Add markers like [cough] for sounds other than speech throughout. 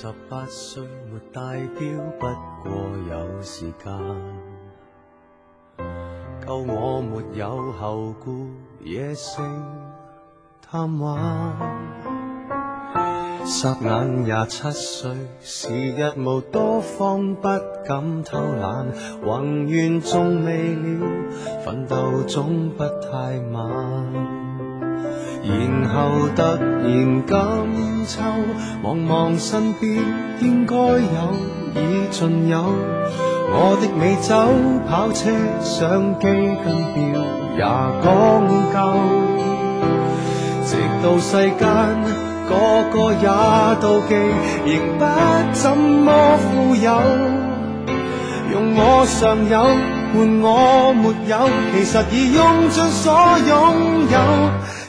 十八歲沒戴錶，不過有時間，夠我沒有後顧，野性貪玩。霎眼廿七歲，時日無多方，方不敢偷懶，宏願仲未了，奮鬥總不太晚。然後突然感秋，望望身邊應該有，已盡有，我的美酒、跑車、相機、金表，也講究，直到世間個個也妒忌，仍不怎麼富有。用我尚有，換我沒有，其實已用盡所擁有。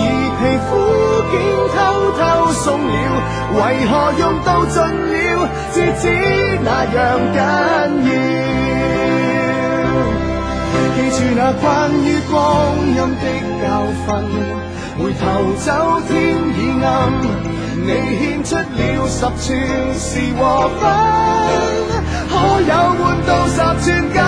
而皮膚竟偷偷鬆了，為何用到盡了，至知那樣緊要。記住那關於光陰的教訓，回頭走天已暗，你獻出了十寸時和分，可有換到十寸金？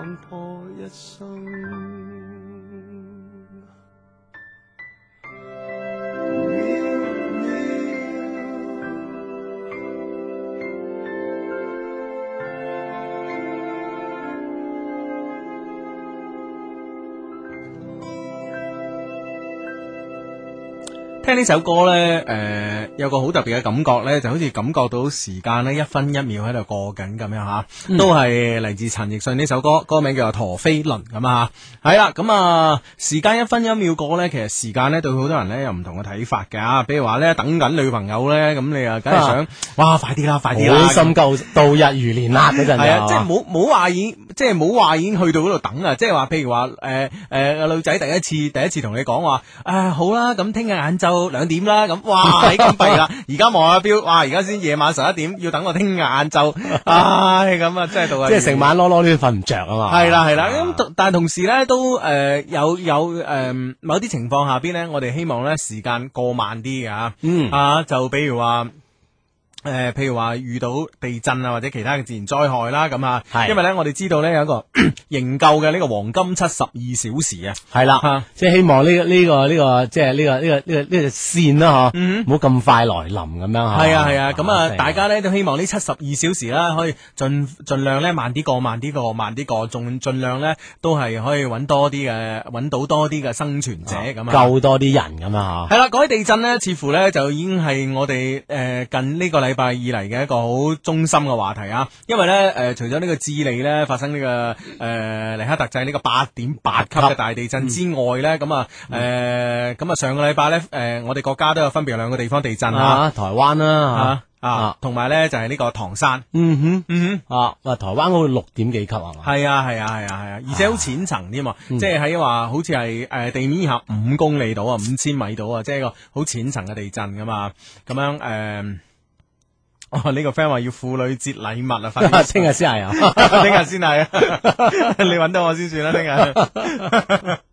看破一生。聽呢首歌呢，誒、呃，有個好特別嘅感覺呢，就好似感覺到時間咧一分一秒喺度過緊咁樣吓，都係嚟自陳奕迅呢首歌，歌名叫做《陀飛輪》咁啊。係啦，咁啊，時間一分一秒過呢，其實時間呢對好多人呢有唔同嘅睇法嘅。比如話呢，等緊女朋友呢咁你啊梗係想，哇，快啲啦，快啲啦，好心急，度日如年啦嗰陣。係啊，即係冇冇話已，即係冇話已經去到嗰度等啊，即係話，譬如話誒誒，女仔第一次第一次同你講話，誒、呃啊，好啦，咁聽日晏晝。明明到兩 [laughs] 點啦，咁哇，咁弊啦！而家望下表，哇，而家先夜晚十一點，要等我聽日晏晝，唉、啊，咁啊，真係到啊！即係成晚囉囉攣，瞓唔着啊嘛！係啦，係啦，咁但係同時咧都誒有有誒某啲情況下邊咧，我哋希望咧時間過慢啲嘅啊，嗯啊，就比如話。誒，譬如話遇到地震啊，或者其他嘅自然災害啦，咁啊，因為咧，我哋知道咧有一個營救嘅呢個黃金七十二小時啊，係啦，即係希望呢呢個呢個即係呢個呢個呢個呢個線啦，嗬，唔好咁快來臨咁樣吓。係啊係啊，咁啊，大家咧都希望呢七十二小時啦，可以盡盡量咧慢啲過慢啲過慢啲過，仲盡量咧都係可以揾多啲嘅揾到多啲嘅生存者咁啊，救多啲人咁啊吓。係啦，嗰啲地震呢，似乎呢，就已經係我哋誒近呢個禮。禮拜以嚟嘅一個好中心嘅話題啊，因為咧誒、呃，除咗呢個智利咧發生呢、這個誒、呃、尼克特震呢個八點八級嘅大地震之外咧，咁、嗯、啊誒咁啊上個禮拜咧誒，我哋國家都有分別兩個地方地震啊，台灣啦吓啊，同埋咧就係、是、呢個唐山，嗯哼嗯哼，嗯哼啊，台灣好似六點幾級係嘛？係啊係啊係啊係啊，而且好淺層添，即係喺話好似係誒地面以下五公里度、就是、啊，五千米度啊，即係一個好淺層嘅地震噶嘛，咁樣誒。哦，呢個 friend 話要婦女節禮物啊，快聽日先係，聽日先係， [laughs] 才 [laughs] 你揾到我先算啦，聽日。 [laughs]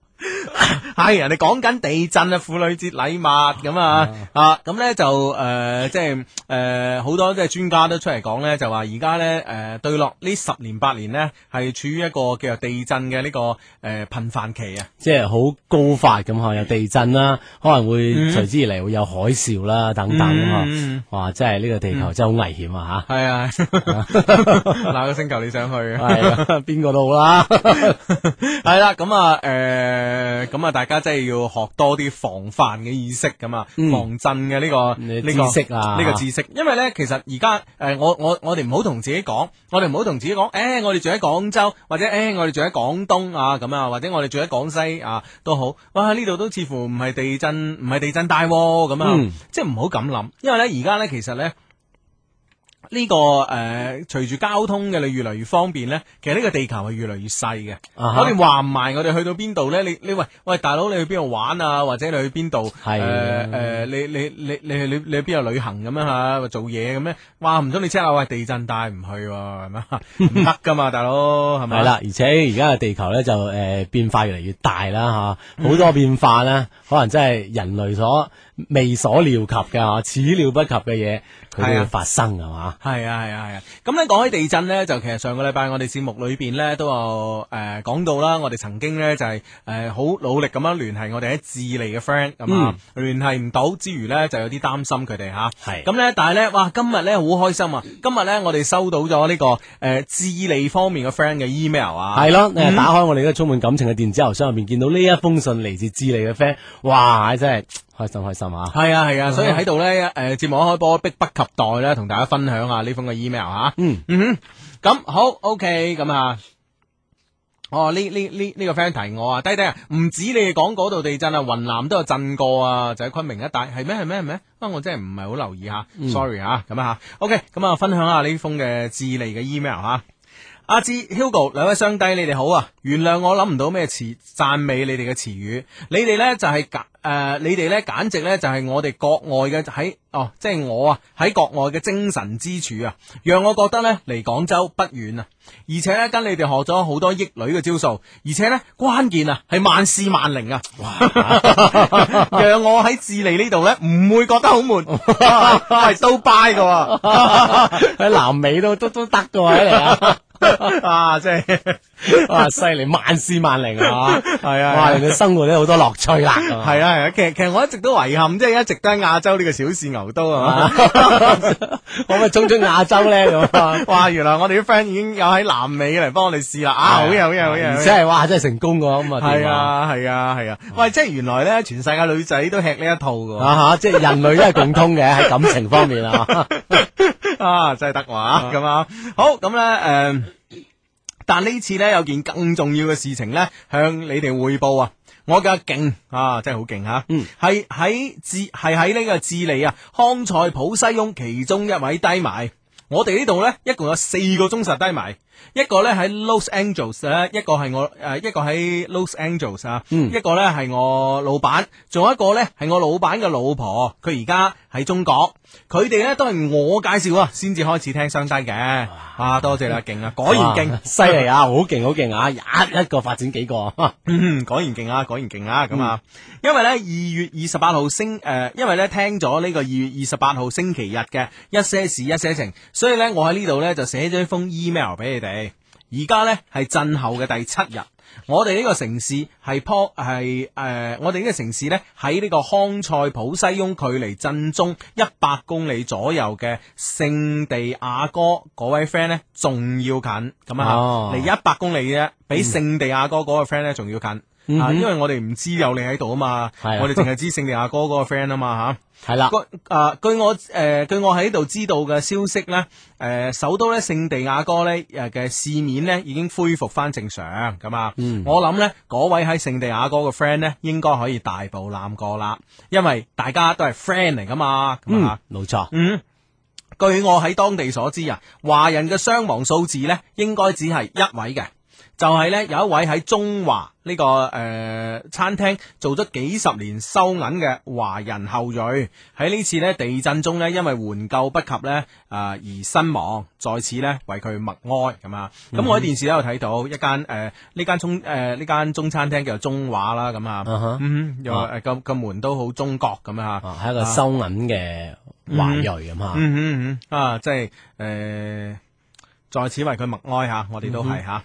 係人哋講緊地震啊，婦女節禮物咁啊，啊咁咧就誒，即係誒，好多即係專家都出嚟講咧，就話而家咧誒，對落呢十年八年呢，係處於一個叫做地震嘅呢個誒頻繁期啊，即係好高發咁嗬，有地震啦，可能會隨之而嚟會有海嘯啦等等嗬，哇，即係呢個地球真係好危險啊吓，係啊，嗱個星球你想去啊？係啊，邊個都好啦，係啦，咁啊誒。誒，咁啊、呃，大家真係要學多啲防範嘅意識咁啊，防震嘅呢、這個呢、嗯這個知識啊，呢個知識。因為呢，其實而家誒，我我我哋唔好同自己講，我哋唔好同自己講，誒、哎，我哋住喺廣州，或者誒、哎，我哋住喺廣東啊，咁啊，或者我哋住喺廣西啊，都好。哇、啊，呢度都似乎唔係地震，唔係地震帶咁啊，嗯、即係唔好咁諗。因為咧，而家呢，其實呢。呢、這個誒，隨、呃、住交通嘅你越嚟越方便咧，其實呢個地球係越嚟越細嘅、uh huh.。我哋話唔埋，我哋去到邊度咧？你你喂喂，大佬你去邊度玩啊？或者你去邊度？係誒誒，你你你你你你，你去邊度旅行咁樣吓？做嘢咁咧？哇，唔通你知啊？喂，地震帶唔去喎、啊，係嘛？唔得噶嘛，大佬係咪？係啦， [laughs] 而且而家嘅地球咧就誒、呃、變化越嚟越大啦吓，好多變化啦，可能真係人類所未所料及嘅嗬，始料不及嘅嘢。係啊，發生係嘛？係啊，係啊，係啊！咁咧講起地震呢，就其實上個禮拜我哋節目裏邊呢都有誒講、呃、到啦，我哋曾經呢、就係，就係誒好努力咁樣聯繫我哋喺智利嘅 friend，咁啊聯繫唔到之餘呢，就有啲擔心佢哋吓。係咁咧，但係呢，哇！今日呢，好開心啊！今日呢，我哋收到咗呢、這個誒、呃、智利方面嘅 friend 嘅 email 啊！係咯了，嗯、打開我哋一個充滿感情嘅電子郵箱入邊，見到呢一封信嚟自智利嘅 friend，哇！真係～開心開心啊！係啊係啊，啊嗯、所以喺度咧，誒、呃、節目一開波，迫不及待咧，同大家分享下呢封嘅 email 啊。嗯嗯哼，咁、嗯、好，OK，咁啊，哦呢呢呢呢個 friend 提我啊，低低啊，唔止你哋講嗰度地震啊，雲南都有震過啊，就喺昆明一帶，係咩係咩係咩？不過，我真係唔係好留意吓、嗯、，sorry 吓、啊，咁啊，啊，OK，咁啊，分享下呢封嘅智利嘅 email 吓、啊。阿志、Hugo 兩位兄帝你哋好啊！原諒我諗唔到咩詞讚美你哋嘅詞語。你哋呢就係簡誒，你哋呢簡直呢就係我哋國外嘅喺哦，即係我啊喺國外嘅精神支柱啊，讓我覺得呢，離廣州不遠啊。而且呢，跟你哋學咗好多益女嘅招數，而且呢，關鍵啊係萬事萬靈啊，讓我喺智利呢度呢，唔會覺得好悶，都 d u b a 喺南美都都都得嘅喎，嚟啊！啊，即係啊，犀利萬事萬靈啊，係啊，哇，你嘅生活咧好多樂趣啦，係啊係啊，其實其實我一直都遺憾，即係一直都喺亞洲呢個小試牛刀。啊，可唔可以衝出亞洲咧咁哇，原來我哋啲 friend 已經有喺南美嚟幫我哋試啦，啊，好嘢好嘢好嘢，真係哇，真係成功噶咁啊，係啊係啊係啊，喂，即係原來咧全世界女仔都吃呢一套噶，吓，即係人類都係共通嘅喺感情方面啊，啊，真係得話咁啊，好咁咧誒。但呢次呢有件更重要嘅事情呢，向你哋匯報啊！我嘅勁啊，真係好勁吓，係喺智係喺呢個智利啊，康塞普西翁其中一位低埋。我哋呢度呢一共有四個忠實低埋，一個呢喺 Los Angeles，一個係我誒、呃，一個喺 Los Angeles 啊，嗯、一個呢係我老闆，仲有一個呢係我老闆嘅老婆，佢而家喺中國。佢哋咧都係我介紹啊，先至開始聽相低嘅啊，多謝啦，勁啊，果然勁，犀利啊，好勁好勁啊，一、啊、一個發展幾個， [laughs] 嗯、果然勁啊，果然勁啊，咁、嗯、啊，因為呢，二月二十八號星誒，因為呢聽咗呢個二月二十八號星期日嘅一些事一些情，所以呢，我喺呢度呢就寫咗一封 email 俾你哋，而家呢，係震後嘅第七日。我哋呢個城市係坡係誒，我哋呢個城市咧喺呢個康塞普西翁，距離震中一百公里左右嘅聖地亞哥嗰位 friend 咧，仲要近咁啊，哦，離一百公里啫，比聖地亞哥嗰個 friend 咧仲要近。啊、因為我哋唔知有你喺度啊嘛，的我哋淨係知聖地亞哥嗰個 friend 嘛啊嘛吓，係啦的、啊。據我喺度、呃、知道嘅消息咧，誒、呃，首都咧聖地亞哥咧嘅市面咧已經恢復翻正常咁啊。嗯、我諗咧，嗰位喺聖地亞哥嘅 friend 咧，應該可以大步攬過啦，因為大家都係 friend 嚟噶嘛。冇、啊、錯。嗯，錯嗯，據我喺當地所知啊，華人嘅傷亡數字咧，應該只係一位嘅。就係咧，有一位喺中華呢、呢個誒、呃、餐廳做咗幾十年收銀嘅華人後裔，喺呢次咧地震中呢，因為援救不及呢啊、呃、而身亡，再次呢為佢默哀咁、呃呃嗯呃呃呃、啊！咁我喺電視都有睇到一間誒呢間中誒呢間中餐廳叫做中華啦，咁啊，又誒個個門都好中國咁啊，係一個收銀嘅華裔咁啊，嗯嗯，嗯，嗯，嗯啊，即係誒。呃在此為佢默哀吓，我哋都係吓。Mm hmm.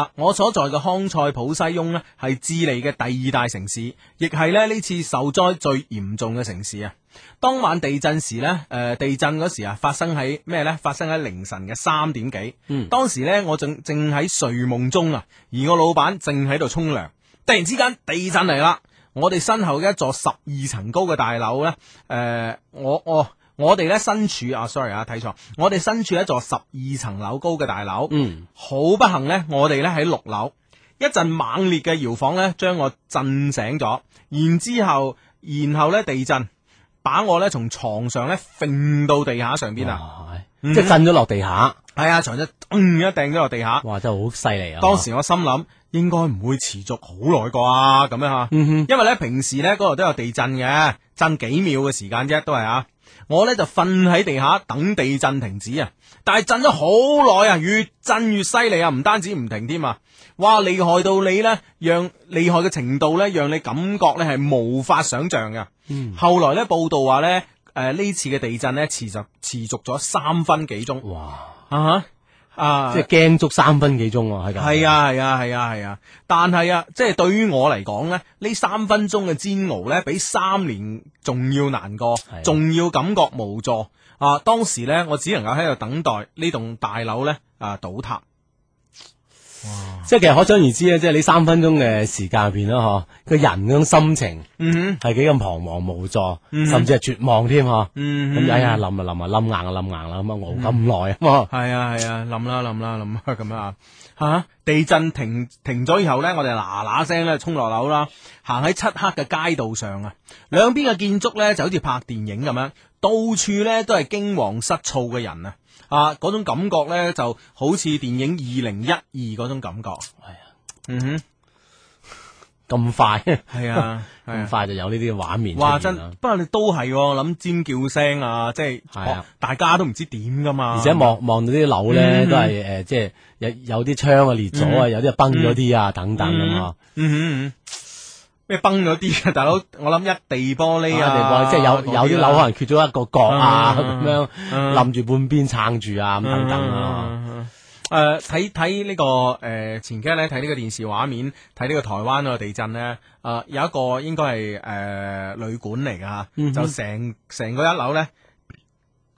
啊，我所在嘅康塞普西翁呢係智利嘅第二大城市，亦係咧呢次受災最嚴重嘅城市啊。當晚地震時呢誒、呃，地震嗰時啊，發生喺咩呢？發生喺凌晨嘅三點幾。嗯、mm，hmm. 當時咧，我正正喺睡夢中啊，而我老闆正喺度沖涼，突然之間地震嚟啦，我哋身後嘅一座十二層高嘅大樓呢，誒、呃，我我。我我哋咧身處啊，sorry 啊，睇錯。我哋身處一座十二層樓高嘅大樓，嗯，好不幸咧，我哋咧喺六樓，一陣猛烈嘅搖晃咧，將我震醒咗，然之後，然後咧地震，把我咧從床上咧揈到地下上邊啊，嗯、即係震咗落地下。係、嗯、啊，床，嗯，一掟咗落地下。哇，真係好犀利啊！當時我心諗，應該唔會持續好耐啩，咁樣吓。嗯、哼因為咧平時咧嗰度都有地震嘅，震幾，幾秒嘅時間啫，都係啊。我咧就瞓喺地下等地震停止啊，但係震咗好耐啊，越震越犀利啊，唔單止唔停添啊，哇，厲害到你呢，讓厲害嘅程度呢，讓你感覺呢係無法想象噶。嗯、後來呢報道話呢，誒、呃、呢次嘅地震呢，持續持續咗三分幾鐘。哇啊！Uh-huh. 啊！即係驚足三分幾鐘喎，係咁係啊係啊係啊係啊，但係啊，即係對於我嚟講咧，呢三分鐘嘅煎熬咧，比三年仲要難過，仲要感覺無助啊！當時咧，我只能夠喺度等待呢棟大樓咧啊倒塌。哇即係其實可想而知咧，即係你三分鐘嘅時間入邊啦，嗬，個人嗰種心情係幾咁彷徨無助，嗯、哼甚至係絕望添嗬。咁哎呀，冧啊冧啊，冧硬啊冧硬啦，咁啊熬咁耐啊。係啊係啊，冧啦冧啦冧啊咁啊。吓、啊啊啊啊，地震停停咗以後咧，我哋嗱嗱聲咧衝落樓啦，行喺漆黑嘅街道上啊，兩邊嘅建築咧就好似拍電影咁樣，到處咧都係驚惶失措嘅人啊。啊！嗰種感覺咧，就好似電影《二零一二》嗰種感覺。係 [laughs] 啊，嗯哼，咁快，係啊，咁快就有呢啲畫面。話真，不過你都係諗尖叫聲啊，即係，大家都唔知點噶嘛。而且望望到啲樓咧，都係誒，即係有有啲窗啊裂咗啊，有啲崩咗啲啊，等等咁啊。嗯哼嗯。崩咗啲嘅大佬，我諗一地玻璃啊，啊，一地玻璃即係有那些 有啲樓可能缺咗一個角啊，咁樣冧住半邊撐住啊，咁等等咯、啊。誒、啊，睇睇、這個呃、呢個誒前幾日咧睇呢個電視畫面，睇呢個台灣個地震咧，誒、呃、有一個應該係誒、呃、旅館嚟㗎、嗯、哼就成成個一樓咧。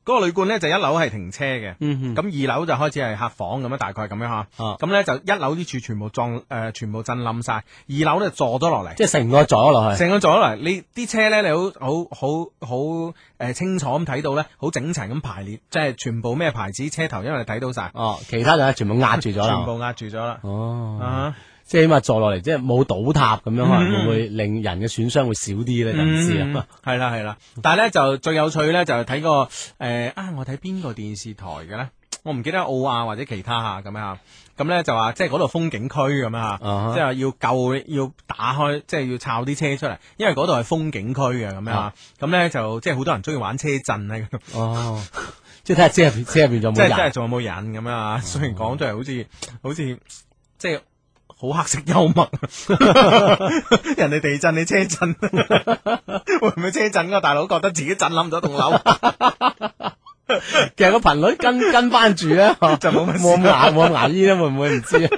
嗰個旅館咧就一樓係停車嘅，咁、嗯、哼二樓就開始係客房咁樣，大概咁樣嚇。咁咧、啊、就一樓啲柱全部撞誒、呃，全部震冧晒，二樓咧坐咗落嚟。即係成個坐咗落去。成個坐咗落嚟，你啲車咧，你好好好好好、呃、清楚咁睇到咧，好整齊咁排列，即、就、係、是、全部咩牌子車頭，因為你睇到晒，哦、啊，其他嘅全部壓住咗全部壓住咗啦。哦。啊。啊。即係起碼坐落嚟，即係冇倒塌咁樣，可能會，會令人嘅損傷會少啲咧，知唔知啦。係啦係啦，但係咧就最有趣咧就係睇個誒啊！我睇邊個電視台嘅咧？我唔記得奧亞或者其他吓咁樣吓。咁咧就話即係嗰度風景區咁樣吓，即係要救要打開，即係要抄啲車出嚟，因為嗰度係風景區嘅咁樣吓。咁咧、嗯、就，就即係好多人中意玩車震。喺哦，即係睇下車入邊，車入邊有冇人即係仲有冇人咁樣啊？雖然講出嚟好似好似即係。好黑色幽默， [laughs] 人哋地震你車震， [laughs] [laughs] 會唔會車震啊？大佬覺得自己震冧咗棟樓， [laughs] [laughs] 其實個頻率跟跟翻住咧，就冇牙冇牙醫啦，會唔會唔知啊？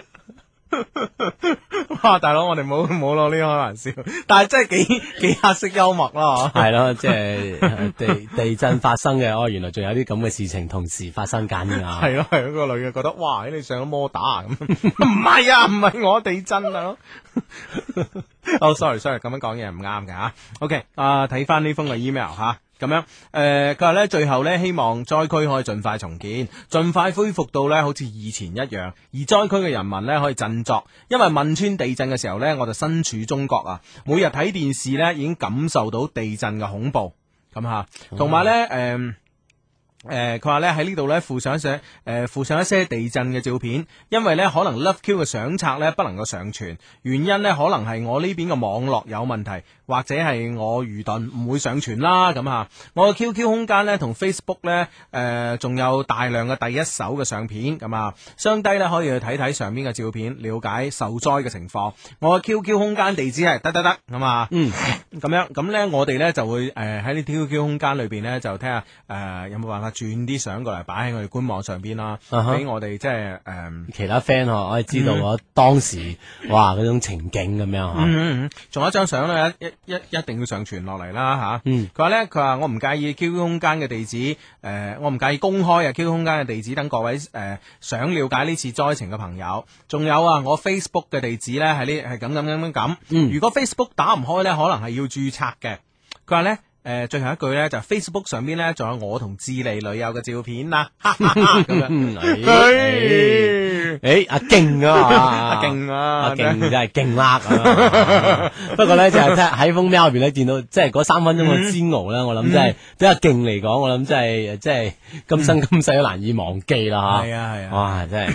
[laughs] 哇，大佬，我哋冇冇攞呢個開玩笑，但係真係幾幾黑色幽默咯，係咯， [laughs] 即係地地震發生嘅，哦，原來仲有啲咁嘅事情同時發生緊啊，係咯係咯，個女嘅覺得，哇，你上咗摩打 [laughs] 啊，唔係啊，唔係我地震， [laughs] [laughs] oh, sorry, sorry, 啊。佬、okay, 呃，哦，sorry sorry，咁樣講嘢唔啱嘅吓，ok，啊，睇翻呢封嘅 email 吓。咁樣，誒佢話咧最後咧希望災區可以盡快重建，盡快恢復到咧好似以前一樣，而災區嘅人民咧可以振作，因為汶川地震嘅時候咧我就身處中國啊，每日睇電視咧已經感受到地震嘅恐怖，咁吓，同埋咧誒。呃嗯。誒，佢話咧喺呢度咧附上一誒、呃、附上一些地震嘅照片，因為咧可能 Love Q 嘅相冊咧不能夠上傳，原因咧可能係我呢邊嘅網絡有問題，或者係我愚鈍唔會上傳啦，咁啊，我嘅 QQ 空間咧同 Facebook 咧誒仲、呃、有大量嘅第一手嘅相片，咁啊，雙低咧可以去睇睇上邊嘅照片，了解受災嘅情況。我嘅 QQ 空間地址係得得得，咁啊，嗯，咁 [laughs] 樣咁咧我哋咧就會誒喺啲 QQ 空間裏邊咧就聽下誒、呃呃呃呃、有冇辦法。轉啲相過嚟擺喺我哋官網上邊啦，俾、uh huh. 我哋即係誒其他 friend 可以知道我當時、嗯、哇嗰種情景咁樣。嗯仲、嗯嗯、有一張相咧，一一一,一定要上傳落嚟啦吓。佢話咧，佢話我唔介意 QQ 空間嘅地址，誒、呃、我唔介意公開啊 QQ 空間嘅地址，等各位誒、呃、想了解呢次災情嘅朋友。仲有啊，我 Facebook 嘅地址咧喺呢係咁咁咁咁。嗯，如果 Facebook 打唔開咧，可能係要注冊嘅。佢話咧。誒，最後一句咧就係、Facebook 上邊咧，仲有我同智利女友嘅照片啦，咁樣誒，阿勁啊，勁啊，勁真係勁啦。啊啊啊啊、 [laughs] 不過咧，就係喺喺風入邊咧見到，即係嗰三分鐘嘅煎熬咧，我諗真係，嗯、比較勁嚟講，我諗真係，即、就、係、係、今生今世都難以忘記啦。吓、嗯，係啊，係啊，哇、啊啊，真係，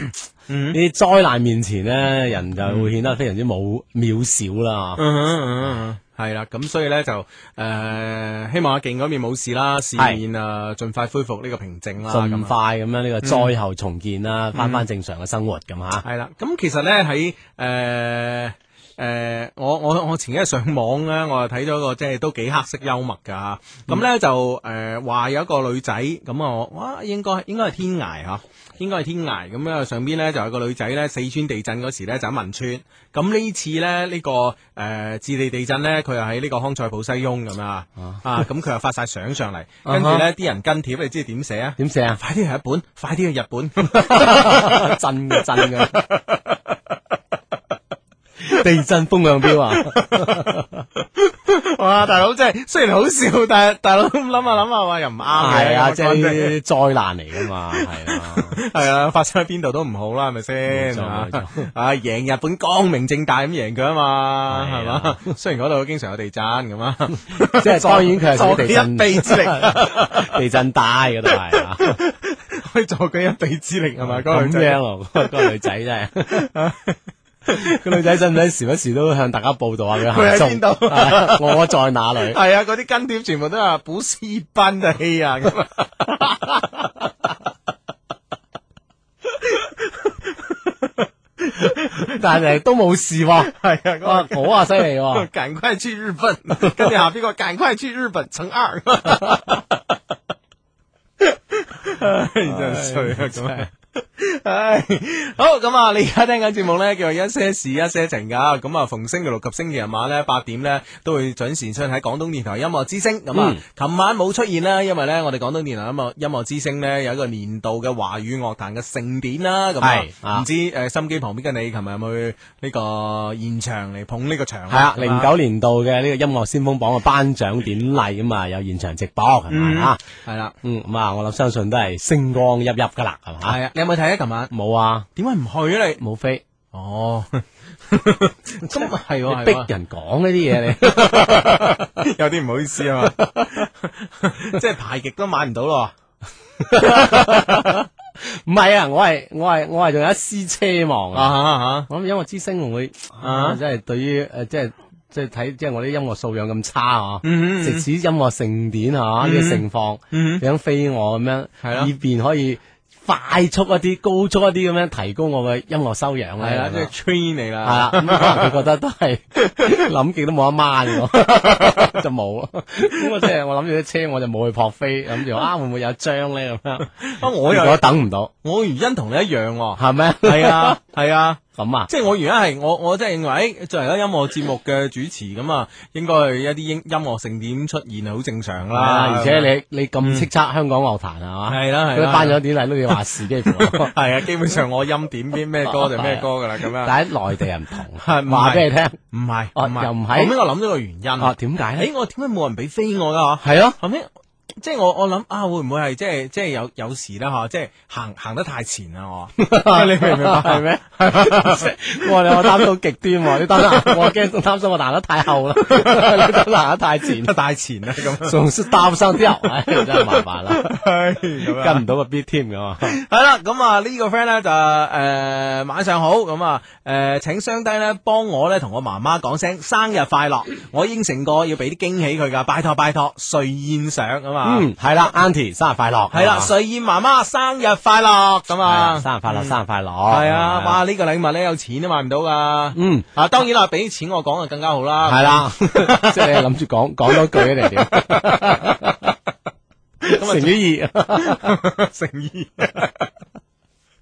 呢啲災難面前咧，人就係會顯得非常之冇渺小啦。 [laughs] 係啦，咁所以咧就，誒、呃，希望阿勁嗰面冇事啦，市面是啊，盡快恢復呢個平靜啦，咁快咁樣呢個災後重建啦，翻翻、嗯、正常嘅生活咁吓。係啦，咁其實咧喺誒。誒、呃，我我我前一日上網咧，我又睇咗個即係都幾黑色幽默噶。咁咧就誒話有一個女仔，咁啊，哇，應該應該係天涯嗬，應該係天涯。咁、啊、咧、啊、上邊咧就有個女仔咧，四川地震嗰時咧就喺汶川。咁呢次咧呢個誒智利地震咧，佢又喺呢個康塞普西翁咁啊啊！咁佢、啊啊、又發晒相上嚟，跟住咧啲人跟帖，你知點寫啊？點寫啊？快啲去日本，快啲去日本，震嘅震嘅。 [laughs] 地震風向標啊！哇，大佬真係雖然好笑，但係大佬諗下諗下話又唔啱嘅。係啊，即係災難嚟噶嘛，係啊，係啊，發生喺邊度都唔好啦，係咪先？啊，贏日本光明正大咁贏佢啊嘛，係嘛？雖然嗰度經常有地震咁啊，即係當然佢係助佢一臂之力，地震大嘅都係可以助佢一臂之力係嘛？咁嗰個女仔真係。個 [laughs] 女仔使唔使時不時都向大家報道下佢行蹤？哎？我在哪裏？係啊 [laughs] 哎，嗰啲跟帖全部都係補斯賓嘅戲啊！但係都冇事喎，係啊，我啊犀利喎，趕、啊、快去日本！跟住啊，邊個趕快去日本乘二？真衰啊！唉、 [laughs] 哎，好咁啊！你而家聽緊節目呢，叫做一些事一些情噶。咁啊，逢星期六及星期日晚呢，八點呢，都會準時出喺廣東電台音樂之聲。咁啊，琴晚冇出現啦，因為呢，我哋廣東電台音樂音樂之聲呢，有一個年度嘅華語樂壇嘅盛典啦。係啊，唔知誒，心機旁邊嘅你，琴日有冇去呢個現場嚟捧呢個場？係啊，零九年度嘅呢個音樂先鋒榜嘅頒獎典禮咁啊，有現場直播係嘛？係啦，嗯，咁啊、嗯，我諗相信都係星光熠熠噶啦，係嘛？係啊。有冇睇啊？琴晚冇啊？點解唔去啊？你冇飛哦？咁係逼人講呢啲嘢，你有啲唔好意思啊嘛？即係排極都買唔到咯？唔係啊！我係我係我係仲有一絲奢望啊！我諗音樂之聲會啊，即係對於誒，即係即係睇，即係我啲音樂素養咁差啊！直嗯，使音樂盛典啊，呢個盛況，嗯，咁飛我咁樣，係咯，以便可以。快速一啲，高速一啲咁樣提高我嘅音樂修養，係啦，的的即係 train 嚟啦，係啦，佢覺得都係諗極都冇得蚊咯， [laughs] [laughs] 就冇。咁我即係我諗住啲車，我就冇去撲飛，諗住啊會唔會有張咧咁樣，啊我又我等唔到，我原因同你一樣喎、哦，係咪啊？係 [laughs] 啊，係啊。咁啊，即係我而家係我我真係認為，誒，作為一個音樂節目嘅主持咁啊，應該係一啲音音樂盛典出現係好正常啦。而且你你咁叱咤香港樂壇啊嘛，係啦係啦，頒獎典禮嗰啲話事基本係啊，基本上我音點啲咩歌就咩歌噶啦咁樣。但係內地人唔同，係話俾你聽，唔係，又唔係。後尾我諗咗個原因啊，點解咧？我點解冇人俾飛我噶？係啊，後尾。即係我我諗啊，會唔會係即係即係有有時咧吓，即係行行得太前啦我、 [laughs] 啊，你明唔明白係咩？我話 [laughs] [laughs] 你我擔到極端、啊，你得， [laughs] 我驚擔心我行得太後啦， [laughs] 你擔得太前太前啦，咁仲擔心啲油真係、哎、麻煩啦， [laughs] 哎、跟唔到個 beat 添噶嘛？係啦， [laughs] [laughs] 咁啊呢個 friend 咧就誒、呃呃、晚上好，咁啊誒請雙低咧幫我咧同我媽媽講聲生日快樂，我應承過要俾啲驚喜佢噶，拜託拜託，睡宴上。咁啊！嗯，係啦 Auntie 生日快樂，係啦，瑞燕媽媽生日快樂咁啊，生日快樂，生日快樂，係啊，哇，呢個禮物咧，有錢都買唔到噶。嗯，啊，當然啦，俾錢我講啊，更加好啦。係啦，即係你諗住講講多句咧定點？咁啊，誠意，誠意。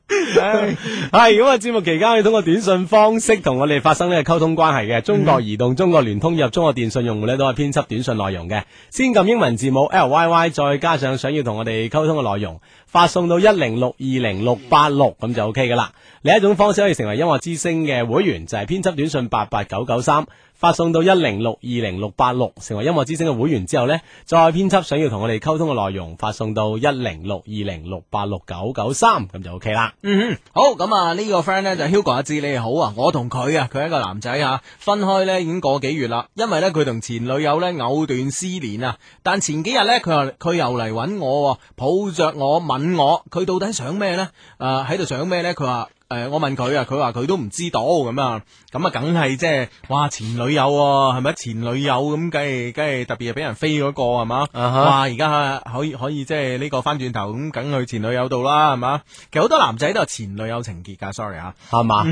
係，係咁啊！節目期間要通過短信方式同我哋發生呢個溝通關係嘅，中國移動、中國聯通入中國電信用戶呢，都係編輯短信內容嘅，先撳英文字母 L Y Y，再加上想要同我哋溝通嘅內容。發送到一零六二零六八六，咁就 OK 噶啦。另一種方式可以成為音樂之聲嘅會員就係編輯短信八八九九三，發送到一零六二零六八六，成為音樂之聲嘅會員之後呢，再編輯想要同我哋溝通嘅內容，發送到一零六二零六八六九九三，咁就 OK 啦。嗯哼，好，咁啊呢個 friend 呢，就係 Hugo 阿志，你哋好啊，我同佢啊，佢係一個男仔啊，分開呢已經過幾月啦，因為呢，佢同前女友呢，藕斷絲連啊，但前幾日呢，佢又佢又嚟揾我，抱着我問問我佢到底想咩咧？誒、呃，喺度想咩咧？佢話誒，我問佢啊，佢話佢都唔知道咁啊，咁啊，梗係即係哇，前女友係咪？前女友咁，梗係梗係特別係俾人飛嗰個係嘛？是是 uh huh. 哇！而家可以可以即係呢個翻轉頭咁，梗去前女友度啦，係嘛？其實好多男仔都有前女友情結噶，sorry 是是、嗯、啊，係嘛？啊、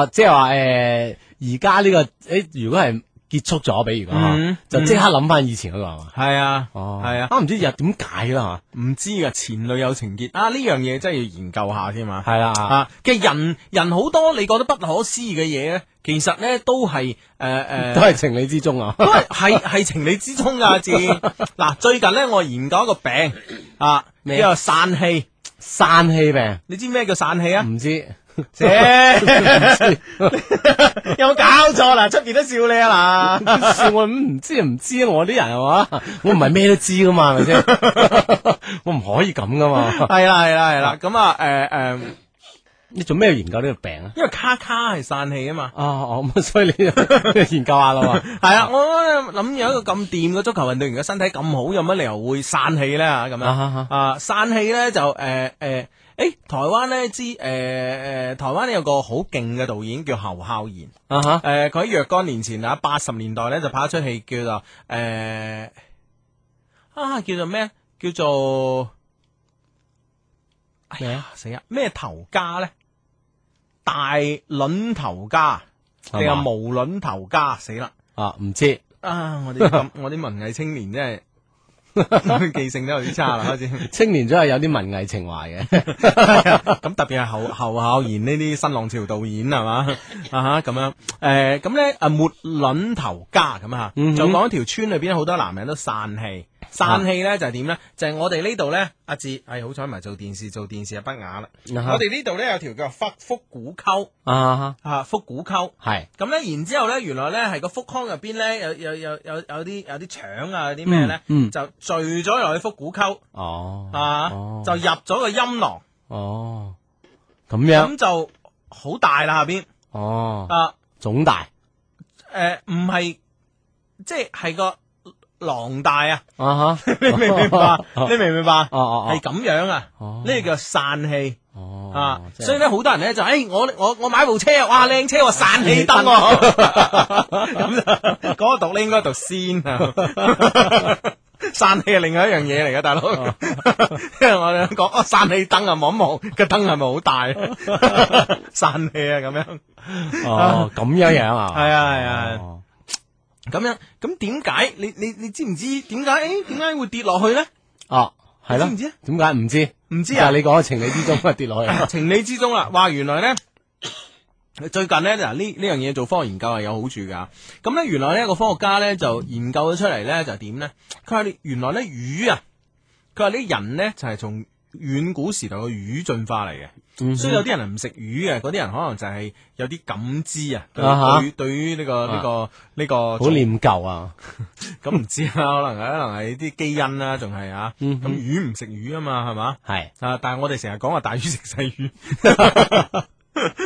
呃，即係話誒，而家呢個誒，如果係。結束咗，比如講，就即刻諗翻以前嗰個係啊，係啊，啱唔知又點解啦，吓，唔知噶前女友情結啊，呢樣嘢真係要研究下添嘛，係啦，吓，其實人人好多你覺得不可思議嘅嘢咧，其實咧都係誒誒，都係情理之中啊，都係係係情理之中噶，阿志嗱最近咧我研究一個病啊，叫做散氣，散氣病，你知咩叫散氣啊？唔知。啫， [laughs] 事 [laughs] 有冇搞錯嗱？出邊都笑你啊嗱、 [laughs] 就是，笑我唔知唔知我啲人係嘛？我唔係咩都知噶嘛，係咪先？我唔可以咁噶嘛。係啦係啦係啦，咁啊誒誒，你做咩要研究呢個病啊？因為卡卡係散氣啊嘛。哦哦，所以你研究下咯。係啊，我諗有 [laughs] 一， [laughs] 一個咁掂嘅足球運動員嘅身體咁好，有乜理由會散氣咧？咁、嗯、樣、嗯嗯嗯、啊，散氣咧就誒誒。呃呃呃呃嗯嗯誒、欸，台灣咧知誒誒、呃，台灣咧有個好勁嘅導演叫侯孝賢啊吓，誒佢、uh huh. 呃、喺若干年前啊八十年代咧就拍一出戲叫做誒、呃、啊叫做咩叫做哎呀麼死啦咩頭家咧大卵頭家定係嗎無卵頭家死啦、uh, 啊唔知啊我哋咁，我哋 [laughs] 文藝青年真係。佢 [laughs] 記性都有啲差啦，開始。青年真係有啲文藝情懷嘅，咁、 [laughs] [laughs] 嗯、哼 [laughs] 特別係侯侯孝賢呢啲新浪潮導演係嘛， [laughs] 啊哈咁樣。誒、呃，咁咧啊，沒卵頭家咁吓，就講一條村裏邊好多男人都散氣。疝氣咧就係點咧？就係我哋呢度咧，阿志，係好彩唔係做電視，做電視不雅啦。我哋呢度咧有條叫腹腹股溝啊，吓，腹股溝係。咁咧，然之後咧，原來咧係個腹腔入邊咧有有有有有啲有啲腸啊，有啲咩咧，就聚咗落去腹股溝哦，啊，就入咗個陰囊哦，咁樣咁就好大啦下邊哦，啊，腫大，誒，唔係，即係個。狼大啊！Uh huh. [laughs] 你明唔明白？你明唔明白？係咁、uh uh uh. 樣啊！呢、uh huh. 個叫散氣、uh huh. 啊！所以咧，好多人咧就，哎，我我我買部車啊，哇，靚車，散氣燈咁嗰個讀咧應該讀先啊，散氣係另外一樣嘢嚟㗎，大佬。因為我哋講散氣燈啊，望、 [laughs] [laughs] 啊、 [laughs] 一望個、 [laughs] 哦、燈係咪好大？ [laughs] 散氣啊，咁樣。哦，咁樣樣啊？係、 [laughs] 嗯、啊，係啊。咁樣，咁點解？你你你知唔知點解？誒、欸，點解會跌落去咧？哦，係咯，知唔知？點解唔知？唔知啊？但係你講、啊、情理之中跌落 [laughs] 去、啊，情理之中啦。哇，原來咧最近咧嗱，呢呢樣嘢做科學研究係有好處噶。咁、啊、咧原來咧、個科學家咧就研究咗出嚟咧就點咧？佢話你原來咧魚啊，佢話你人咧就係從遠古時代嘅魚進化嚟嘅。嗯、所以有啲人唔食魚嘅，嗰啲人可能就係有啲感知對對啊，對對於呢個呢個呢個好念舊啊，咁唔知啊，可能可能係啲基因啦，仲係啊，咁、嗯嗯嗯嗯、魚唔食魚啊是 [laughs] [laughs] 嘛，係、嗯、嘛，係啊，但係我哋成日講話大魚食細魚，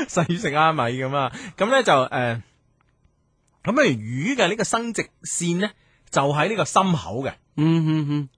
細魚食蝦米咁啊，咁咧就誒，咁譬如魚嘅呢個生殖腺咧，就喺、是、呢個心口嘅，嗯嗯嗯。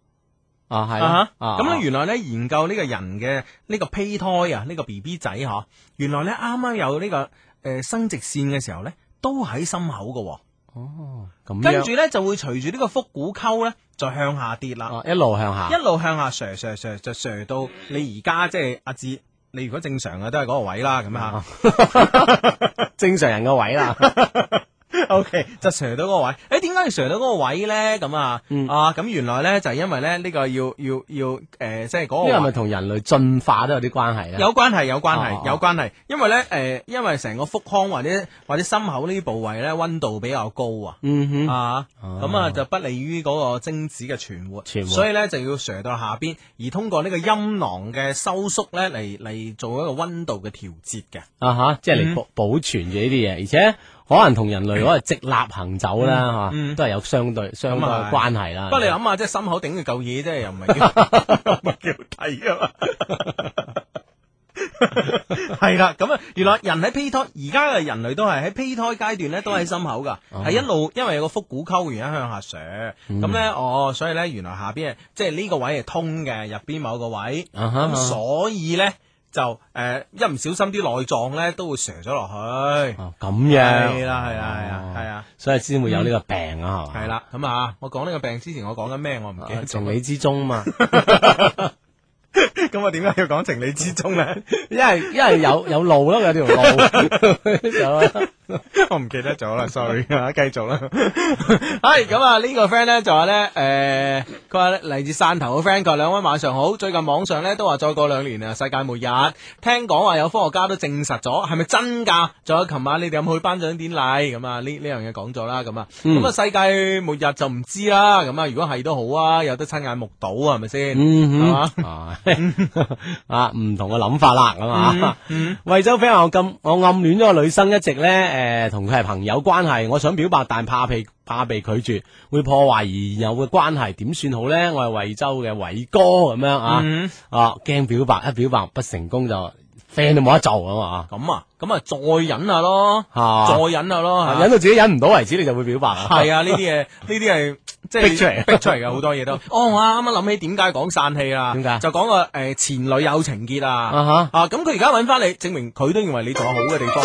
啊係啊，咁咧、啊啊啊、原來咧、啊、研究呢個人嘅呢個胚胎啊，呢個 B B 仔嗬，原來咧啱啱有呢、這個誒、呃、生殖腺嘅時候咧，都喺心口嘅。哦、啊，咁跟住咧就會隨住呢個腹股溝咧，就向下跌啦、啊，一路向下，一路向下，削削削，就削到你而家即係阿志，你如果正常嘅都係嗰個位啦，咁啊哈哈，正常人個位啦。 [laughs] [laughs] o、okay, K，就射到嗰個位，誒，點解要射到嗰個位咧？咁啊，嗯、啊，咁原來咧就是、因為咧呢個要要要誒，即、呃、係、就是、個，係咪同人類進化都有啲關係啊？有關係，有關係，有關係，因為咧誒，因為成個腹腔或者或者心口呢啲部位咧溫度比較高啊，啊、嗯，咁啊就不利於嗰個精子嘅存活，所以咧就要射到下邊，而通過個音呢個陰囊嘅收縮咧嚟嚟做一個溫度嘅調節嘅，啊吓，即係嚟保、嗯、保存住呢啲嘢，而且。可能同人類嗰個直立行走啦，吓、嗯嗯、都係有相對相關嘅關係啦。不過你諗下、啊，即係心口頂嘅嚿嘢，即係又唔係叫係啊？係啦，咁啊，原來人喺胚胎，而家嘅人類都係喺胚胎階段咧，都喺心口噶，係、嗯、一路因為有個腹股溝原因向下上、嗯，咁咧，哦，所以咧，原來下邊啊，即係呢個位係通嘅，入邊某個位，咁、嗯啊、所以咧。 [laughs] 就誒、呃、一唔小心啲內臟咧都會射咗落去，咁、哦、樣係啦係啦係啊係啊，所以先會有呢個病啊，係嘛、嗯？係吧啦，咁啊，我講呢個病之前我講緊咩？我唔記得、啊，情理之中嘛。 [laughs] [laughs] 咁 [laughs] 我點解要講情理之中咧？因為因為有有路咯，有條路。我唔記得咗啦，sorry，繼續啦。係 [laughs] 咁、hey，啊，這個、呢個 friend 咧就話咧，誒，佢話嚟自汕頭嘅 friend，佢話兩位晚上好。最近網上咧都話再過兩年啊，世界末日。聽講話有科學家都證實咗，係咪真㗎？仲有琴晚你哋有冇去頒獎典禮？咁啊，呢呢樣嘢講咗啦。咁啊，咁啊、嗯，世界末日就唔知啦、啊。咁啊，如果係都好啊，有得親眼目睹啊，係咪先？係嘛。 [laughs] 啊，唔同嘅諗法啦，咁 [noise] 啊樂，嗯嗯、惠州 friend，我咁我暗戀咗個女生，一直咧誒同佢係朋友關係，我想表白，但怕被怕被拒絕，會破壞而有嘅關係，點算好咧？我係惠州嘅偉哥咁樣啊，嗯、啊驚表白，一表白不成功就 friend 都冇得做啊嘛，咁啊，咁啊再忍下咯，啊、再忍下咯，啊、忍到自己忍唔到為止，你就會表白啦，係啊，呢啲嘢呢啲係。 [laughs] [laughs] [laughs] 即係逼出嚟，逼出嚟嘅好多嘢都。 [laughs] 哦，我啱啱諗起點解講散氣啦？點解？就講個誒、呃、前女友情結啊！Uh huh. 啊咁佢而家揾翻你，證明佢都認為你仲有好嘅地方。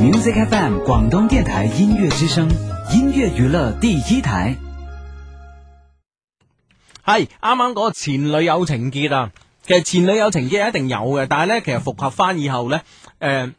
Music FM 廣東電台音樂之聲，音樂娛樂第一台。 [music] 係啱啱嗰個前女友情結啊，其實前女友情結係一定有嘅，但係咧其實復合翻以後咧，誒、呃、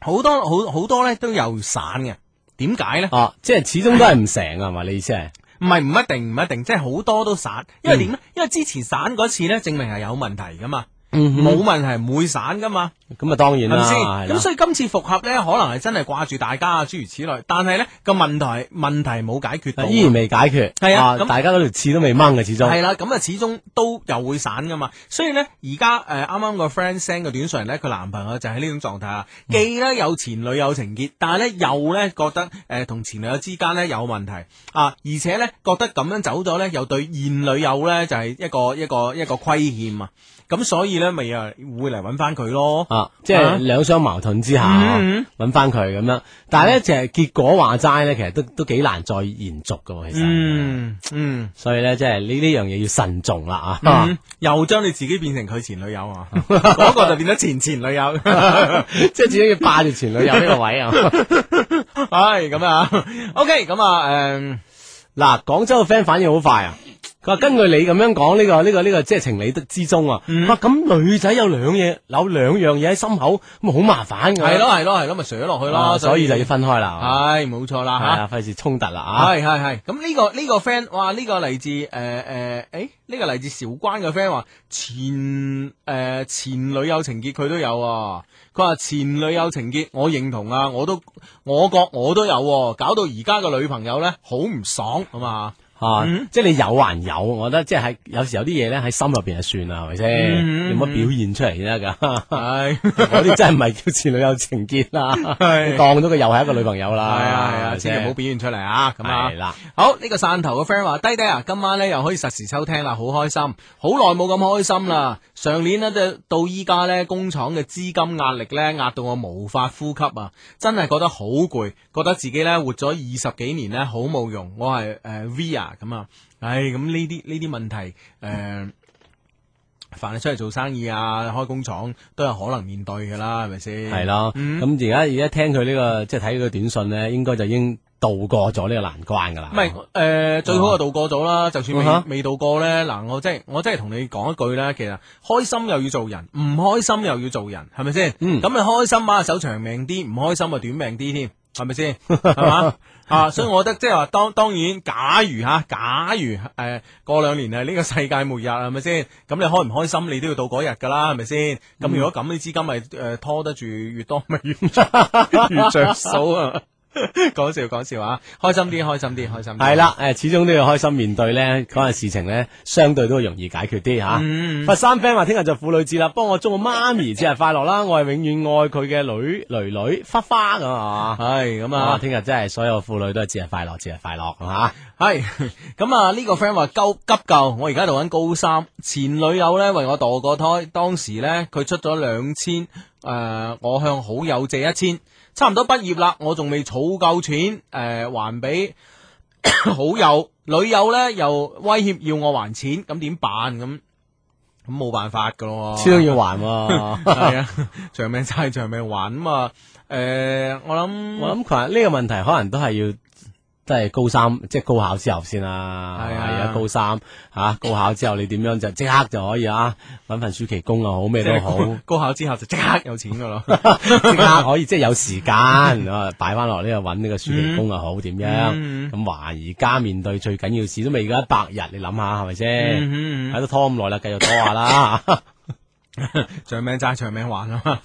好多好好多咧都有散嘅，點解咧？哦、啊，即係始終都係唔成啊，係嘛？你意思係？唔係唔一定，唔一定，即係好多都散，因為點咧？因為之前散嗰次咧，證明係有問題噶嘛。冇、嗯、問題，唔會散噶嘛。咁啊、嗯，當然啦。咁吧所以今次復合呢，可能係真係掛住大家諸如此類。但係呢個問題，問題冇解決到、啊，依然未解決。係啊，咁、啊嗯、大家嗰條刺都未掹嘅，始終係啦。咁啊，始終都又會散噶嘛。所以呢，而家誒啱啱個 friend send 個短信呢，佢男朋友就喺呢種狀態啊。既呢有前女友情結，但係呢又呢覺得誒同、呃、前女友之間呢有問題啊，而且呢，覺得咁樣走咗呢，又對現女友呢就係一個一個一個虧欠啊。咁所以咧，咪啊，會嚟揾翻佢咯。啊，即係兩相矛盾之下，揾翻佢咁樣。但係咧，就係結果話齋咧，其實都都幾難再延續噶。其實，嗯嗯，所以咧，即係呢呢樣嘢要慎重啦啊。又將你自己變成佢前女友啊，嗰個就變咗前前女友，即係自己要霸住前女友呢個位啊。係，咁啊，OK，咁啊，誒，嗱，廣州嘅 friend 反應好快啊。根據你咁樣講，呢個呢個呢個即係情理之中啊！咁女仔有兩嘢，有兩樣嘢喺心口，咁好麻煩㗎。係咯，係咯，係咯，咪除咗落去咯。所以就要分開啦。係，冇錯啦。係啊，費事衝突啦。係係係，咁呢個呢個 friend，哇，呢個嚟自誒誒，誒，呢個嚟自韶關嘅 friend 話前誒前女友情結佢都有啊。佢話前女友情結，我認同啊，我都我覺我都有，搞到而家嘅女朋友咧好唔爽咁嘛。 [noise] 啊！即係你有還有，我覺得即係有時有啲嘢咧喺心入邊就算啦，係咪先？有乜表現出嚟先得噶？係嗰啲真係唔係叫前女友情結啦，當咗佢又係一個女朋友啦。係啊，千祈唔好表現出嚟啊！咁啊，係啦。好，呢個汕頭嘅 friend 話：低低啊，今晚咧又可以實時收聽啦，好開心！好耐冇咁開心啦。上年呢，到到依家呢，工廠嘅資金壓力呢，壓到我無法呼吸啊！真係覺得好攰，覺得自己呢，活咗二十幾年呢，好冇用。我係誒 Via 咁啊，唉、哎，咁呢啲呢啲問題誒、呃，凡係出嚟做生意啊，開工廠都有可能面對噶啦，係咪先？係咯的，咁而家而家聽佢呢、呢個即係睇佢短信呢，應該就應。渡過咗呢個難關噶啦，唔係誒，最好就渡過咗啦。Oh. 就算未未渡過咧，嗱、uh huh.，我即係我即係同你講一句啦，其實開心又要做人，唔開心又要做人，係咪先？嗯，咁你開心擺手長命啲，唔開心啊短命啲添，係咪先？係嘛 [laughs] 啊，所以我覺得即係話當當然假，假如吓，假如誒過兩年係呢個世界末日係咪先？咁你開唔開心你都要到嗰日噶啦，係咪先？咁、mm. 如果咁啲資金咪誒拖得住越多咪越着越着數 [laughs] [laughs] 啊！講笑講笑啊！開心啲，開心啲，開心啲。係啦，誒，始終都要開心面對呢嗰件事情呢，相對都會容易解決啲吓。佛山 friend 話聽日就婦女節啦，幫我祝我媽咪節日快樂啦，嗯、我係永遠愛佢嘅女女女，花花咁係係咁啊，聽日、哎啊啊、真係所有婦女都係節日快樂，節日快樂，係咁啊，呢、啊這個 friend 話急救急救，我而家讀緊高三，前女友呢為我墮過胎，當時呢，佢出咗兩千，誒，我向好友借一千。差唔多畢業啦，我仲未儲夠錢，誒、呃、還俾好友 [coughs] 女友咧，又威脅要我還錢，咁點辦？咁咁冇辦法噶咯，都要還喎，係 [laughs] 啊，長命債長命還，吖嘛。誒、呃、我諗我諗佢話呢個問題可能都係要。都係高三，即係高考之後先啦。係啊，而家、啊、高三吓、啊，高考之後你點樣就即刻就可以啊？搵份暑期工又好，咩都好高。高考之後就即刻有錢噶咯，即 [laughs] 刻可以， [laughs] 可以即係有時間啊！擺翻落呢度搵呢個暑期工又好，點、嗯、樣咁？而家、嗯嗯、面對最緊要事都未，而家一百日，你諗下係咪先？喺度拖咁耐啦，繼續拖下啦。嗯嗯 [laughs] [laughs] 長命債，長命還啊嘛！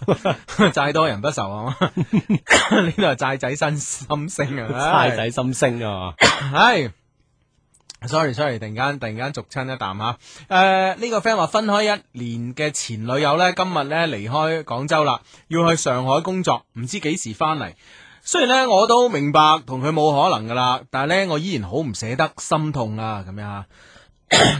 債多人不愁啊嘛！呢度係債仔新心聲啊，債仔心聲啊！係 [coughs] [coughs] ，sorry sorry，突然間突然間續親一啖哈。誒、呃、呢、這個 friend 話分開一年嘅前女友呢，今日呢離開廣州啦，要去上海工作，唔知幾時翻嚟。雖然呢我都明白同佢冇可能噶啦，但係呢我依然好唔捨得，心痛啊，咁樣啊。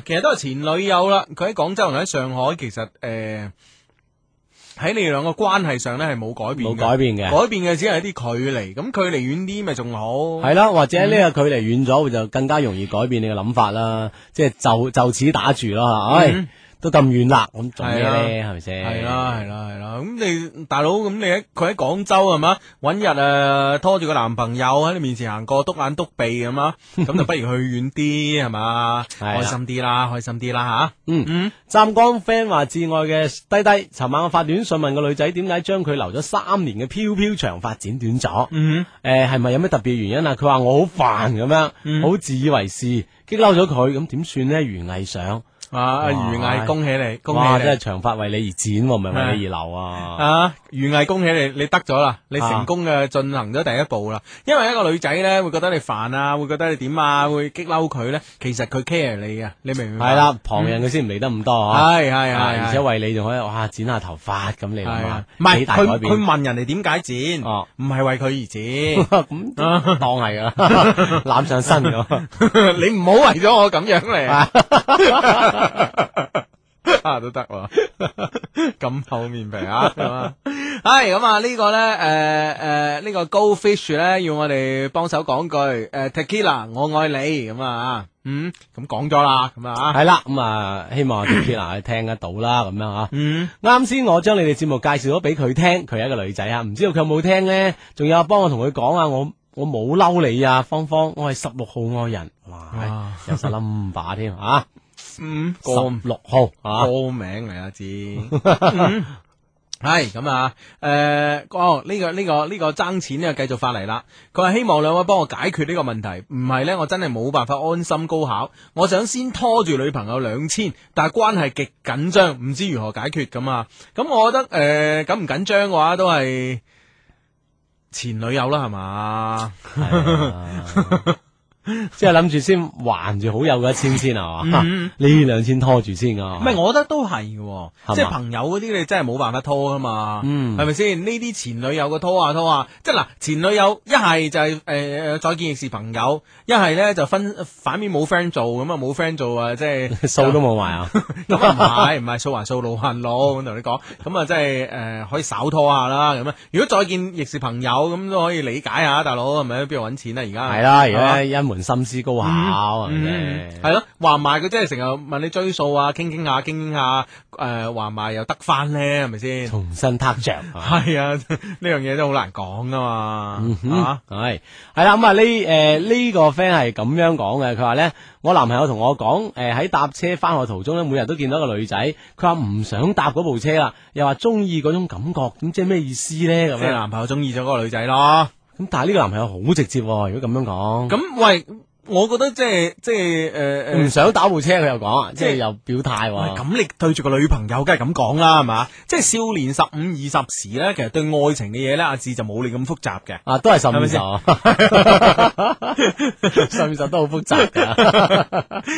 其實都係前女友啦，佢喺廣州同喺上海，其實誒喺、呃、你哋兩個關係上呢，係冇改變，冇改變嘅，改變嘅只係一啲距離。咁距離遠啲咪仲好？係啦，或者呢個距離遠咗，嗯、就更加容易改變你嘅諗法啦。即係就係、就，就此打住啦吓，嗯哼哎都咁遠啦，咁做咩咧？係咪先？係啦，係啦，係啦。咁你大佬，咁你喺佢喺廣州係嘛？揾日啊，啊啊啊啊嗯呃、拖住個男朋友喺你面前行過，篤眼篤鼻咁啊，咁就不如去遠啲係嘛？開心啲啦，開心啲啦吓。嗯嗯，湛江 friend 話至愛嘅低低，尋晚我發短信問個女仔，點解將佢留咗三年嘅飄飄長髮剪短咗？嗯，誒、呃，係咪有咩特別原因啊？佢話我好煩咁樣，好、嗯、自以為是，激嬲咗佢，咁點算呢？余毅上。啊！余毅，恭喜你，恭喜你！哇！真係長髮為你而剪，唔係為你而留啊！啊！余毅，恭喜你，你得咗啦，你成功嘅進行咗第一步啦。因為一個女仔咧，會覺得你煩啊，會覺得你點啊，會激嬲佢咧。其實佢 care 你嘅，你明唔明？係啦，旁人佢先唔理得咁多，係係係，而且為你仲可以哇剪下頭髮咁嚟嘛？唔係，佢佢問人哋點解剪，唔係為佢而剪，咁當係啦，攬上身咗，你唔好為咗我咁樣嚟。都得喎，咁厚面皮啊咁啊，係咁啊，呢個咧，誒誒呢個高 fish 咧要我哋幫手講句，誒 tequila 我愛你咁啊，嗯，咁講咗啦，咁啊，係啦，咁啊希望 tequila 聽得到啦，咁樣啊，嗯，啱先我將你哋節目介紹咗俾佢聽，佢係一個女仔啊，唔知道佢有冇聽咧，仲有幫我同佢講啊，我我冇嬲你啊，芳芳，我係十六號愛人，哇，有首冧把添啊。五個六號啊，報名嚟阿子，係咁啊，誒哦，呢個呢、這個呢、這個爭、這個、錢咧，繼、這個、續發嚟啦。佢話希望兩位幫我解決呢個問題，唔係呢，我真係冇辦法安心高考。我想先拖住女朋友兩千，但係關係極緊張，唔知如何解決咁啊。咁、嗯、我覺得誒緊唔緊張嘅話，都係前女友啦，係嘛。 [laughs] [laughs] 即係諗住先還住好友嘅一千先、嗯、啊，係嘛？呢兩千拖住先嘅。唔係、啊，我覺得都係嘅，即、就、係、是、朋友嗰啲，你真係冇辦法拖啊嘛。嗯，係咪先？呢啲前女友嘅拖下拖下，即係嗱，前女友一係就係、是、誒、呃、再見亦是朋友；一係咧就分反面冇 friend 做，咁啊冇 friend 做 [laughs] 數啊，即係數都冇埋啊，都唔係唔係數還數路還路咁同你講。咁啊、就是，即係誒可以稍拖下啦。咁啊，如果再見亦是朋友，咁都可以理解下大佬係咪？邊度揾錢啊？而家係啦，而家一門 [laughs] [laughs] 心思高考、啊，係咯、嗯，還埋佢真係成日問你追數啊，傾傾下，傾傾下，誒、啊，還埋又得翻咧，係咪先？重新撻著，係啊，呢樣嘢都好難講噶嘛，係、嗯嗯，係啦、啊，咁啊、嗯這個、呢，誒呢個 friend 係咁樣講嘅，佢話咧，我男朋友同我講，誒喺搭車翻學途中咧，每日都見到一個女仔，佢話唔想搭嗰部車啦，又話中意嗰種感覺，咁即係咩意思咧？咁樣，男朋友中意咗嗰個女仔咯。咁但係呢個男朋友好直接、啊，如果咁樣講，咁、嗯、喂，我覺得即係即係誒，唔、呃嗯、想打部車佢又講，即係是又表態喎、啊。咁你對住個女朋友、啊，梗係咁講啦，係嘛？即係少年十五二十時咧，其實對愛情嘅嘢咧，阿志就冇你咁複雜嘅。啊，都係十五，係咪十五十都好複雜嘅。 [laughs] [laughs]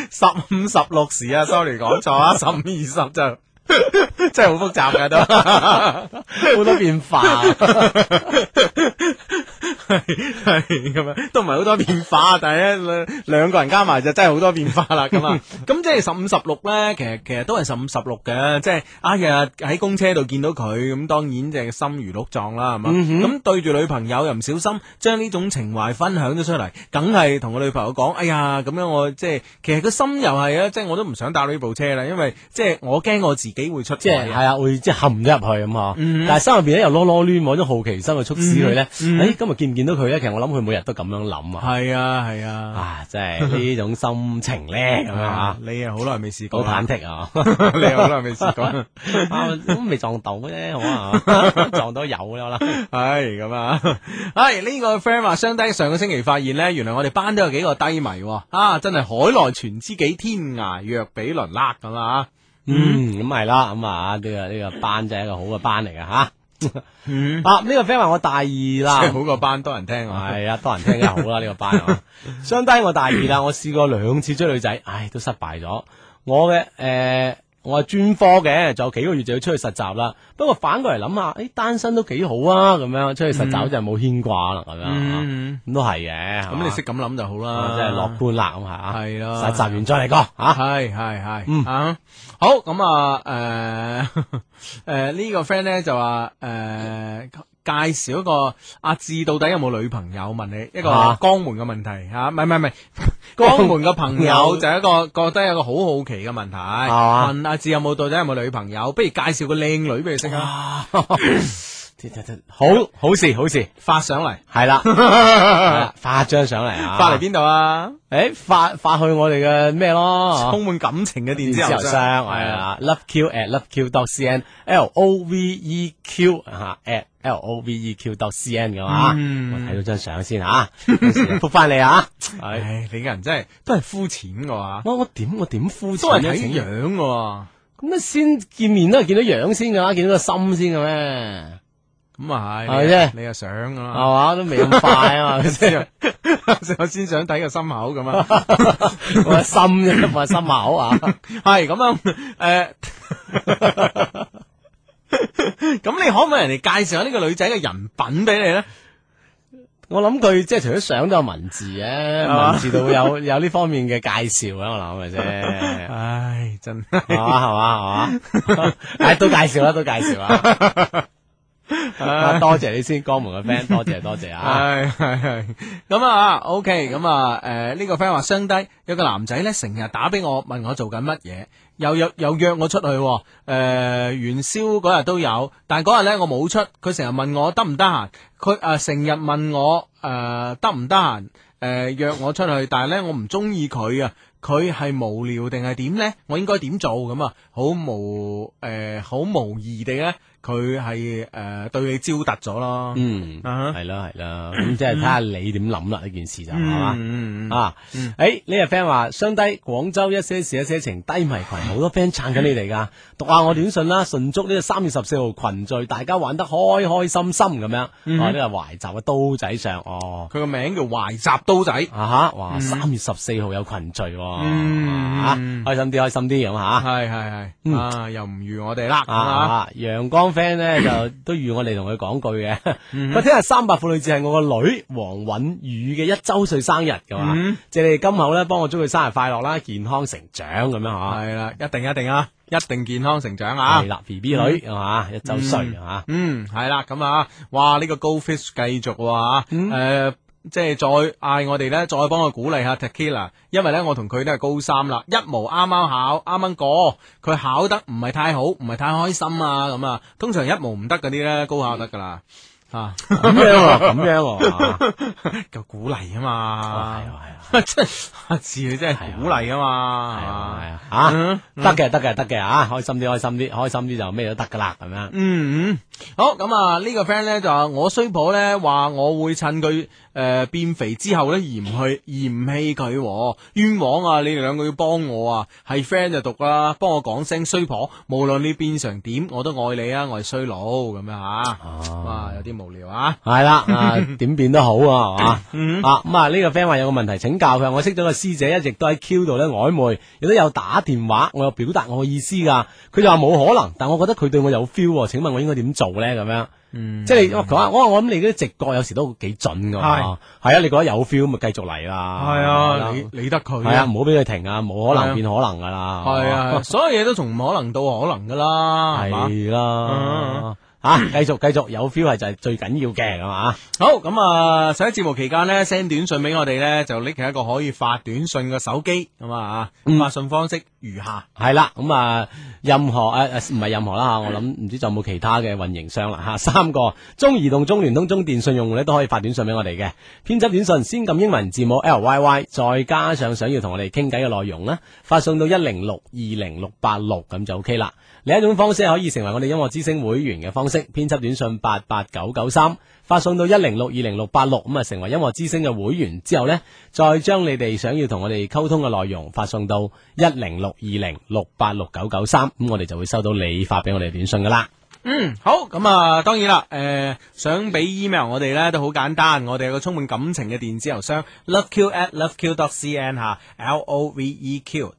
十五十六時啊，sorry，講錯啊，十五二十就即係好複雜嘅都，好 [laughs] 多變化。咁樣 [laughs] 都唔係好多變化，但係兩兩個人加埋就真係好多變化啦咁啊！咁 [laughs] 即係十五十六咧，其實其實都係十五十六嘅，即係啊，日、哎、喺公車度見到佢，咁當然即係心如鹿撞啦，係嘛？咁、嗯、哼對住女朋友又唔小心將呢種情懷分享咗出嚟，梗係同個女朋友講，哎呀咁樣我，我即係其實個心又係啊，即係我都唔想搭呢部車啦，因為即係我驚我自己會出，即係係啊，會即係、啊、陷咗入去咁嗬？但係心入邊咧又囉囉攣，嗰種好奇心去促使佢咧，誒，今日見。見到佢咧，其實我諗佢每日都咁樣諗啊。係 [music] 啊，係啊。 [laughs] 啊，真係呢種心情咧，咁樣啊。你， [laughs] 你 [laughs] 啊，好耐未試過。好忐忑啊！你好耐未試過。啱，都未撞到啫，好啊，撞到有啦。係咁 [laughs] 啊！係、哎、呢、這個 friend 話，雙低上個星期發現咧，原來我哋班都有幾個低迷啊。啊，真係海內存知己，天涯若比鄰啦，咁啊。嗯，咁係啦，咁、嗯、啊，呢個呢個班就係一個好嘅班嚟嘅，吓、啊。 [laughs] 啊！呢、這個 friend 話我大二啦，好個班，多人聽係啊，多人聽就好啦。呢 [laughs] 個班話，相當於我大二啦。我試過兩次追女仔，唉，都失敗咗。我嘅，誒、呃，我係專科嘅，仲有幾個月就要出去實習啦。不過反過嚟諗下，誒，單身都幾好啊。咁樣出去實習就冇牽掛啦。咁、嗯、樣，咁都係嘅，咁你識咁諗就好啦。即係樂觀啦，咁係啊。係的啊。實習完再嚟個，吓係係係啊。好咁啊，誒、嗯、誒、呃呃這個、呢個 friend 咧，就話，誒、呃、介紹一個阿志到底有冇女朋友？問你一個江門嘅問題吓，唔係唔係唔係江門嘅朋友就係一個 [laughs] 覺得一個好好奇嘅問題，啊、問阿志有冇到底有冇女朋友？不如介紹個靚女俾你識啊！哈哈好好事，好事，發上嚟係啦，發張上嚟啊，發嚟邊度啊？誒，發發去我哋嘅咩咯？充滿感情嘅電子郵箱係啊，loveq at loveq dot cn，l o v e q 吓 at l o v e q dot c n 嘅吓，我睇到張相先吓，覆翻你啊！唉，你個人真係都係膚淺嘅哇！我我點我點膚淺？都係睇樣嘅，咁啊先見面都係見到樣先嘅啦，見到個心先嘅咩？咁啊係，係啫、就是，的你又想啊，係嘛，都未咁快啊嘛，先我先想睇個心口咁啊， [laughs] 我心啫嘛， [laughs] 心，唔係心口啊，係咁樣誒，咁、欸、 [laughs] [laughs] 你可唔可以人哋介紹下呢個女仔嘅人品俾你咧？我諗佢即係除咗相都有文字嘅、啊，吧文字都有有呢方面嘅介紹嘅、啊，我諗係咪先？ [laughs] 唉，真係，係嘛，係嘛，係嘛，唉、 [laughs] 啊，都介紹啦、啊，都介紹啦。 [laughs] 多謝你先，江門嘅 friend，多謝多謝啊！係係咁啊，OK，咁啊，誒、okay, 啊，呢、呃這個 friend 話傷低，有個男仔呢，成日打俾我，問我做緊乜嘢，又約又約我出去、啊，誒、呃，元宵嗰日都有，但係嗰日呢，我冇出，佢成日問我得唔得閒，佢誒成日問我誒得唔得閒，誒、呃呃、約我出去，但係呢，我唔中意佢啊，佢係無聊定係點呢？我應該點做咁啊？好無誒，好、呃、無疑地呢。佢係誒對你招達咗咯，嗯，係咯係咯，咁即係睇下你點諗啦呢件事就係嘛，啊，誒呢個 friend 話相低廣州一些事一些情，低迷群，好多 friend 撐緊你嚟㗎，讀下我短信啦，順祝呢個三月十四號群聚，大家玩得開開心心咁樣，哦，呢個懷集嘅刀仔上，哦，佢個名叫懷集刀仔，啊哈，哇三月十四號有群聚，嗯，嚇，開心啲開心啲咁嚇，係係係，啊又唔預我哋啦，啊，陽光。friend 咧就都預我哋同佢講句嘅，佢聽日三八婦女節係我個女黃允宇嘅一周歲生日嘅嘛，即、嗯、借你哋今後咧幫我祝佢生日快樂啦，健康成長咁樣吓，係、啊、啦，一定一定啊，一定健康成長啊，係啦，B B 女啊嘛，嗯、一周歲、嗯、啊，嗯，係啦，咁啊，哇，呢、這個 Go Fish 繼續啊，誒、呃。即係，再嗌我哋咧，再幫佢鼓勵下 Takila，因為咧我同佢都係高三啦，一模啱啱考啱啱過，佢考得唔係太好，唔係太開心啊咁啊，通常一模唔得嗰啲咧，高考得噶啦，吓咁樣咁樣，就、啊啊啊、鼓勵啊嘛，係啊係啊，真係事佢真係鼓勵啊嘛，係啊係啊，吓得嘅得嘅得嘅啊，開心啲開心啲開心啲就咩都得噶啦，咁樣，嗯嗯，mm hmm、好咁啊呢個 friend 咧就我衰婆咧話我會趁佢。誒，呃、變肥之後呢，嫌棄嫌棄佢，冤枉啊！你哋兩個要幫我啊，係 friend 就讀啦，幫我講聲衰婆，無論你變成點，我都愛你啊，我係衰佬咁樣吓，哇，有啲無聊啊，係啦，點變都好啊，係嘛？啊，咁啊，呢個 friend 話有個問題請教佢，我識咗個師姐，一直都喺 Q 度呢，曖昧，亦都有打電話，我有表達我嘅意思噶，佢就話冇可能，但我覺得佢對我有 feel，請問我應該點做呢？咁樣。即係你講下，我我諗你啲直覺有時都幾準噶，係啊，你覺得有 feel 咪繼續嚟啦，係啊，理理得佢，係啊，唔好俾佢停啊，冇可能變可能噶啦，係啊，所有嘢都從唔可能到可能噶啦，係啦。啊！繼續繼續有 feel 係就係最緊要嘅，係嘛？好咁啊！上一節目期間呢 send 短信，俾我哋呢，就拎起一個可以發短信嘅手機咁啊啊！發信方式如下，係啦、嗯，咁、嗯、啊，任何誒唔係任何啦的我諗唔知仲有冇其他嘅運營商啦吓、啊，三個中移動、中聯通、中電信用呢，都可以發短信俾我哋嘅。編輯短信先撳英文字母 L Y Y，再加上想要同我哋傾偈嘅內容咧，發送到一零六二零六八六咁就 OK 啦。另一種方式可以成為我哋音樂之聲會員嘅方式，編輯短信八八九九三，發送到一零六二零六八六，咁啊成為音樂之聲嘅會員之後呢，再將你哋想要同我哋溝通嘅內容發送到一零六二零六八六九九三，咁我哋就會收到你發俾我哋短信噶啦。嗯，好，咁啊，當然啦，誒、呃，想俾 email 我哋呢都好簡單，我哋有個充滿感情嘅電子郵箱 loveq@loveq.cn 吓，l-o-v-e-q. o v、e q.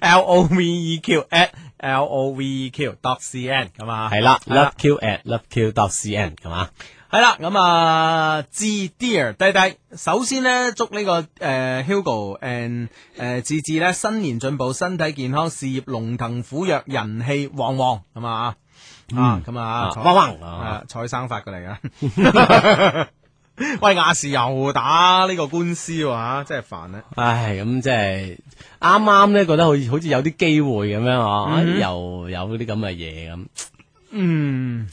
L O V E Q at L O V E Q dot C N 咁啊，係啦，Love Q at Love Q dot C N 咁啊，係啦。咁啊，致 Dear 弟弟，首先咧祝呢個誒 Hugo and 誒志志咧新年進步，身體健康，事業龍騰虎躍，人氣旺旺咁啊啊咁啊，旺旺係啊，蔡生發過嚟嘅。喂，亞視又打呢個官司吓、啊，真係煩啊！唉，咁即係啱啱咧，啱啱覺得好似好似有啲機會咁樣嗬，嗯、哼又有啲咁嘅嘢，咁。嗯，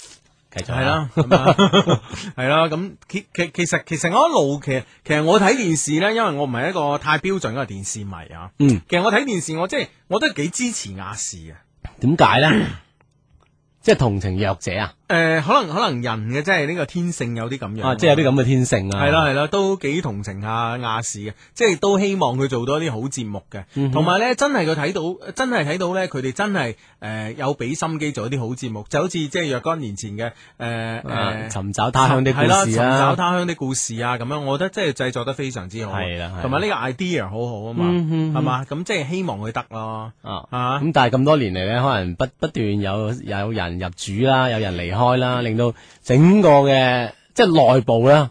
繼續係啦，係啦，咁 [laughs] 其其其實其實我一路其實其實我睇電視咧，因為我唔係一個太標準嘅電視迷啊。嗯，其實我睇電視，我即係、就係、我都幾支持亞視啊。點解咧？即、就、係、係、同情弱者啊！誒，可能可能人嘅，即係呢個天性有啲咁樣，即係有啲咁嘅天性啊，係啦係啦，都幾同情下亞視嘅，即係都希望佢做多啲好節目嘅，同埋咧真係佢睇到，真係睇到咧佢哋真係誒有俾心機做一啲好節目，就好似即係若干年前嘅誒誒，尋找他鄉的故事啊係啦，尋找他鄉的故事啊咁樣，我覺得即係製作得非常之好，係啦，同埋呢個 idea 好好啊嘛，係嘛，咁即係希望佢得咯，啊啊，咁但係咁多年嚟咧，可能不不斷有有人入主啦，有人離開。開啦，令到整個嘅即係內部啦，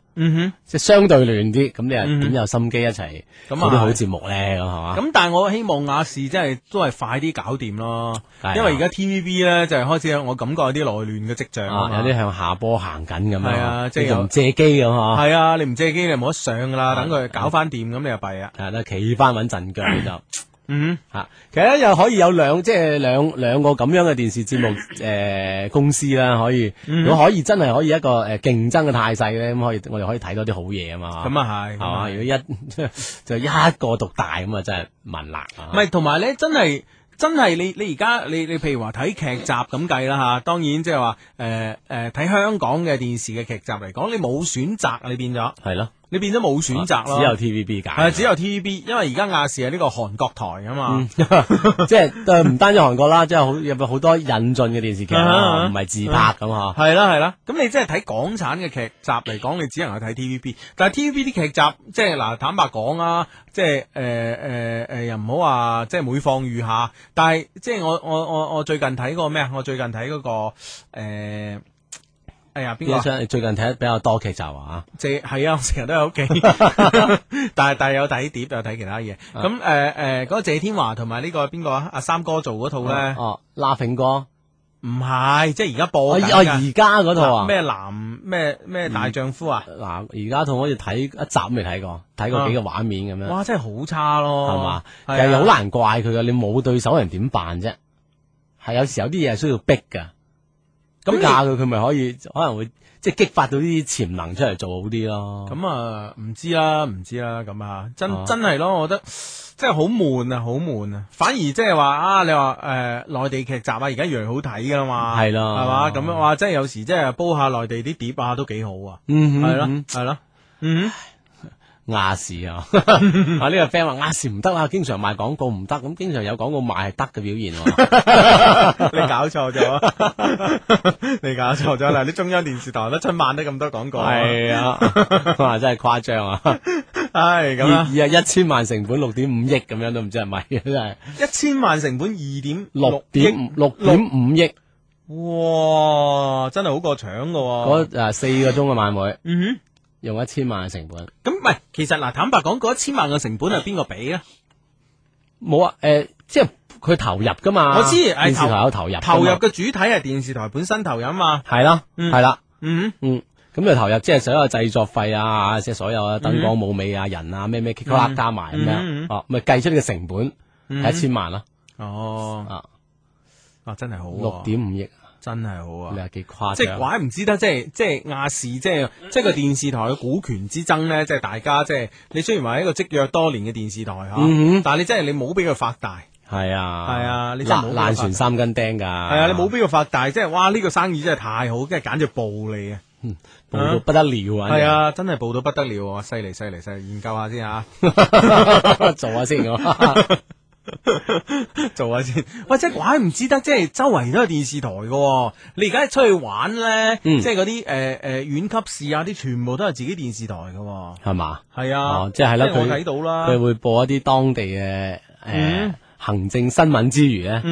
即係相對亂啲。咁你又點有心機一齊做啲好節目咧？咁係嘛？咁但係我希望亞視真係都係快啲搞掂咯，因為而家 TVB 咧就係開始，我感覺有啲內亂嘅跡象，有啲向下坡行緊咁啊。即係唔借機咁嗬？係啊，你唔借機你冇得上噶啦，等佢搞翻掂咁你就弊啊。係啦，企翻穩陣腳就。嗯，吓，其實咧又可以有兩即係兩兩個咁樣嘅電視節目誒、呃、公司啦，可以如果可以真係可以一個誒呃、競爭嘅態勢咧，咁可以我哋可以睇多啲好嘢啊嘛。咁啊係，吓咁，係嘛，如果一、就是、就一個獨大咁啊係嘛，真係悶啦。唔係，同埋咧，真係真係你你而家你你譬如話睇劇集咁計啦吓，當然即係話誒誒睇香港嘅電視嘅劇集嚟講，你冇選擇，你變咗係咯。你變咗冇選擇咯，只有 T V B 㗎，係只有 T V B，因為而家亞視係呢個韓國台啊嘛，即係唔單止韓國啦，即係好入好多引進嘅電視劇啦、啊，唔係、啊啊啊啊、自拍咁嗬。係啦係啦，咁你即係睇港產嘅劇集嚟講，你只能去睇 T V B，但係 T V B 啲劇集即係嗱、啊，坦白講啊，即係誒誒誒，又唔好話即係每況愈下，但係即係我我我我最近睇嗰咩啊？我最近睇嗰、那個、呃哎呀，邊個最近睇得比較多劇集啊？謝係啊，我成日都喺屋企，但係但係有睇碟，有睇其他嘢。咁誒誒，嗰、呃，那個謝天華同埋呢個邊個啊？阿三哥做嗰套咧？哦、啊、辣、啊、Laughing 哥？唔係，即係而家播緊啊！而家嗰套啊？咩男咩咩大丈夫啊？嗱、嗯，而家套好似睇一集未睇過，睇過幾個畫面咁、啊、樣。哇，真係好差咯，係嘛吧？係又好難怪佢噶，你冇對手人點辦啫？係有時有啲嘢係需要逼噶。咁嫁佢，佢咪可以，可能會即係激發到啲潛能出嚟，做好啲咯。咁、嗯、啊，唔知啦，唔知啦，咁啊，真真係咯，我覺得即係好悶啊，好悶啊。反而即係話啊，你話誒內地劇集啊，而家一樣好睇噶嘛。係咯，係嘛吧，咁樣哇，真係有時即係煲下內地啲碟啊，都幾好啊。嗯哼，係咯，係、嗯、哼啦，啦嗯。亞視啊！我呢個 friend 話亞視唔得啊，經常賣廣告唔得，咁經常有廣告賣係得嘅表現。你搞錯咗，你搞錯咗啦！啲中央電視台都春晚都咁多廣告，係啊，哇，真係誇張啊！唉，咁啊，二啊一千萬成本六點五億咁樣，都唔知係咪真係一千萬成本二點六點六點五億？哇，真係好過搶噶！嗰四個鐘嘅晚會，嗯用一千萬嘅成本，咁唔係，其實嗱，坦白講，嗰一千萬嘅成本係邊個俾啊？冇啊，誒，即係佢投入噶嘛？我知，電視台有投入。投入嘅主體係電視台本身投入啊嘛。係啦，係啦，嗯嗯，咁就投入即係所有製作費啊，即係所有燈光舞美啊，人啊，咩咩，加埋咁樣，咪計出呢個成本係一千萬囉。哦，啊，啊，真係好，六點五億。真係好啊！你話幾誇？即係怪唔知得，即係即係亞視，即係即係個電視台嘅股權之爭咧，即係大家即係你雖然話一個積弱多年嘅電視台，吓，但係你真係你冇俾佢發大。係啊，係啊，你真係冇辦法爛船三根釘噶。係啊，你冇俾佢發大，即係哇呢個生意真係太好，即係簡直暴利啊，暴到不得了啊！係啊，真係暴到不得了，啊。犀利犀利犀利！研究下先吓，做下先。做下先，或者係怪唔知得，即係周圍都係電視台嘅。你而家出去玩咧，即係嗰啲誒誒縣級市啊，啲全部都係自己電視台嘅，係嘛？係啊，即係咧，佢睇到啦，佢會播一啲當地嘅誒行政新聞之餘咧，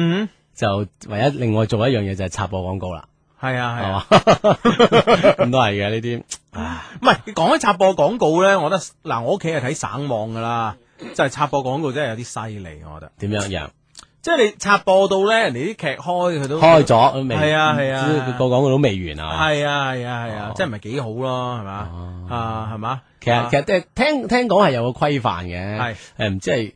就唯一另外做一樣嘢就係插播廣告啦。係啊，係嘛？咁都係嘅呢啲。唔係，講起插播廣告咧，我覺得嗱，我屋企係睇省網噶啦。即係插播廣告真係有啲犀利，我覺得點樣樣？即係你插播到咧，人哋啲劇開佢都開咗都未，係啊係啊，個廣告都未完啊！係啊係啊係啊，即係唔係幾好？咯係嘛啊係嘛？其實其實即係聽聽講係有個規範嘅，係誒唔知係，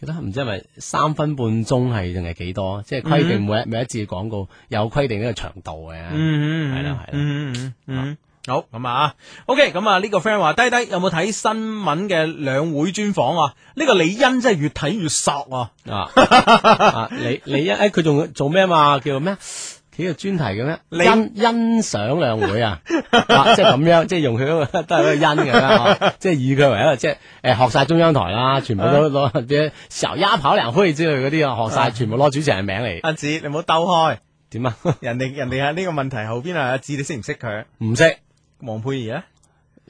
其實唔知係咪三分半鐘係定係幾多？即係規定每一每一次廣告有規定呢個長度嘅，係啦係啦，嗯嗯。嗯好咁啊，OK，咁啊呢個 friend 話低低有冇睇新聞嘅兩會專訪啊？呢個李欣真係越睇越索啊！啊，李李欣，誒，佢仲做咩嘛？叫做咩？企個專題叫咩？欣欣賞兩會啊，即係咁樣，即係用佢個都係個欣噶啦，即係以佢為一個即係誒，學晒中央台啦，全部都攞啲小丫跑涼灰之類嗰啲啊，學晒全部攞主持人名嚟。阿志，你唔好兜開，點啊 [laughs] 人哋人哋喺呢個問題後邊啊，阿志你識唔識佢？唔識。王佩儀咧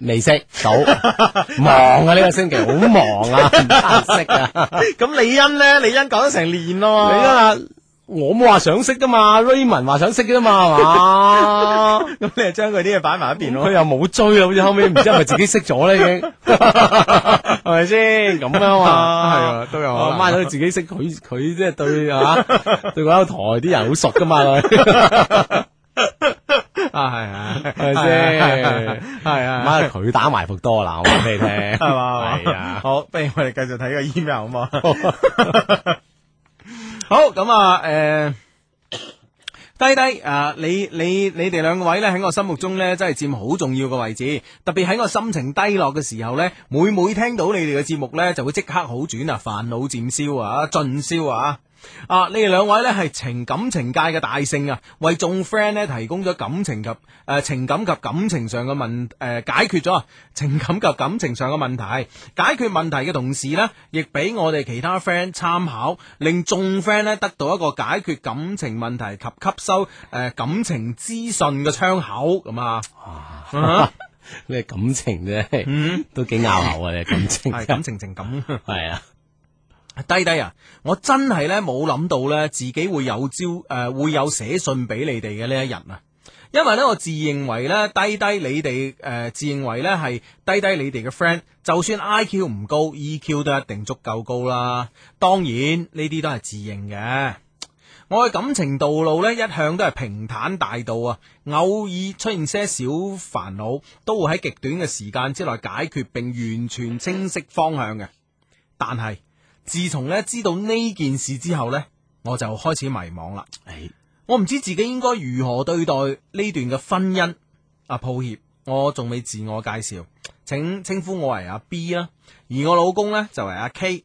未識到，忙啊呢、呢個星期好忙啊，唔識啊。咁 [laughs] 李欣咧，李欣講咗成年咯。李欣啊，我冇話想識噶嘛，Raymond 話想識噶嘛係嘛？咁、啊、 [laughs] 你係將佢啲嘢擺埋一邊咯。佢 [laughs] 又冇追是是啊，好似後尾唔知係咪自己識咗咧已經，係咪先？咁樣啊，係啊都有。阿媽都自己識佢，佢即係對啊，對嗰台啲人好熟噶嘛佢。啊 [laughs] 啊係啊，係咪係啊，唔佢打埋伏多啦，我話俾你聽係嘛？係啊，好，不如我哋繼續睇個 email 好嘛？ [laughs] 好， [laughs] 好咁啊，誒、呃，低低啊，你你你哋兩個位咧喺我心目中咧真係佔好重要嘅位置，特別喺我心情低落嘅時候咧，每每聽到你哋嘅節目咧，就會即刻好轉啊，煩惱漸消啊，盡消啊。啊！你哋兩位呢係情感情界嘅大聖啊，為眾 friend 呢提供咗感情及誒、呃、情感及感情上嘅問誒解決咗情感及感情上嘅問題，解決問題嘅同時呢，亦俾我哋其他 friend 參考，令眾 friend 呢得到一個解決感情問題及吸收誒、呃、感情資訊嘅窗口咁啊！哇！咩、uh huh? [laughs] 感情啫？嗯，都幾拗口啊！你感情係 [laughs] 感情情感係啊！低低啊！我真係咧冇諗到咧，自己會有招誒、呃，會有寫信俾你哋嘅呢一日啊！因為咧，我自認為咧，低低你哋誒、呃，自認為咧係低低你哋嘅 friend，就算 IQ 唔高，EQ 都一定足夠高啦。當然呢啲都係自認嘅。我嘅感情道路咧，一向都係平坦大道啊，偶爾出現些小煩惱，都會喺極短嘅時間之內解決，並完全清晰方向嘅。但係。自從咧知道呢件事之後呢，我就開始迷茫啦。我唔知自己應該如何對待呢段嘅婚姻啊！抱歉，我仲未自我介紹，請稱呼我為阿 B 啦。而我老公呢就係阿 K，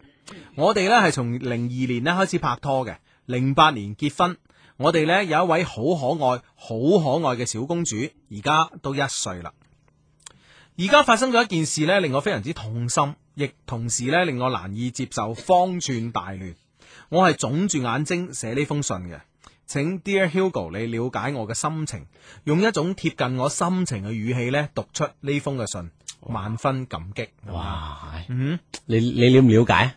我哋呢係從零二年咧開始拍拖嘅，零八年結婚。我哋呢有一位好可愛、好可愛嘅小公主，而家都一歲啦。而家發生咗一件事呢，令我非常之痛心，亦同時呢令我難以接受，方寸大亂。我係腫住眼睛寫呢封信嘅，請 Dear Hugo，你了解我嘅心情，用一種貼近我心情嘅語氣呢，讀出呢封嘅信，萬分感激。哇，嗯，你你了唔了解？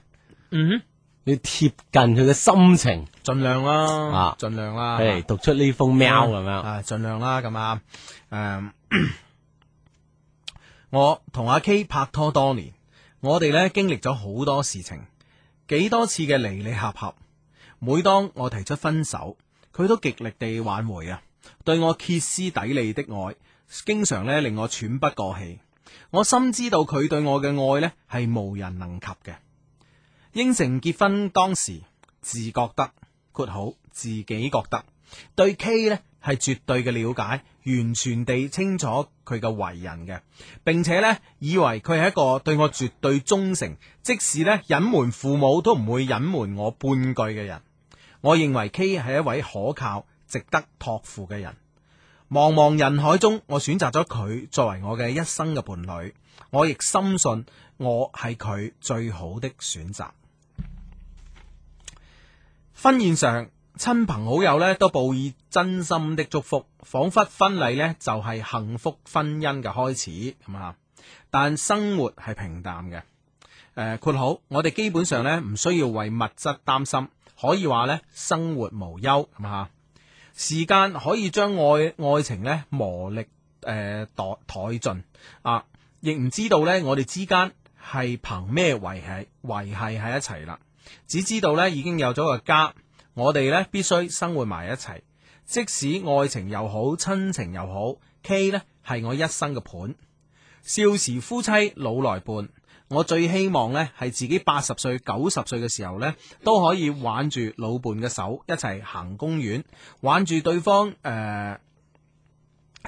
嗯， [coughs] 你貼近佢嘅心情，盡量啦，盡量啦，係讀出呢封喵咁樣，啊，盡量啦咁啊，誒。我同阿 K 拍拖多年，我哋咧經歷咗好多事情，幾多次嘅離離合合。每當我提出分手，佢都極力地挽回啊，對我歇斯底里的愛，經常咧令我喘不過氣。我深知道佢對我嘅愛呢係無人能及嘅。應承結婚當時，自覺得括號自己覺得對 K 呢。係絕對嘅了解，完全地清楚佢嘅為人嘅，並且呢，以為佢係一個對我絕對忠誠，即使呢隱瞞父母都唔會隱瞞我半句嘅人。我認為 K 係一位可靠、值得託付嘅人。茫茫人海中，我選擇咗佢作為我嘅一生嘅伴侶。我亦深信我係佢最好的選擇。婚宴上，親朋好友咧都報以真心的祝福，仿佛婚禮咧就係幸福婚姻嘅開始咁啊。但生活係平淡嘅。誒、呃，括號我哋基本上咧唔需要為物質擔心，可以話咧生活無憂咁啊。時間可以將愛愛情咧磨力誒、殆、呃、殆盡啊，亦唔知道咧我哋之間係憑咩維繫維繫喺一齊啦，只知道咧已經有咗個家。我哋咧必須生活埋一齊，即使愛情又好，親情又好，K 咧係我一生嘅伴。少時夫妻老來伴，我最希望咧係自己八十歲、九十歲嘅時候咧都可以挽住老伴嘅手一齊行公園，挽住對方誒、呃、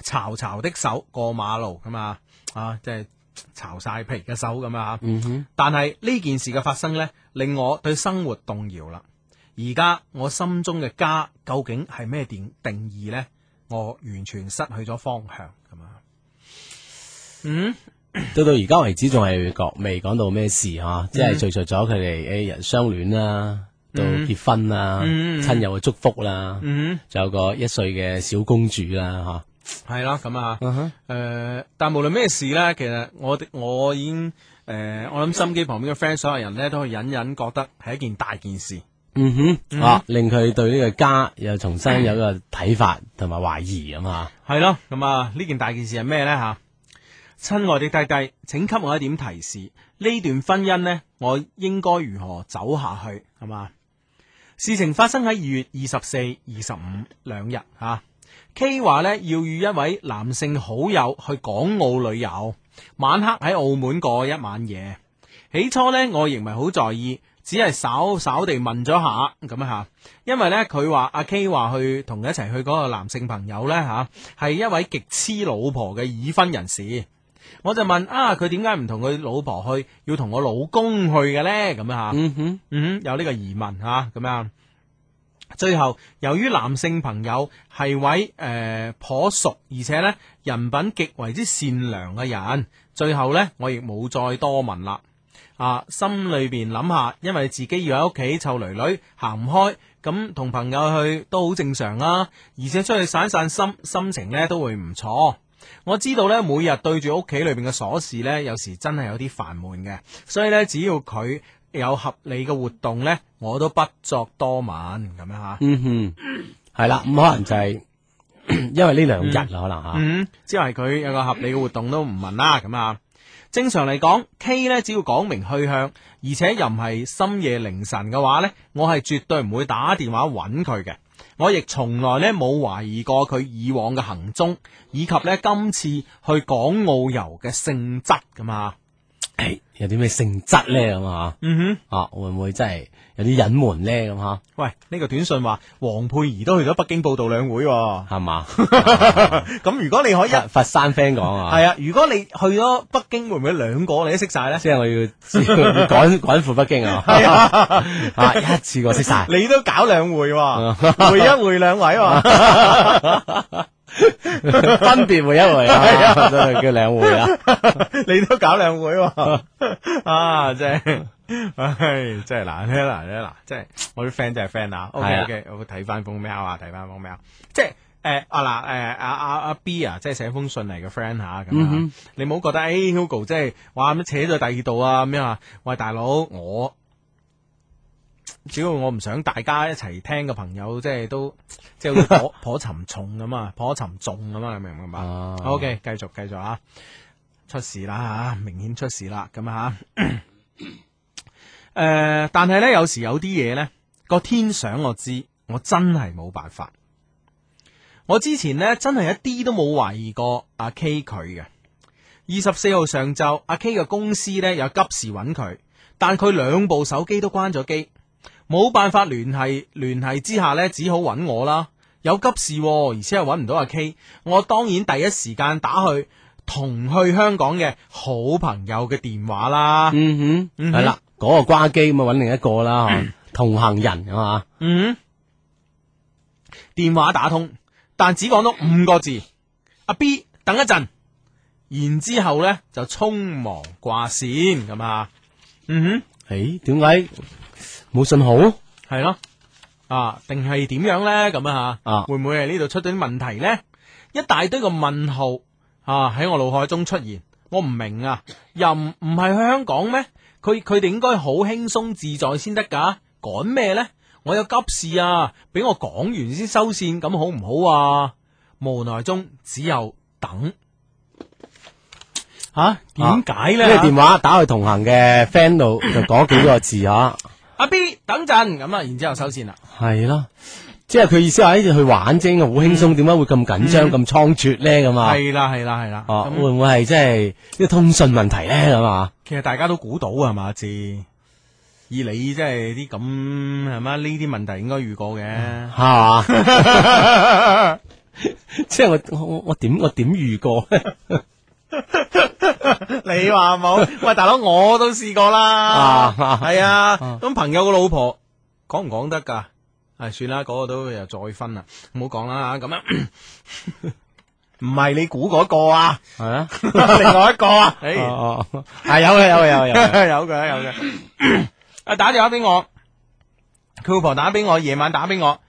巢巢的手過馬路咁啊！啊，即係巢晒皮嘅手咁啊！Mm-hmm. 但係呢件事嘅發生咧，令我對生活動搖啦。而家我心中嘅家究竟係咩定定義咧？我完全失去咗方向咁啊！嗯，到到而家為止仲係覺未講到咩事吓，嗯、即係敘述咗佢哋誒人相戀啦，到結婚啦，親、嗯、友嘅祝福啦，仲、嗯、有個一歲嘅小公主啦，吓係啦咁啊，誒，但無論咩事咧，其實我我已經誒、呃，我諗心機旁邊嘅 friend 所有人咧都可以隱隱覺得係一件大件事。嗯哼，吓、mm hmm, mm hmm. 啊、令佢對呢個家又重新有一個睇法同埋懷疑啊嘛，係、嗯、咯，咁啊呢件大件事係咩呢？吓？親愛的弟弟，請給我一點提示，呢段婚姻呢，我應該如何走下去係嘛？事情發生喺二月二十四、二十五兩日吓、啊、K 話呢，要與一位男性好友去港澳旅遊，晚黑喺澳門過一晚夜。起初呢，我仍係好在意。只係稍稍地問咗下咁啊嚇，因為呢，佢話阿 K 話去同佢一齊去嗰個男性朋友呢，嚇、啊，係一位極黐老婆嘅已婚人士。我就問啊，佢點解唔同佢老婆去，要同我老公去嘅呢？咁啊嚇，嗯哼，嗯哼，有呢個疑問嚇咁、啊、樣。最後由於男性朋友係位誒頗、呃、熟，而且呢人品極為之善良嘅人，最後呢，我亦冇再多問啦。啊，心裏邊諗下，因為自己要喺屋企湊女女，行唔開，咁同朋友去都好正常啦，啊。而且出去散散心，心情咧都會唔錯。我知道咧，每日對住屋企裏邊嘅鎖匙咧，有時真係有啲煩悶嘅。所以咧，只要佢有合理嘅活動咧，我都不作多問。咁樣吓、啊，嗯哼，係啦，咁 [laughs] 可能就係、是、 [coughs] 因為呢兩日啦，嗯、可能吓、啊，嗯，只要係佢有個合理嘅活動都唔問啦，咁啊。正常嚟講，K 呢，只要講明去向，而且又唔係深夜凌晨嘅話呢，我係絕對唔會打電話揾佢嘅。我亦從來呢冇懷疑過佢以往嘅行蹤，以及呢今次去港澳遊嘅性質㗎嘛。有啲咩性質呢？咁嘛、啊，嗯哼、mm，hmm。啊會唔會真係？有啲隱瞞咧咁吓，喂，呢、這個短信話黃佩儀都去咗北京報道兩會，哦，係嘛吧？咁 [laughs] 如果你可以一佛山 friend 講啊，係 [laughs] 啊，如果你去咗北京，會唔會兩個你都識晒咧？即係我要趕趕赴北京啊， [laughs] 啊，一次過識晒， [laughs] 你都搞兩會，會一會兩位，分別會一會啊，真係叫兩會啊， [laughs] [laughs] 你都搞兩會啊，即 [laughs] 係、啊。唉，真係難聽，難聽，難聽，即係我啲 friend 真係 friend 啊。OK，OK，我睇翻封 mail 啊，睇翻封 mail。即係誒，阿嗱，誒，阿阿阿 B 啊，即係寫封信嚟嘅 friend 吓，咁樣你冇好覺得誒，Hugo 即係話咩扯咗第二度啊，咁樣啊。喂，大佬，我主要我唔想大家一齊聽嘅朋友，即係都即係好似頗頗沉重咁啊，頗沉重咁啊，明唔明白？OK，繼續繼續啊，出事啦吓，明顯出事啦，咁啊。誒、呃，但係咧，有時有啲嘢呢，個天想我知，我真係冇辦法。我之前呢，真係一啲都冇懷疑過阿 K 佢嘅。二十四號上晝，阿 K 嘅公司呢，有急事揾佢，但佢兩部手機都關咗機，冇辦法聯繫。聯繫之下呢，只好揾我啦。有急事，啊，而且係揾唔到阿 K，我當然第一時間打去同去香港嘅好朋友嘅電話啦。嗯哼，係、嗯、啦。嗰個掛機咁啊，揾另一個啦吓，嗯、同行人係嘛？嗯，電話打通，但只講到五個字，阿 B 等一陣，然之後咧就匆忙掛線，咁啊，嗯哼，誒、哎，點解冇信號？係咯、啊，啊，定係點樣咧？咁啊吓，啊，會唔會係呢度出咗啲問題咧？一大堆個問號啊，喺我腦海中出現，我唔明啊，又唔唔係去香港咩？佢佢哋應該好輕鬆自在先得噶，趕咩咧？我有急事啊，俾我講完先收線，咁好唔好啊？無奈中只有等。吓、啊，點解咧？呢個、啊、電話打去同行嘅 friend 度，就講幾個字啊？阿、啊、B，等陣咁啊，然之後收線啦。係囉。即係佢意思話，呢次去玩啫，好輕鬆。點解會咁緊張、咁倉促咧？咁啊，係啦，係啦，係啦。咁會唔會係即係啲通訊問題咧？咁啊，其實大家都估到啊，係嘛？阿志以你即係啲咁係嘛？呢啲問題應該遇過嘅，係嘛？即係我我我點我點遇過？你話冇？喂，大佬，我都試過啦。係啊，咁朋友個老婆講唔講得噶？係、哎、算啦，嗰、嗰個都又再分啦，唔好講啦吓，咁樣唔係 [laughs] 你估個啊，係啊，另外一個啊，誒、 [laughs] 哎，哦，係有嘅有嘅有嘅有嘅有嘅，啊，啊 [laughs] 啊 [laughs] 打電話俾我，佢老 [laughs] 婆打俾我，夜晚打俾我。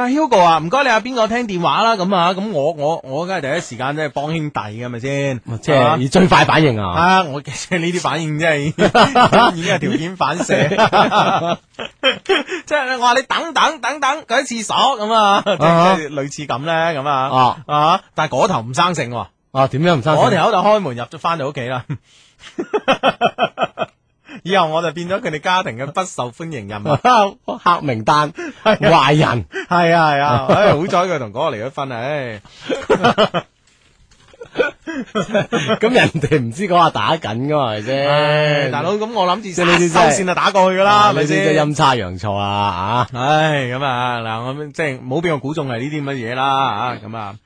阿 Hugo 啊，唔該你阿邊個聽電話啦？咁啊，咁我我我梗係第一時間即係幫兄弟嘅咪先？即係以最快反應啊！啊，我即係呢啲反應即係已經係條 [laughs] 件反射。 [laughs] [laughs] 即係我話你等等等等，佢喺廁所咁啊，啊即係類似咁咧，咁啊啊，啊啊但係嗰頭唔生性喎。啊，點樣唔生性啊？性？嗰頭就開門入咗，翻到屋企啦。 [laughs] 以後我就變咗佢哋家庭嘅不受歡迎人物、黑名單、壞人，係啊係啊，唉，好彩佢同嗰個離咗婚啊，唉，咁人哋唔知嗰個打緊噶係咪先？大佬，咁我諗住收線先啦，打過去噶啦，係咪先？陰差陽錯啦，吓，唉，咁啊嗱，我即係冇俾我估中係呢啲乜嘢啦，啊，咁啊。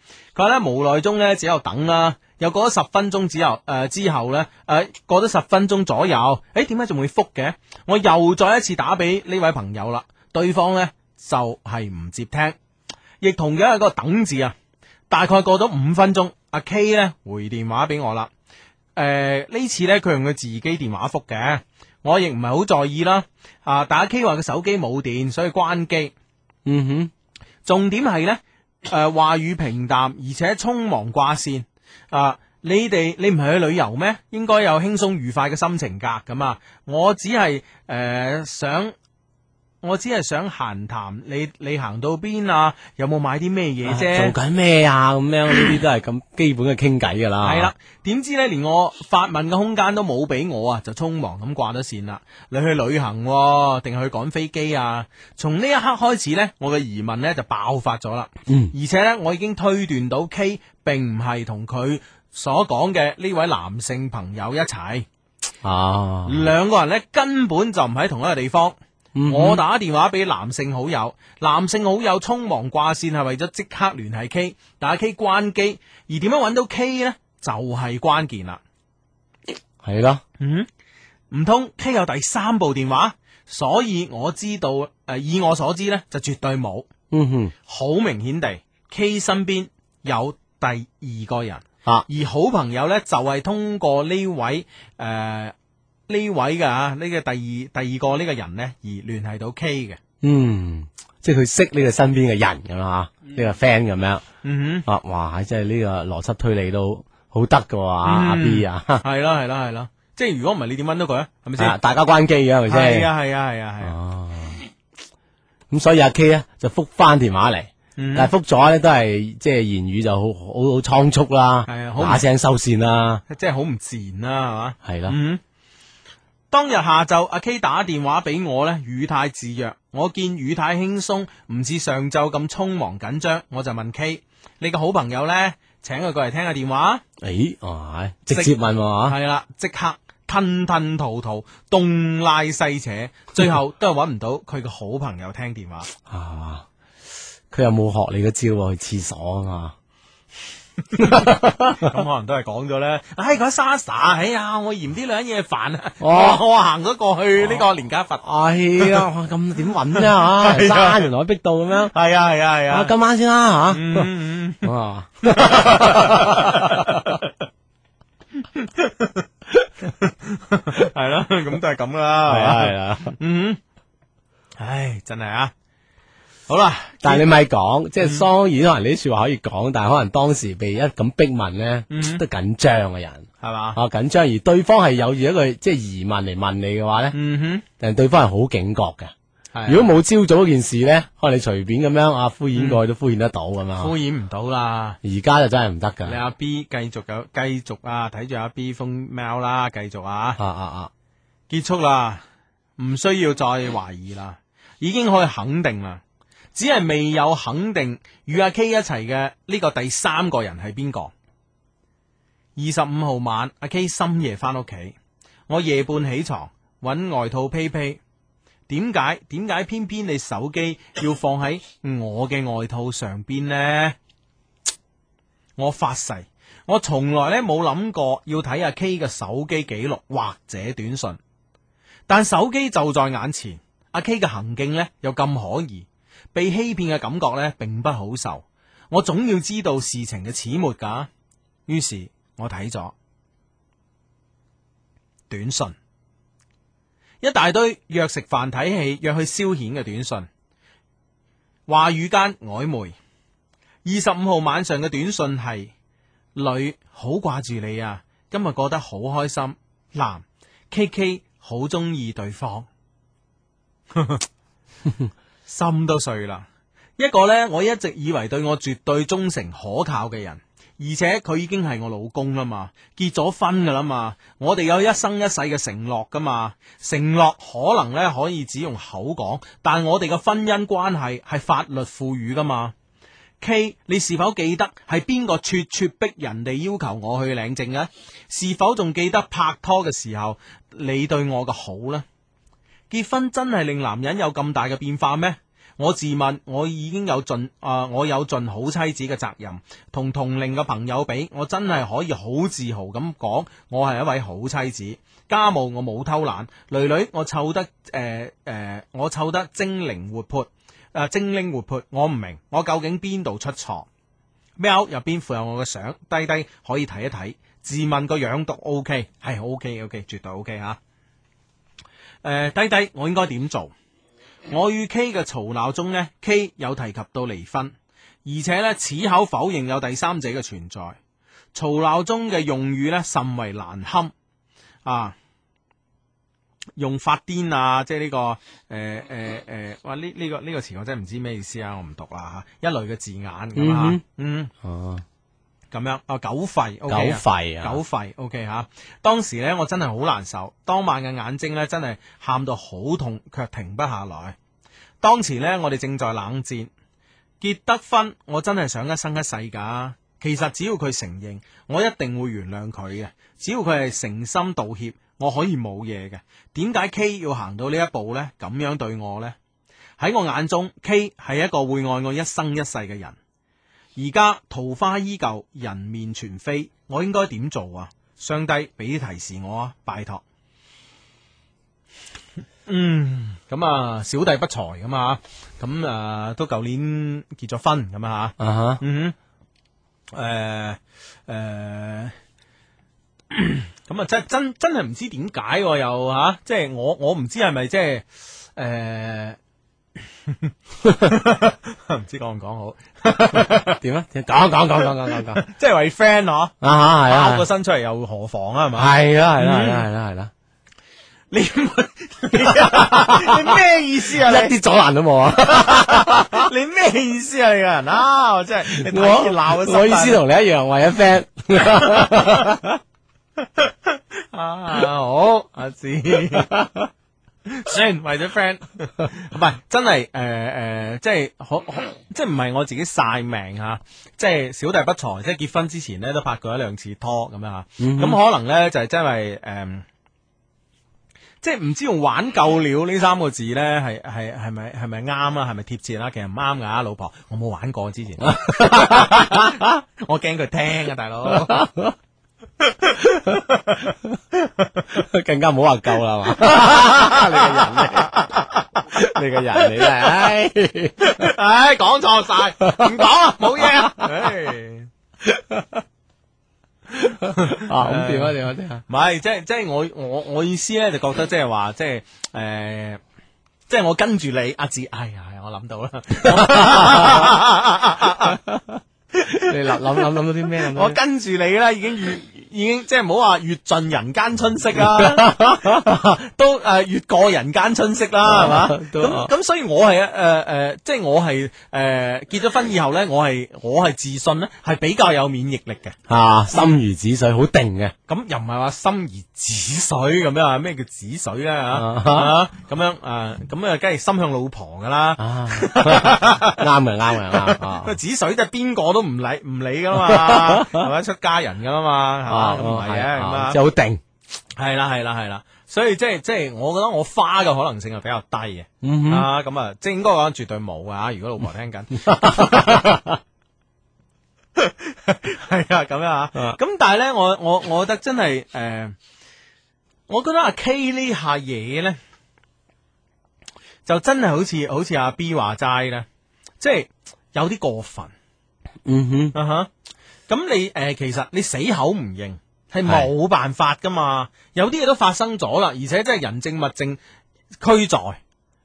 但無奈中咧只有等啦，啊，又過咗十分鐘，只有誒之後咧，誒、呃、過咗十分鐘左右，誒點解仲會覆嘅？我又再一次打俾呢位朋友啦，對方咧就係、是、唔接聽，亦同樣係一個等字啊。大概過咗五分鐘，阿、啊、K 咧回電話俾我啦。誒、呃、呢次咧，佢用佢自己電話覆嘅，我亦唔係好在意啦。啊，打 K 話佢手機冇電，所以關機。嗯哼，重點係咧。誒、呃，話語平淡，而且匆忙掛線。啊，你哋你唔係去旅遊咩？應該有輕鬆愉快嘅心情噶。咁啊，我只係誒、呃、想。我只係想閒談，你你行到邊啊？有冇買啲咩嘢啫？做緊咩啊？咁樣呢啲都係咁基本嘅傾偈噶啦。係啦，點 [coughs] [coughs] 知呢？連我發問嘅空間都冇俾我啊，就匆忙咁掛咗線啦。你去旅行定係去趕飛機啊？從呢一刻開始呢，我嘅疑問呢就爆發咗啦。嗯、而且呢，我已經推斷到 K 並唔係同佢所講嘅呢位男性朋友一齊啊，兩個人呢，根本就唔喺同一個地方。我打電話俾男性好友，男性好友匆忙掛線係為咗即刻聯繫 K，打 K 關機，而點樣揾到 K 呢？就係、是、關鍵啦，係啦的，嗯，唔通 K 有第三部電話，所以我知道誒、呃，以我所知呢，就絕對冇，嗯哼，好明顯地 K 身邊有第二個人，啊，而好朋友呢，就係、是、通過呢位誒。呃呢位嘅啊，呢個第二第二個呢個人咧，而聯繫到 K 嘅，嗯，即係佢識呢個身邊嘅人咁啊，呢個 friend 咁樣，嗯哼，啊，哇，即係呢個邏輯推理都好得嘅喎，阿 B 啊，係啦係啦係啦，即係如果唔係你點掹到佢咧？係咪先？大家關機嘅係咪先？係啊係啊係啊，啊。咁所以阿 K 咧就覆翻電話嚟，但係覆咗咧都係即係言語就好好倉促啦，係啊，好把聲收線啦，即係好唔自然啦，係嘛，係啦。當日下晝，阿 K 打電話俾我呢，語態自若。我見語態輕鬆，唔似上晝咁匆忙緊張。我就問 K：，你個好朋友呢？請佢過嚟聽下電話。誒、欸，哦、啊，直接問嘛？係啦，即刻吞吞吐吐，東拉西扯，最後都係揾唔到佢個好朋友聽電話。欸、啊，佢有冇學你嘅招、啊、去廁所啊？咁可能都係講咗咧，唉，講 s a s 哎呀，我嫌啲兩嘢煩啊，我我行咗過去呢個連家佛，係咯，咁點揾啫吓，原來逼到咁樣，係啊係啊係啊，今晚先啦吓，哇，係啦，咁都係咁啦，係啊，係啊，嗯，唉，真係啊。好啦，但係你咪講，嗯、即係當然可能你啲說話可以講，但係可能當時被一咁逼問咧，嗯、都緊張嘅人係嘛？哦緊張，而對方係有住一個即係疑問嚟問你嘅話咧，嗯哼，但係對方係好警覺嘅。啊、如果冇朝早件事咧，可能你隨便咁樣啊敷衍過去都敷衍得到噶嘛、嗯？敷衍唔到啦，而家就真係唔得噶。你阿 B 繼續有繼續啊，睇住阿 B 瘋貓啦，繼續啊，啊啊啊，啊啊結束啦，唔需要再懷疑啦，已經可以肯定啦。只係未有肯定與阿 K 一齊嘅，呢個第三個人係邊個？二十五號晚，阿 K 深夜翻屋企，我夜半起床揾外套披披。點解？點解偏偏你手機要放喺我嘅外套上邊呢？我發誓，我從來咧冇諗過要睇阿 K 嘅手機記錄或者短信。但手機就在眼前，阿 K 嘅行徑咧又咁可疑。被欺騙嘅感覺呢並不好受。我總要知道事情嘅始末噶。於是我睇咗短信，一大堆約食飯睇戲、約去消遣嘅短信。話語間曖昧。二十五號晚上嘅短信係：女，好掛住你啊，今日過得好開心。男，KK，好中意對方。 [laughs] [laughs] 心都碎啦！一個呢，我一直以為對我絕對忠誠可靠嘅人，而且佢已經係我老公啦嘛，結咗婚噶啦嘛，我哋有一生一世嘅承諾噶嘛，承諾可能呢可以只用口講，但我哋嘅婚姻關係係法律賦予噶嘛。K，你是否記得係邊個咄咄逼人哋要求我去領證嘅？是否仲記得拍拖嘅時候你對我嘅好呢？結婚真係令男人有咁大嘅變化咩？我自問我已經有盡啊、呃，我有盡好妻子嘅責任。同同齡嘅朋友比，我真係可以好自豪咁講，我係一位好妻子。家務我冇偷懶，女女我湊得誒誒、呃呃，我湊得精靈活潑誒、呃，精靈活潑。我唔明我究竟邊度出錯？喵入邊附有我嘅相，低低可以睇一睇。自問個樣都 OK 係、哎、OK OK 絕對 OK 吓、啊。誒、呃低，低，弟，我應該點做？我與 K 嘅嘈鬧中呢，K 有提及到離婚，而且呢，矢口否認有第三者嘅存在。嘈鬧中嘅用語呢，甚為難堪啊！用發癲啊，即係呢、這個誒誒誒，哇！呢、這、呢個呢、這個詞我真係唔知咩意思啊！我唔讀啦吓，一類嘅字眼咁、嗯哼嗯、啊，嗯哦。咁樣啊，狗吠，狗吠啊，狗吠，OK 吓。當時呢，我真係好難受。當晚嘅眼睛呢，真係喊到好痛，卻停不下來。當時呢，我哋正在冷戰，結得婚，我真係想一生一世㗎。其實只要佢承認，我一定會原諒佢嘅。只要佢係誠心道歉，我可以冇嘢嘅。點解 K 要行到呢一步呢？咁樣對我呢？喺我眼中，K 係一個會愛我一生一世嘅人。而家桃花依舊，人面全非，我應該點做啊？上帝俾啲提示我啊，拜託。嗯，咁啊，小弟不才咁啊，咁啊，都舊年結咗婚咁啊，啊，嗯哼，誒，誒，咁啊，真真真係唔知點解又吓，即係我我唔知係咪即係誒。呃唔 [laughs] 知講唔講好？點 [laughs] 啊？講講講講講講，即係為 friend 囉？啊係啊，啊啊啊啊個身出嚟又何妨 [laughs] 啊？係咪？係啦係啦係啦係啦，嗯啊、 [laughs] 你你咩意思啊？一啲阻攔都冇啊！你咩意思啊？你個人啊， [laughs] 我真係我我意思同你一樣為咗 friend。好，阿志。雖然為咗 friend，唔係 [laughs] 真係誒誒，即係可即係唔係我自己晒命吓，啊，即係小弟不才，即係結婚之前咧都拍過一兩次拖咁樣吓，咁、啊 mm hmm. 可能咧就係、是、真係誒、呃，即係唔知用玩夠了呢三個字咧係係係咪係咪啱啊？係咪貼切啊？其實唔啱噶，老婆，我冇玩過之前， [laughs] [laughs] [laughs] 我驚佢聽啊，大佬。 [laughs] 更加唔好話夠啦嘛！你個人，你個人，你真係，唉，唉，講錯晒，唔講啦，冇嘢啊！唉、哎，whole, 啊，咁點、哎、啊？點啊、嗯？點啊？唔係，即係，即係我，我，我意思咧，就覺得就即係話，即、呃、係，誒，即係我跟住你，阿志，哎呀、哎，我諗到啦，你諗諗諗諗到啲咩？ 我跟住你啦，已經預。已經即係唔好話越盡人間春色啦， [laughs] 都誒、呃、越過人間春色啦，係嘛 [laughs] 吧？咁咁，所以我係誒誒，即係我係誒、呃、結咗婚以後咧，我係我係自信咧，係比較有免疫力嘅，吓、啊、心如止水，好定嘅。咁又唔係話心如止水咁樣啊？咩叫止水咧？咁樣啊？咁啊，梗係、啊、心向老婆噶啦，啱嘅，啱嘅，啱啊！止水即係邊個都唔理唔理噶嘛，係咪 [laughs] [laughs] 出家人噶嘛？啊，唔係嘅，咁、啊啊、定，係啦、嗯，係啦、啊，係啦、啊啊啊啊，所以即係即係，我覺得我花嘅可能性係比較低嘅，嗯、哼啊，咁啊，即係應該講絕對冇嘅，啊，如果老婆聽緊，係、嗯、 [laughs] [laughs] 啊，咁樣啊，咁但係咧，我我我覺得真係誒、呃，我覺得阿 K 下呢下嘢咧，就真係好似好似阿 B 話齋啦，即、就、係、係、有啲過分，嗯哼，嗯 [laughs] 咁你誒、呃，其實你死口唔認係冇辦法噶嘛，有啲嘢都發生咗啦，而且真係人證物證俱在，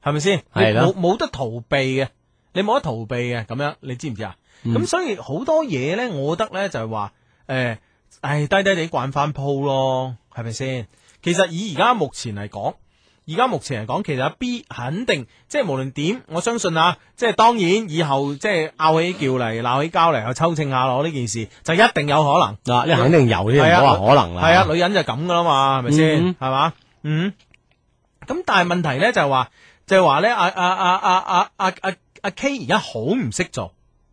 係咪先？係啦，冇冇得逃避嘅，你冇得逃避嘅，咁樣你知唔知啊？咁、嗯、所以好多嘢咧，我覺得咧就係話誒，誒、呃、低低哋慣翻鋪咯，係咪先？其實以而家目前嚟講。而家目前嚟講，其實阿 B 肯定，即係無論點，我相信啊，即係當然以後即係拗起叫嚟、鬧起交嚟，又抽秤下攞呢件事，就一定有可能。嗱、啊，呢肯定有呢唔好可能啦。係啊，女人就咁噶啦嘛，係咪先？係嘛？嗯。咁但係問題咧就係話，就係話咧，阿阿阿阿阿阿阿 K 而家好唔識做，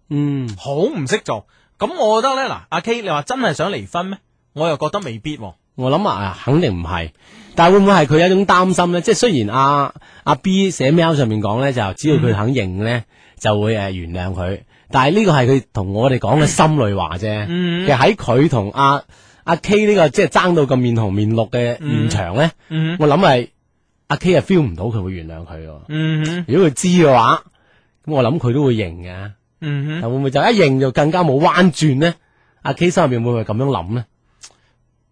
嗯，好唔識做。咁我覺得咧，嗱、啊，阿 K 你話真係想離婚咩？我又覺得未必。我諗啊，肯定唔係，但係會唔會係佢有一種擔心咧？即係雖然阿、啊、阿、啊、B 寫 mail 上面講咧，就只要佢肯認咧，就會、啊、原諒佢。但係呢個係佢同我哋講嘅心裏話啫。嗯嗯、其實喺佢同阿阿 K 呢、這個即係爭到咁面紅面綠嘅現場咧，我諗係阿 K 係 feel 唔到佢會原諒佢㗎。如果佢知嘅話，咁我諗佢都會認嘅。嗯嗯嗯、但會唔會就一認就更加冇彎轉咧？阿、啊、K 心入邊會唔會咁樣諗咧？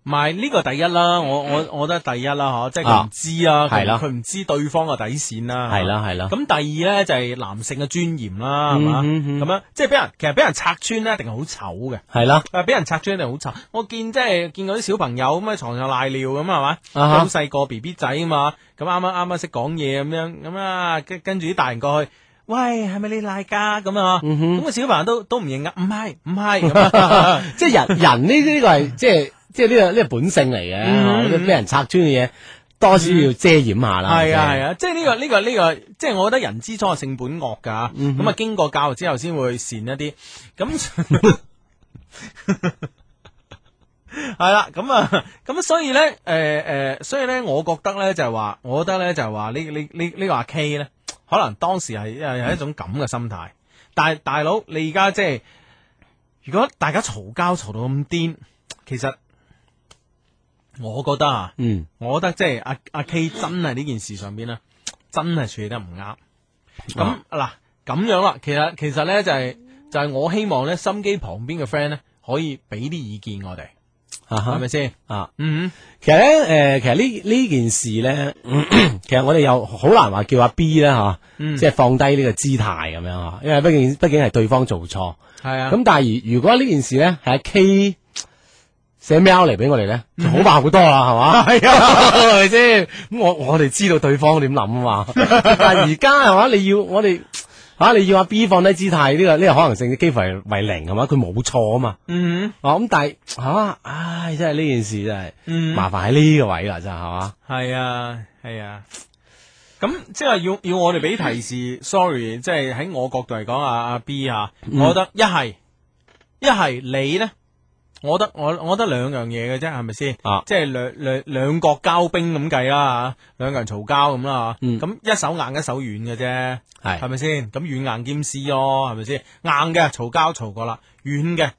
唔係呢個第一啦，我我我覺得第一啦吓，即係佢唔知啊，佢唔知對方嘅底線啦，係啦係啦。咁第二咧就係男性嘅尊嚴啦，係嘛咁樣，即係俾人其實俾人拆穿咧，一定係好醜嘅，係啦。但俾人拆穿一定好醜。我見即係見過啲小朋友咁喺床上賴尿咁係嘛，好細個 B B 仔啊嘛，咁啱啱啱啱識講嘢咁樣，咁啊跟住啲大人過去，喂係咪你賴噶咁啊？咁個小朋友都都唔認噶，唔係唔係，即係人人呢呢個係即係。即係呢、這個呢個本性嚟嘅，我俾、嗯、哼人拆穿嘅嘢，多少要遮掩下啦。係啊係 okay? 啊,啊，即係、這、呢個呢、這個呢、這個，即係我覺得人之初性本惡㗎，咁啊、嗯、哼經過教育之後先會善一啲。咁係啦，咁 [laughs] [laughs] 啊，咁所以咧，誒誒，所以咧、呃，我覺得咧就係話，我覺得咧就係話呢呢呢呢個阿 K 咧，可能當時係係係一種咁嘅心態。但係、嗯、大佬，你而家即係如果大家嘈交嘈到咁癲，其實。我覺得啊，我覺得即係阿阿 K 真係呢件事上邊咧，真係處理得唔啱。咁嗱咁樣啦，其實其實咧就係就係我希望咧，心機旁邊嘅 friend 咧可以俾啲意見我哋，係咪先啊？嗯，其實咧誒，其實呢呢件事咧，其實我哋又好難話叫阿 B 咧吓，即係放低呢個姿態咁樣啊，因為畢竟畢竟係對方做錯。係啊。咁但係如果呢件事咧係阿 K。寫 mail 嚟俾我哋咧，好麻煩好多啦，係嘛？係啊，係咪先？咁我我哋知道對方點諗啊？ [laughs] 但係而家係嘛？你要我哋吓、啊、你要阿 B 放低姿態，呢、這個呢、這個可能性幾乎係為零，係嘛？佢冇錯啊嘛。嗯，啊咁，但係吓，唉，真係呢件事真係麻煩喺呢個位啦，真係嘛？係啊，係啊。咁即係要要我哋俾提示，sorry，即係喺我角度嚟講，阿、啊、阿、啊、B 啊，我覺得一係一係你咧。我覺得我我覺得兩樣嘢嘅啫，係咪先？啊、即係兩兩兩國交兵咁計啦吓，兩個人嘈交咁啦吓，咁、嗯、一手硬一手軟嘅啫，係咪先？咁軟硬兼施咯，係咪先？硬嘅嘈交嘈過啦，軟嘅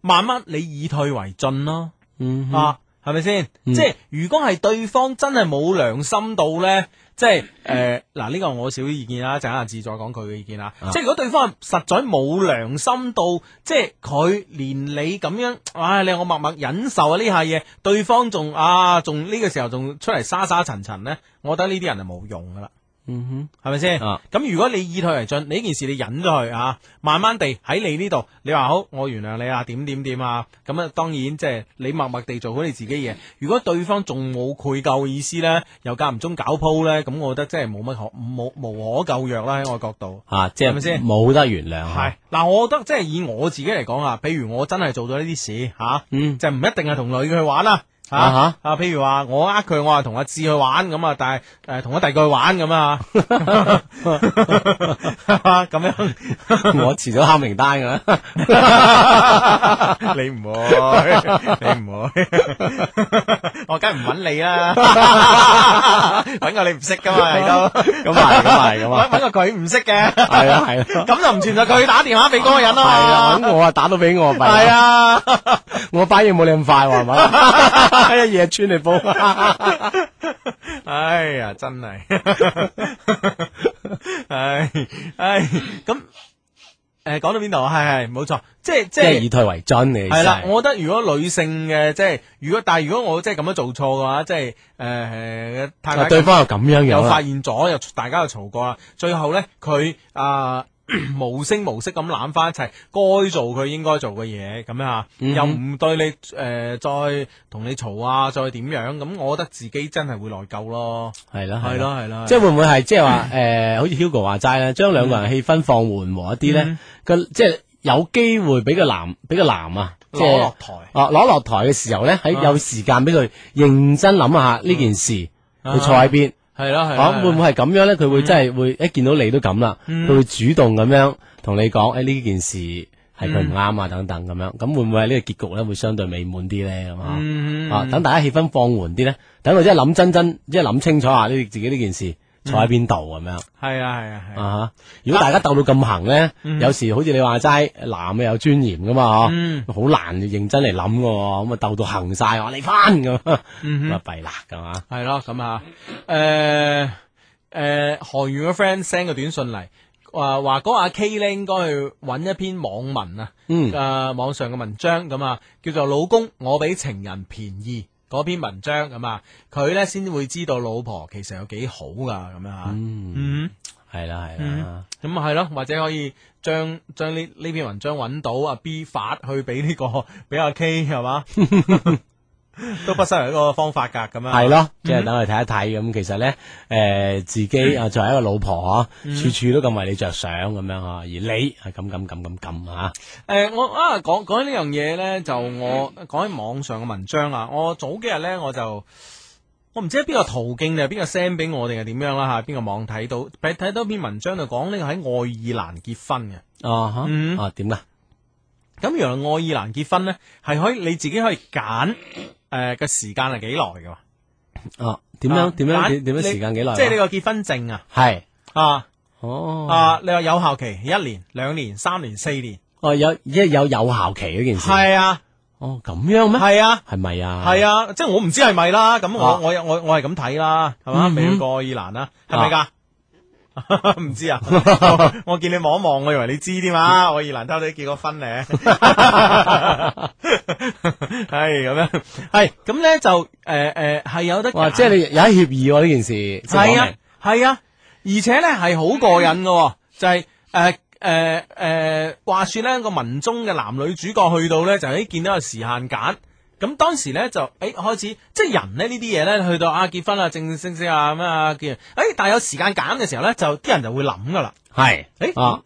慢慢你以退為進咯，嗯哼啊，係咪先？嗯、即係如果係對方真係冇良心到呢。即係誒，嗱、呃、呢、這個我少啲意見啦，等陣阿志再講佢嘅意見啦。Uh huh. 即係如果對方實在冇良心到，即係佢連你咁樣，唉、哎，你我默默忍受啊呢下嘢，對方仲啊仲呢、這個時候仲出嚟沙沙塵塵咧，我覺得呢啲人係冇用噶啦。嗯哼，係咪先？咁、啊、如果你以退為進，呢件事你忍咗佢啊，慢慢地喺你呢度，你話好，我原諒你怎樣怎樣怎樣啊，點點點啊，咁啊，當然即係你默默地做好你自己嘢。如果對方仲冇愧疚意思呢，又間唔中搞鋪呢，咁我覺得真係冇乜可冇無，無，無可救藥啦，喺我角度吓，即係咪先？冇得原諒。係嗱、啊，我覺得即係以我自己嚟講啊，譬如我真係做咗呢啲事吓，啊嗯、就唔一定係同女去玩啦。啊哈！啊，譬如話我呃佢，我話同阿志去玩咁啊，但係誒同咗第二個去玩咁啊，咁 [laughs] [laughs] 這樣我遲咗黑名單噶啦 [laughs] [laughs] 你唔會， [laughs] [laughs] 你唔會，我梗係唔揾你啦，揾個你唔識噶嘛，而家咁啊，咁啊，咁啊， [laughs] 揾個佢唔識嘅，係啊，係啊，咁就唔存在佢打電話俾嗰個人咯，係 [laughs] [laughs] 啊，咁我啊打到俾我，係啊， [laughs] 我反應冇你咁快，係咪？ [laughs] 一夜穿嚟報， [laughs] [laughs] 哎呀，真係，唉 [laughs] 唉、哎，咁、哎、誒，講到邊度啊？係、哎、係，冇錯，即係即係以退為進嘅，係啦的。實我覺得如果女性嘅，即係如果但係如果我即係咁樣做錯嘅話，即係誒、呃，太，太對方又咁樣嘅，又發現咗，又的大家又嘈過啦，最後咧佢啊。無聲無息咁攬翻一齊，該做佢應該做嘅嘢，咁樣吓，又唔對你誒、呃，再同你嘈啊，再點樣？咁我覺得自己真係會內疚咯。係啦，係啦，係啦，即係會唔會係即係話誒，好似 Hugo 話齋咧，將兩個人氣氛放緩和一啲咧，個、嗯嗯、即係有機會俾個男俾個男啊，即係攞落台，哦，攞落台嘅時候咧，喺、啊、有時間俾佢認真諗下呢件事，佢、嗯啊、坐喺邊。係啦，咁、啊、會唔會係咁樣咧？佢會真係會、嗯、一見到你都咁啦，佢、嗯、會主動咁樣同你講，誒、哎、呢件事係佢唔啱啊，嗯、等等咁樣，咁會唔會係呢個結局咧會相對美滿啲咧咁啊？嗯、啊，等大家氣氛放緩啲咧，等佢真係諗真真，即係諗清楚下呢自己呢件事。坐喺邊度咁樣？係啊係啊係啊！啊啊如果大家鬥到咁行咧，啊、有時、嗯、好似你話齋男嘅有尊嚴噶嘛嗬，好、嗯、難認真嚟諗嘅，咁啊鬥到行晒，我嚟翻咁，咪弊啦，咁、嗯、啊，係咯，咁啊，誒、呃、誒，韓語嘅 friend send 個短信嚟，話話嗰阿 K 咧應該去搵一篇網文啊，誒、嗯啊、網上嘅文章咁啊，叫做《老公我比情人便宜》。嗰篇文章咁啊，佢咧先會知道老婆其實有幾好噶咁樣吓，嗯，係啦係啦，咁係咯，或者可以將將呢呢篇文章揾到啊 B 發去俾呢、這個俾阿 K 係嘛。 [laughs] [laughs] 都不失為一個方法噶，咁樣係咯，即係等我哋睇一睇咁。其實咧，誒，自己啊，作為一個老婆嗬，處處都咁為你着想咁樣嗬，而你係咁咁咁咁咁吓。誒，我啊講講呢樣嘢咧，就我講喺網上嘅文章啊。我早幾日咧，我就我唔知喺邊個途徑定係邊個 send 俾我定係點樣啦吓，邊個網睇到睇睇到一篇文章就講呢個喺愛爾蘭結婚嘅。哦，嗯，啊，點噶？咁原來愛爾蘭結婚咧係可以你自己可以揀。誒，個時間係幾耐噶？哦，點樣點樣點點樣時間幾耐？即係你個結婚證啊，係啊，哦啊，你話有效期一年、兩年、三年、四年？哦，有即係有有效期嗰件事。係啊，哦咁樣咩？係啊，係咪啊？係啊，即係我唔知係咪啦。咁我我我我係咁睇啦，係嘛？未去過愛爾蘭啦，係咪噶？唔 [laughs] 知道啊， [laughs] 我見你望一望，我以為你知添嘛，我以難偷你結過婚咧，係 [laughs] 咁 [laughs] [laughs] [laughs] 這樣，係咁咧就誒誒係有得即係你有啲協議呢件事係啊係啊，而且咧係好過癮嘅、哦， [laughs] 就係誒誒誒，話說咧個文中嘅男女主角去到咧就喺見到個時限揀。咁當時咧就，誒、欸、開始，即係人咧呢啲嘢咧，去到啊結婚啦，正正式式啊咁啊叫，誒但係有時間揀嘅時候咧，就啲人就會諗噶啦，係，誒啊，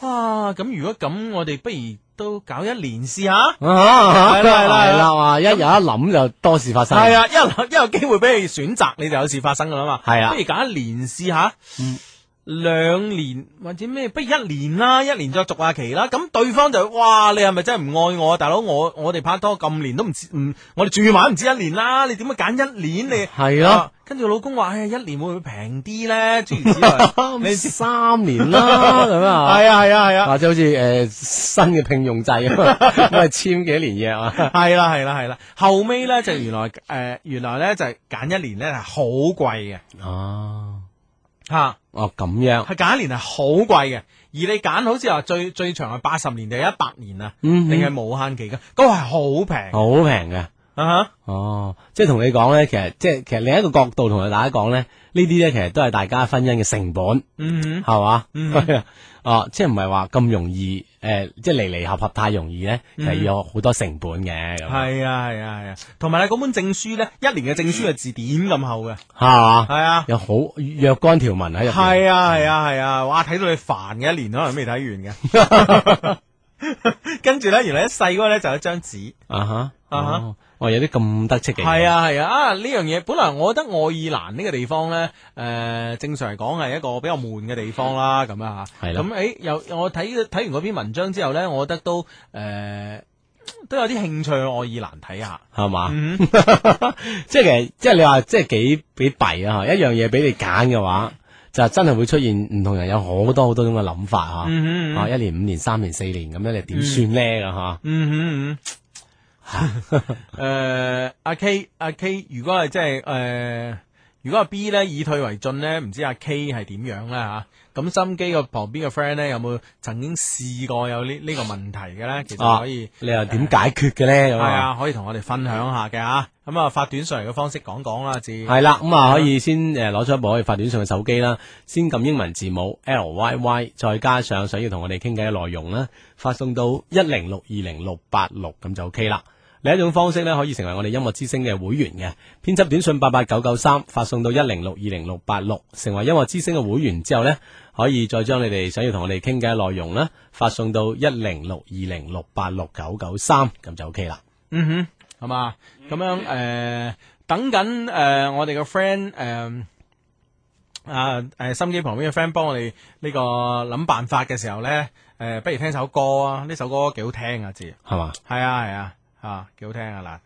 哇、啊，咁如果咁，我哋不如都搞一年試一下，係啦係啦，哇、啊啊啊啊啊啊，一有一諗那就多事發生，係啊，一一有機會俾你選擇，你就有事發生噶啦嘛，係啊，啊不如搞一年試一下。嗯兩年或者咩，不如一年啦，一年再續下期啦。咁對方就哇，你係咪真係唔愛我啊，大佬？我我哋拍拖咁年都唔知唔，我哋住埋唔止一年啦，你點解揀一年？你係啊！跟住老公話唉，一年會唔會平啲咧？諸如此類你三年啦咁啊，係啊係啊係啊，或者好似誒新嘅聘用制啊，因為簽幾多年嘢啊？係啦係啦係啦，後尾咧就原來誒原來咧就揀一年咧係好貴嘅哦。吓哦咁樣，係揀一年係好貴嘅，而你揀好似話最最長係八十年定係一百年啊，定係、嗯、哼無限期嘅，都係好平，好平嘅啊吓哈哦，即係同你講咧，其實即係其實另一個角度同大家講咧，呢啲咧其實都係大家婚姻嘅成本，嗯，係嘛，啊，即係唔係話咁容易。誒，即係離離合合太容易咧，係要好多成本嘅。係、嗯、啊，係啊，係啊，同埋咧嗰本證書咧，一年嘅證書係字典咁厚嘅，係係啊，有好若干條文喺入邊。係啊，係啊，係啊，啊，哇！睇到你煩嘅一年，可能未睇完嘅。 [laughs] [laughs] 跟住咧，原來一細嗰咧就有一張紙。啊哈，啊哈。哇有！有啲咁得戚嘅，係啊係啊！啊呢樣嘢本來我覺得愛爾蘭呢個地方呢，誒、呃，正常嚟講係一個比較悶嘅地方啦，咁啊，係啦。咁誒，又我睇睇完嗰篇文章之後呢，我覺得都誒、呃、都有啲興趣去愛爾蘭睇下，係嘛吧、嗯？ [laughs] 即係，其實，即係你話，即係幾幾弊啊？一樣嘢俾你揀嘅話，就真係會出現唔同人有好多好多種嘅諗法吓。啊，一、嗯嗯、年、五年、三年、四年咁樣，你點算呢？噶吓。誒，阿、 [laughs] 呃、K，阿 K, K，如果係即係誒、呃，如果阿 B 咧以退為進咧，唔知阿 K 係點樣咧吓？咁心機個旁邊嘅 friend 咧，有冇曾經試過有呢呢個問題嘅咧？其實可以，你又點解決嘅咧？係啊，可以同我哋分享下嘅啊。咁啊，發短信嚟嘅方式講講啦，至係啦。咁啊、嗯，可以先誒攞咗一部可以發短信嘅手機啦，先撳英文字母 L Y Y，再加上想要同我哋傾偈嘅內容啦，發送到一零六二零六八六，咁就 OK 啦。另一種方式咧，可以成為我哋音樂之聲嘅會員嘅，編輯短信八八九九三發送到一零六二零六八六，成為音樂之聲嘅會員之後咧，可以再將你哋想要同我哋傾嘅內容啦，發送到一零六二零六八六九九三，咁就 OK 啦。嗯哼，係嘛？咁樣誒、呃，等緊誒、呃，我哋個 friend 誒、呃，啊誒、啊啊，心機旁邊嘅 friend 幫我哋呢個諗辦法嘅時候咧，誒、呃，不如聽首歌啊，呢首歌幾好聽啊，知係嘛？係啊，係啊。啊，幾好聽啊啦～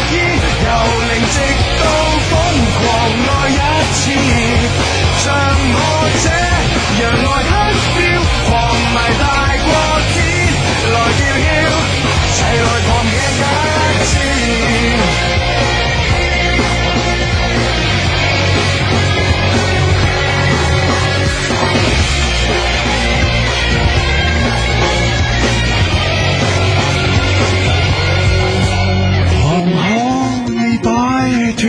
由零直到瘋狂愛一次，像我這樣愛黑了，狂迷大過天，來叫囂，齊來狂野一次。.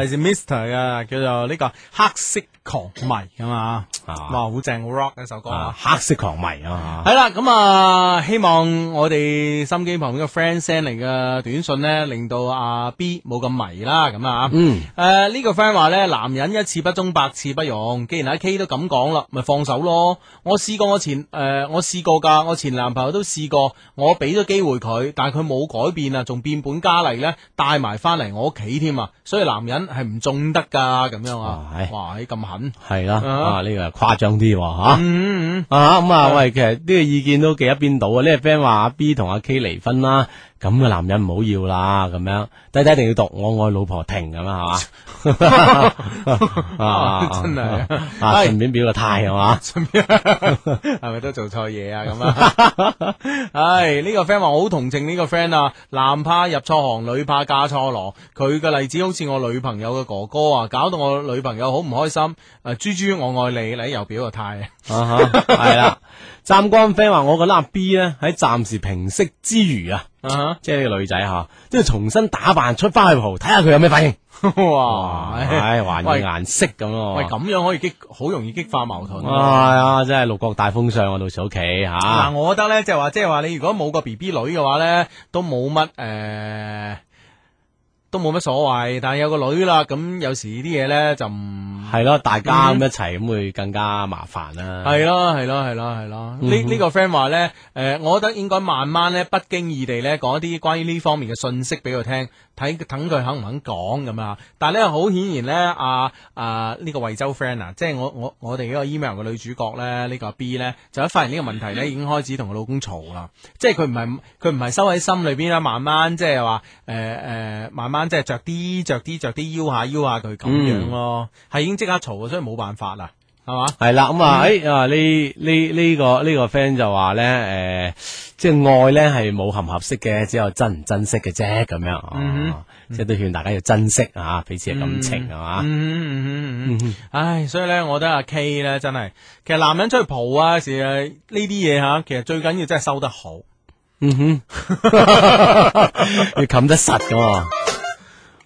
係是 Mr 啊，叫做呢個黑色狂迷啊嘛，啊哇好正 rock 一首歌啊，黑色狂迷啊，係啦咁啊，希望我哋心機旁邊嘅 friend send 嚟嘅短信呢，令到阿 B 冇咁迷啦，咁啊，嗯，誒、啊這個、呢個 friend 話咧，男人一次不忠百次不容，既然阿 K 都咁講啦，咪放手咯，我試過我前誒、呃、我試過噶，我前男朋友都試過，我俾咗機會佢，但係佢冇改變啊，仲變本加厲咧，帶埋翻嚟我屋企添啊，所以男人。係唔中得噶咁樣啊！哇，你咁狠，係啦，啊呢個誇張啲吓，嗯嗯啊咁啊，喂，其實呢個意見都幾一邊倒啊！呢個 friend 話阿 B 同阿 K 離婚啦。咁嘅男人唔好要啦，咁樣弟弟一定要讀我愛老婆停咁樣係嘛啊，真係啊順、 [laughs] 啊啊、便表個態係嘛，順便係咪都做錯嘢啊咁啊？係呢、 [laughs] [laughs] 哎這個 friend 話好同情呢個 friend 啊，男怕入錯行，女怕嫁錯郎。佢嘅例子好似我女朋友嘅哥哥啊，搞到我女朋友好唔開心。誒、啊，豬豬我愛你，你又表個態、 [laughs] uh huh, 啊？係啦、 [laughs] [laughs] 嗯，湛江 friend 話我個甩 B 咧喺暫時平息之餘啊。啊、uh huh. 即係女仔吓，即係重新打扮出翻去蒲，睇下佢有咩反應。哇！係哇，還顏、哎、喂色咁，喂，咁樣可以激，好容易激化矛盾。係啊，真係、啊、六國大封相，啊，到時屋企吓。嗱，我覺得咧，即係話，即係話，你如果冇個 B B 女嘅話咧，都冇乜誒。呃都冇乜所謂，但係有個女啦，咁有時啲嘢咧就唔係咯，大家一齊咁、嗯、哼會更加麻煩啦、啊。係咯，係咯，係咯，係咯。嗯哼這個、呢呢個 friend 話咧，誒、呃，我覺得應該慢慢咧，不經意地咧，講一啲關於呢方面嘅信息俾佢聽，睇等佢肯唔肯講咁啊。但係咧，好顯然咧，啊啊呢個惠州 friend 啊，即係我我我哋呢個 email 嘅女主角咧，這個、阿呢個 B 咧，就一發現呢個問題咧，嗯、哼已經開始同佢老公嘈啦。即係佢唔係佢唔係收喺心裏邊啦，慢慢即係話，誒、呃、誒、呃呃，慢慢。即係着啲着啲着啲腰下腰下佢咁樣咯、哦，係、嗯、已經即刻嘈，所以冇辦法啦，係嘛？係啦，咁、嗯、啊，誒、嗯嗯哎，啊，這個這個、呢呢呢個呢個 friend 就話咧，誒、呃，即係愛咧係冇合唔合適嘅，只有珍唔珍惜嘅啫，咁樣，啊嗯嗯、即係都勸大家要珍惜啊，彼此嘅感情係嘛？唉，所以咧，我覺得阿 K 咧真係，其實男人出去蒲啊，時啊呢啲嘢吓，其實最緊要真係收得好，哼、嗯， [laughs] [laughs] 要冚得實噶、哦。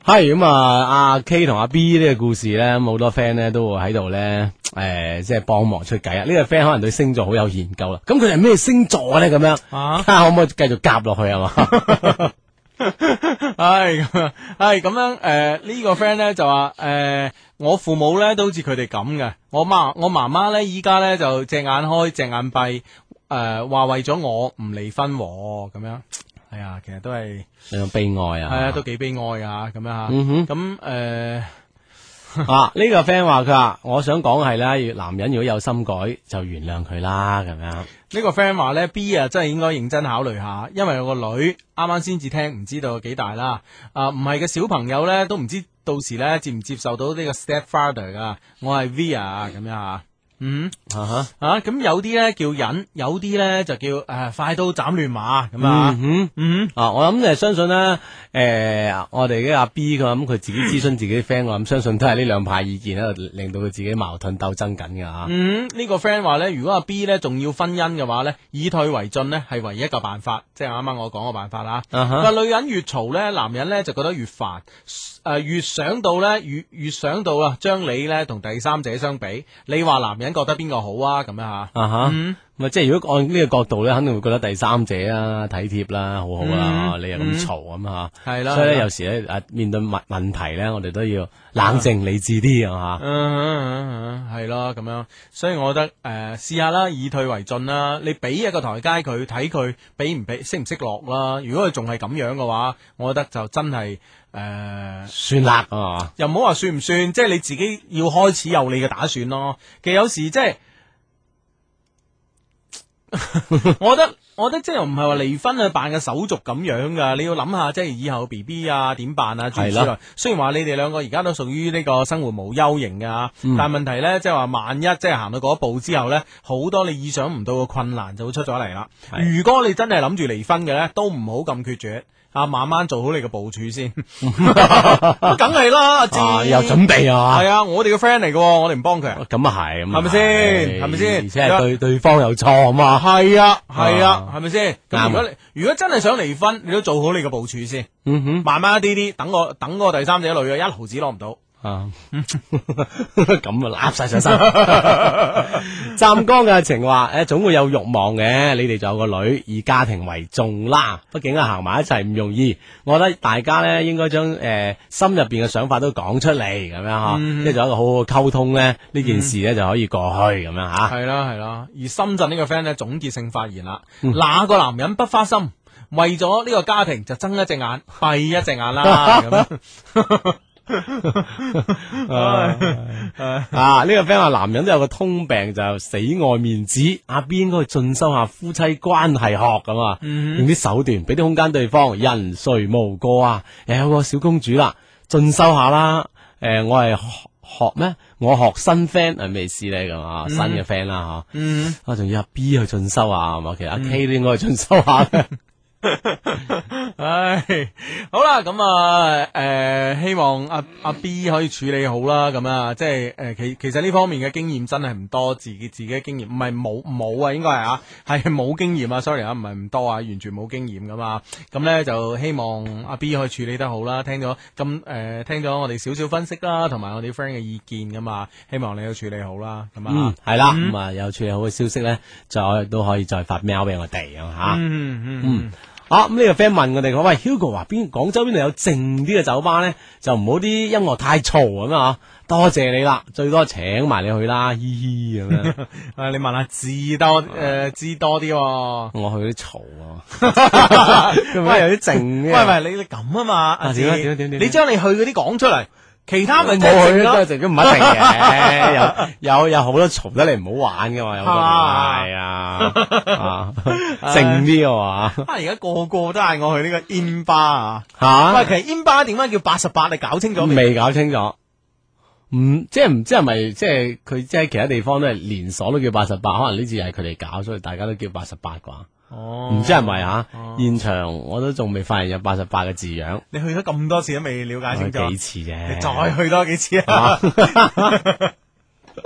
係咁、嗯、啊，阿 K 同阿 B 呢個故事咧，好、嗯、多 friend 咧都會喺度咧，誒、呃，即係幫忙出計啊！呢、這個 friend 可能對星座好有研究啦，咁佢哋係咩星座咧？咁樣啊，啊？可唔可以繼續夾落去啊？嘛，係，係咁樣誒，這個、呢個 friend 咧就話誒、呃，我父母咧都好似佢哋咁嘅，我媽，我媽媽咧依家咧就隻眼開隻眼閉，誒、呃，話為咗我唔離婚喎，咁樣。係啊、哎，其實都係，你到悲哀啊，係啊，都幾悲哀啊，咁樣吓，咁誒、嗯哼呃、啊呢、呢個 friend 話佢啊，我想講係啦，男人如果有心改就原諒佢啦，咁樣。呢個 friend 話咧，B 啊真係應該認真考慮下，因為有個女啱啱先至聽，唔知道幾大啦。啊，唔係個小朋友咧都唔知到時咧接唔接受到呢個 stepfather 噶。我係 V 啊，咁樣啊。的嗯吓吓，啊咁有啲咧叫忍，有啲咧就叫誒、呃、快刀斬亂麻咁啊！嗯嗯啊，我諗誒相信咧誒，我哋嘅阿 B 佢咁佢自己諮詢自己啲 friend，我諗相信都係呢兩派意見咧令到佢自己矛盾鬥爭緊嘅吓。嗯，呢個 friend 話咧，如果阿 B 咧仲要婚姻嘅話咧，以退為進咧係唯一嘅辦法，即係啱啱我講個辦法啦。啊哈、uh，huh. 女人越嘈咧，男人咧就覺得越煩，誒、呃、越想到咧越越，越想到啊，將你咧同第三者相比，你話男人。覺得邊個好啊？咁樣吓，啊吓，咁即係如果按呢個角度咧，肯定會覺得第三者啊，體貼啦，好好啦，你又咁嘈咁吓，係啦。所以咧，有時咧，誒，面對問問題咧，我哋都要冷靜理智啲啊吓。嗯係咯，咁樣。所以我覺得誒，試下啦，以退為進啦。你俾一個台階佢睇佢，俾唔俾，識唔識落啦。如果佢仲係咁樣嘅話，我覺得就真係。誒，算啦，又唔好話算唔算，即係你自己要開始有你嘅打算咯。其實有時即係， [laughs] [laughs] 我覺得，我覺得即係唔係話離婚去辦嘅手續咁樣噶。你要諗下，即係以後 B B 啊點辦啊？係啦。是的 雖然話你哋兩個而家都屬於呢個生活無憂型嘅、嗯、但係問題咧，即係話萬一即係行到嗰一步之後咧，好多你意想唔到嘅困難就會出咗嚟啦。是的 如果你真係諗住離婚嘅咧，都唔好咁決絕。啊，慢慢做好你個部署先，梗係啦，有準備啊，係啊，我哋個 friend 嚟噶，我哋唔幫佢，咁啊係，係咪先，係咪先？而且係對對方有錯啊嘛，係啊，係啊，係咪先？咁如果你如果真係想離婚，你都做好你個部署先，嗯哼，慢慢一啲啲，等個等個第三者女啊，一毫子攞唔到。啊，咁、嗯、啊，揦晒上身。湛江嘅情話，誒，總會有欲望嘅。你哋仲有個女，以家庭為重啦。畢竟行埋一齊唔容易。我覺得大家咧，應該將誒心入邊嘅想法都講出嚟，咁樣嗬，即係做一個好好溝通咧，呢、嗯、件事咧就可以過去咁樣吓。係啦，係啦。而深圳呢個 friend 咧，總結性發言啦，哪、嗯、個男人不花心？為咗呢個家庭就一隻眼，就睜一隻眼閉一隻眼啦。咁樣。 [laughs] [laughs] 啊！呢、啊啊 [laughs] 啊這個 friend 話男人都有個通病就係、死愛面子，阿 B 應該去進修下夫妻關係學咁啊，用啲手段，俾啲空間對方，人誰無過啊？又有個小公主啦，進修下啦。誒、呃，我係學咩？我學新 friend 係、啊、咩意思咧？咁啊，新嘅 friend 啦、啊、吓。嗯，我仲、啊、要阿 B 去進修啊，係嘛？其實阿 K 應該去進修下。啊嗯 [laughs] [laughs] 唉，好啦，咁啊，誒，希望阿阿 B 可以處理好啦，咁、嗯、啊，即係誒，其其實呢方面嘅經驗真係唔多，自己自己經驗，唔係冇冇啊，應該係啊，係冇經驗啊，sorry 啊，唔係唔多啊，完全冇經驗噶嘛，咁咧就希望阿 B 可以處理得好啦，聽咗咁誒，聽咗我哋少少分析啦，同埋我哋 friend 嘅意見噶嘛，希望你去處理好啦，咁啊，係啦，咁啊有處理好嘅消息咧，就都可以再發喵俾我哋啊，吓、嗯，嗯嗯嗯。嗯啊！咁呢個 friend 問我哋講，喂，Hugo 話邊廣州邊度有靜啲嘅酒吧咧，就唔好啲音樂太嘈咁啊！多謝你啦，最多請埋你去啦，嘻嘻咁樣。啊， [laughs] 你問下字多，誒、呃，知多啲、哦。我去啲嘈啊，咁啊 [laughs] [laughs] 有啲靜嘅。喂喂， [laughs] 你你咁啊嘛？點點點點？你將你去嗰啲講出嚟。其他咪冇去都係，如果唔一定嘅， [laughs] 有有有好多嘈得你唔好玩噶嘛，有啲係、 [laughs] 哎、啊，靜啲嘅啊，而家個個都嗌我去呢個煙吧啊，吓，喂，其實煙吧點解叫八十八？你搞清楚未？未搞清楚，唔、嗯、即係唔知係咪即係佢即係其他地方都係連鎖都叫八十八，可能呢次係佢哋搞，所以大家都叫八十八啩。唔、哦、知係咪吓？哦、現場我都仲未發現有八十八個字樣。你去咗咁多次都未了解清楚，幾次嘅？你再去多幾次啊！ [laughs] [laughs]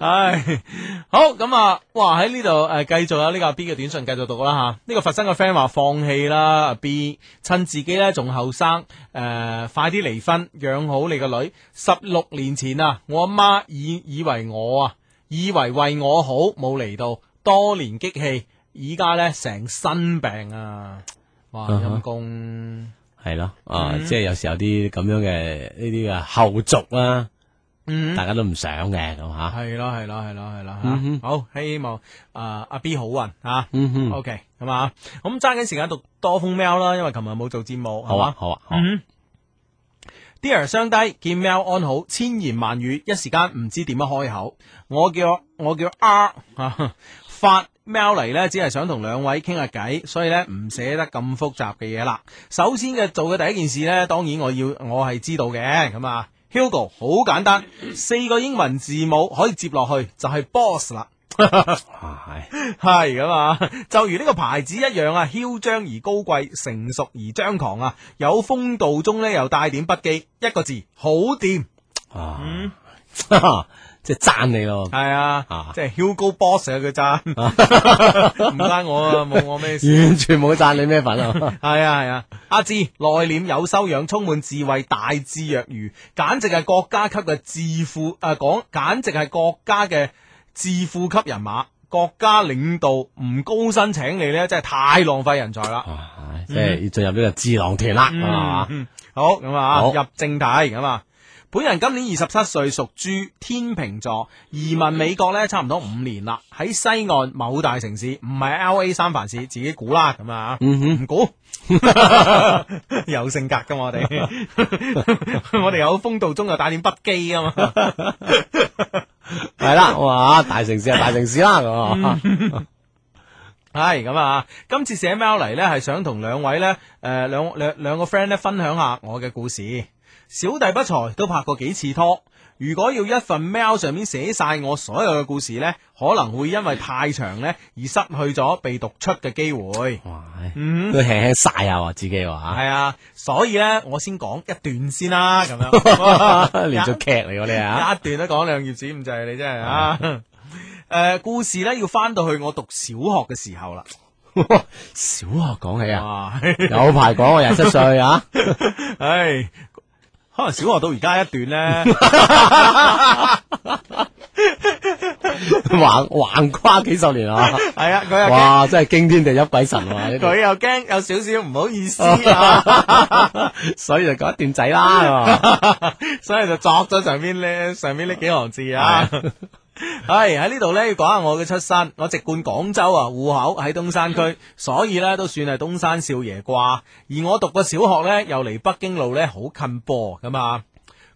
唉，好咁啊！哇，喺呢度誒，繼、呃、續啦，呢、這個阿 B 嘅短信繼續讀啦吓。呢、這個佛山嘅 friend 話放棄啦，阿 B 趁自己咧仲後生，誒、呃，快啲離婚，養好你個女。十六年前啊，我阿媽以以為我啊。以為為我好冇嚟到，多年激氣，依家咧成身病啊！哇，陰公係咯，啊，嗯、即係有時候有啲咁樣嘅呢啲嘅後續啦，嗯，大家都唔想嘅咁吓，係咯係咯係咯係咯吓，嗯、哼好希望啊、呃、阿 B 好運吓，啊、嗯嗯哼，OK，係嘛，咁揸緊時間讀多封喵啦，因為琴日冇做節目好、啊，好啊好啊。嗯 Dear 相低，見貓安好，千言萬語，一時間唔知點樣開口。我叫我叫 R，啊，發貓嚟呢，iley, 只係想同兩位傾下偈，所以呢，唔寫得咁複雜嘅嘢啦。首先嘅做嘅第一件事呢，當然我要我係知道嘅，咁啊，Hugo 好簡單，四個英文字母可以接落去就係、是、Boss 啦。係係咁啊！就如呢個牌子一樣啊，囂張而高貴，成熟而張狂啊，有風度中呢，又帶點不羈，一個字好掂啊！即係讚你咯，係啊，即係 Hugo Boss 佢讚，唔關我啊，冇我咩，完全冇讚你咩粉啊！係啊係啊，阿志內斂有修養，充滿智慧，大智若愚，簡直係國家級嘅智富誒，講簡直係國家嘅。自富級人馬，國家領導唔高薪請你咧，真係太浪費人才啦，啊！即係要進入呢個智囊團啦，係嘛，嗯吧嗯？好咁啊，好入正題咁啊。本人今年二十七歲，屬豬，天秤座，移民美國咧，差唔多五年啦。喺西岸某大城市，唔係 L A 三藩市，自己估啦，咁啊，估有性格噶我哋，我哋 [laughs] 有風度，中又帶點不羈啊嘛。 [laughs] 係啦， [laughs] 哇！大城市係大城市啦，咁啊、 [laughs] [laughs] 哎，係咁啊，今次寫 mail 嚟呢，係想同兩位呢誒、呃，兩兩兩個 friend 呢分享下我嘅故事。小弟不才都拍過幾次拖。如果要一份 mail 上面寫晒我所有嘅故事呢，可能會因為太長呢，而失去咗被讀出嘅機會。哇嗯，都輕輕晒下自己話。係啊，所以呢，我先講一段先啦、啊，咁樣 [laughs] 一連續劇嚟嘅你啊。一段都講兩頁紙咁滯，就你真係的啊！誒，故事呢，要翻到去我讀小學嘅時候啦。 [laughs] 小學講起啊， [laughs] 有排講我廿七歲啊，唉。 [laughs] [laughs] 可能小學到而家一段咧， [laughs] [laughs] 橫橫跨幾十年啊！係 [laughs] 啊，哇， [laughs] 真係驚天地泣鬼神啊，佢 [laughs] 又驚有少少唔好意思啊，所以就講一段仔啦， [laughs] [laughs] [laughs] 所以就作咗上邊咧，上邊呢幾行字啊。係喺、哎、呢度呢，講下我嘅出身。我籍貫廣州啊，戶口喺東山區，所以呢都算係東山少爺啩。而我讀過小學呢，又離北京路呢好近噃。咁啊。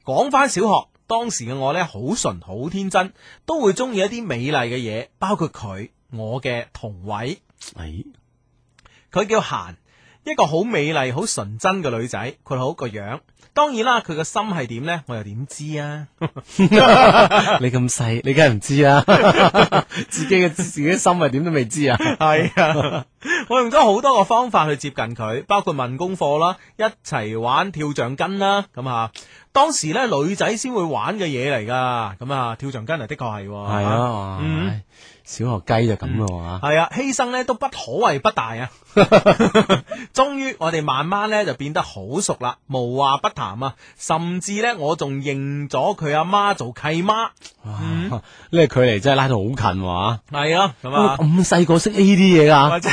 講翻小學，當時嘅我呢，好純好天真，都會中意一啲美麗嘅嘢，包括佢，我嘅同位。係，佢叫嫻，一個好美麗、好純真嘅女仔，佢好個樣。當然啦，佢個心係點呢？我又點知啊？ [laughs] [laughs] 你咁細，你梗係唔知啊 [laughs] 自！自己嘅自己心係點都未知啊。係 [laughs] 啊，我用咗好多個方法去接近佢，包括問功課啦，一齊玩跳橡筋啦。咁啊，當時呢，女仔先會玩嘅嘢嚟噶。咁啊，跳橡筋確啊，的確係。係啊。哎嗯小學雞就咁啊，係啊，犧牲咧都不可謂不大啊。終於我哋慢慢咧就變得好熟啦，無話不談啊。甚至咧我仲認咗佢阿媽做契媽，呢個距離真係拉到好近哇！係啊，咁啊，咁細個識呢啲嘢啊，真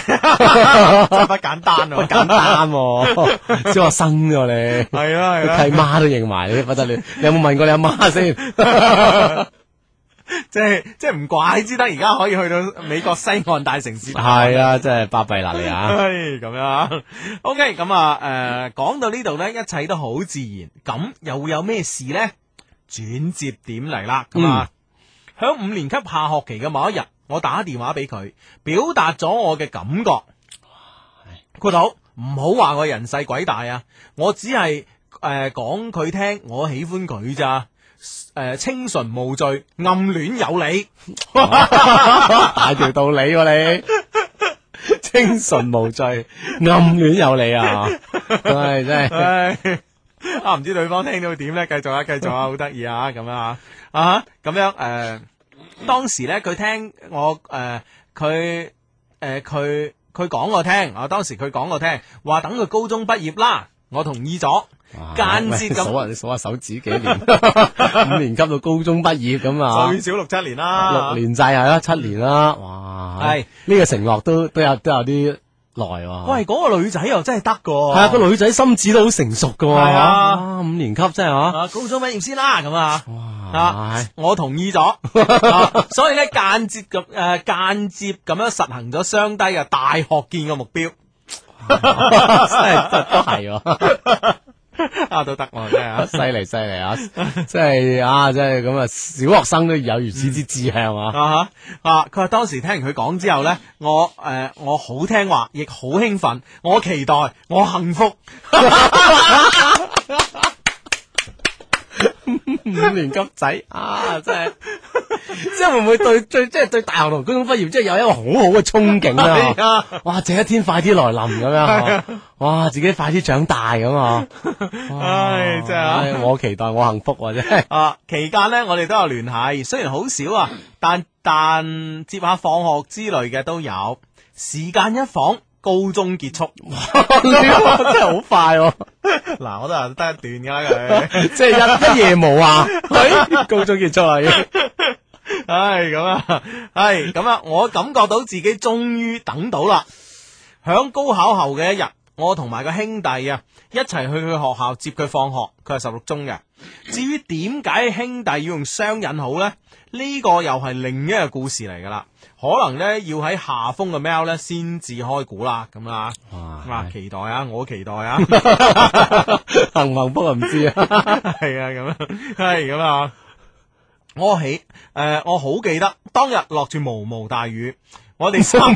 不簡單啊！簡單，小學生咗你，係啊，契媽都認埋，你不得了。你有冇問過你阿媽先？即係即係唔怪之得而家，可以去到美國西岸大城市。係 [laughs] 啊，真係巴閉啦你啊！係咁樣，OK，咁啊，誒、呃，講到呢度呢，一切都好自然。咁又會有咩事呢？轉折點嚟啦，咁啊，響、嗯、五年級下學期嘅某一日，我打電話俾佢，表達咗我嘅感覺。酷土，唔好話我人細鬼大啊！我只係誒講佢聽，我喜歡佢咋。誒、呃，清純無罪，暗戀有理，啊、 [laughs] 大條道理喎、啊、你， [laughs] 清純無罪，暗戀有理啊，真係，啊唔知對方聽到點咧？繼續啊，繼續啊，好得意啊，咁啊，啊咁樣，誒、呃，當時咧佢聽我，誒、呃，佢，誒、呃，佢佢講我聽，我、啊、當時佢講我聽，話等佢高中畢業啦。我同意咗，間接咁，數下你數下手指幾年，五年級到高中畢業咁啊，最少六七年啦，六年制係啦，七年啦，哇，係呢個承諾都都有都有啲耐喎。喂，嗰個女仔又真係得喎，係啊，個女仔心智都好成熟噶喎，係啊，五年級真係啊，高中畢業先啦咁啊，哇，我同意咗，所以咧間接咁誒間接咁樣實行咗雙低嘅大學見嘅目標。 [laughs] 真，真、 [laughs] [laughs] 啊、都係、啊 [laughs] 啊都得喎，真係，犀利犀利啊！即係啊，即係咁啊，小學生都有如此之志向、嗯、吧啊！啊，佢話當時聽完佢講之後咧，我誒、呃，我好聽話，亦好興奮，我期待，我幸福。 [laughs] [laughs] [laughs] 五年級仔啊，真係，即係會唔會對，即係對，對大學同高中畢業，即係有一個好好嘅憧憬啊！哇，這一天快啲來臨咁樣，啊、哇，自己快啲長大咁啊！唉，真係，我期待我幸福，啊，真係。啊，期間呢，我哋都有聯繫，雖然好少啊，但但接下放學之類嘅都有，時間一晃。高中結束，真係好快哦！嗱，我都係得一段噶啦，即係一一夜冇啊！高中結束係，唉咁啊，係咁啊，我感覺到自己終於等到啦，喺高考後嘅一日。我同埋個兄弟啊，一齊去去學校接佢放學，佢係十六中嘅。至於點解兄弟要用雙引號咧？呢、呢個又係另一個故事嚟噶啦。可能咧要喺下風嘅 mail 咧先至開估啦，咁啦。哇！啊、的期待啊，我期待啊。幸唔幸福唔知啊，係啊咁，係咁啊。我起誒，我好記得當日落住毛，毛毛大雨，我哋三。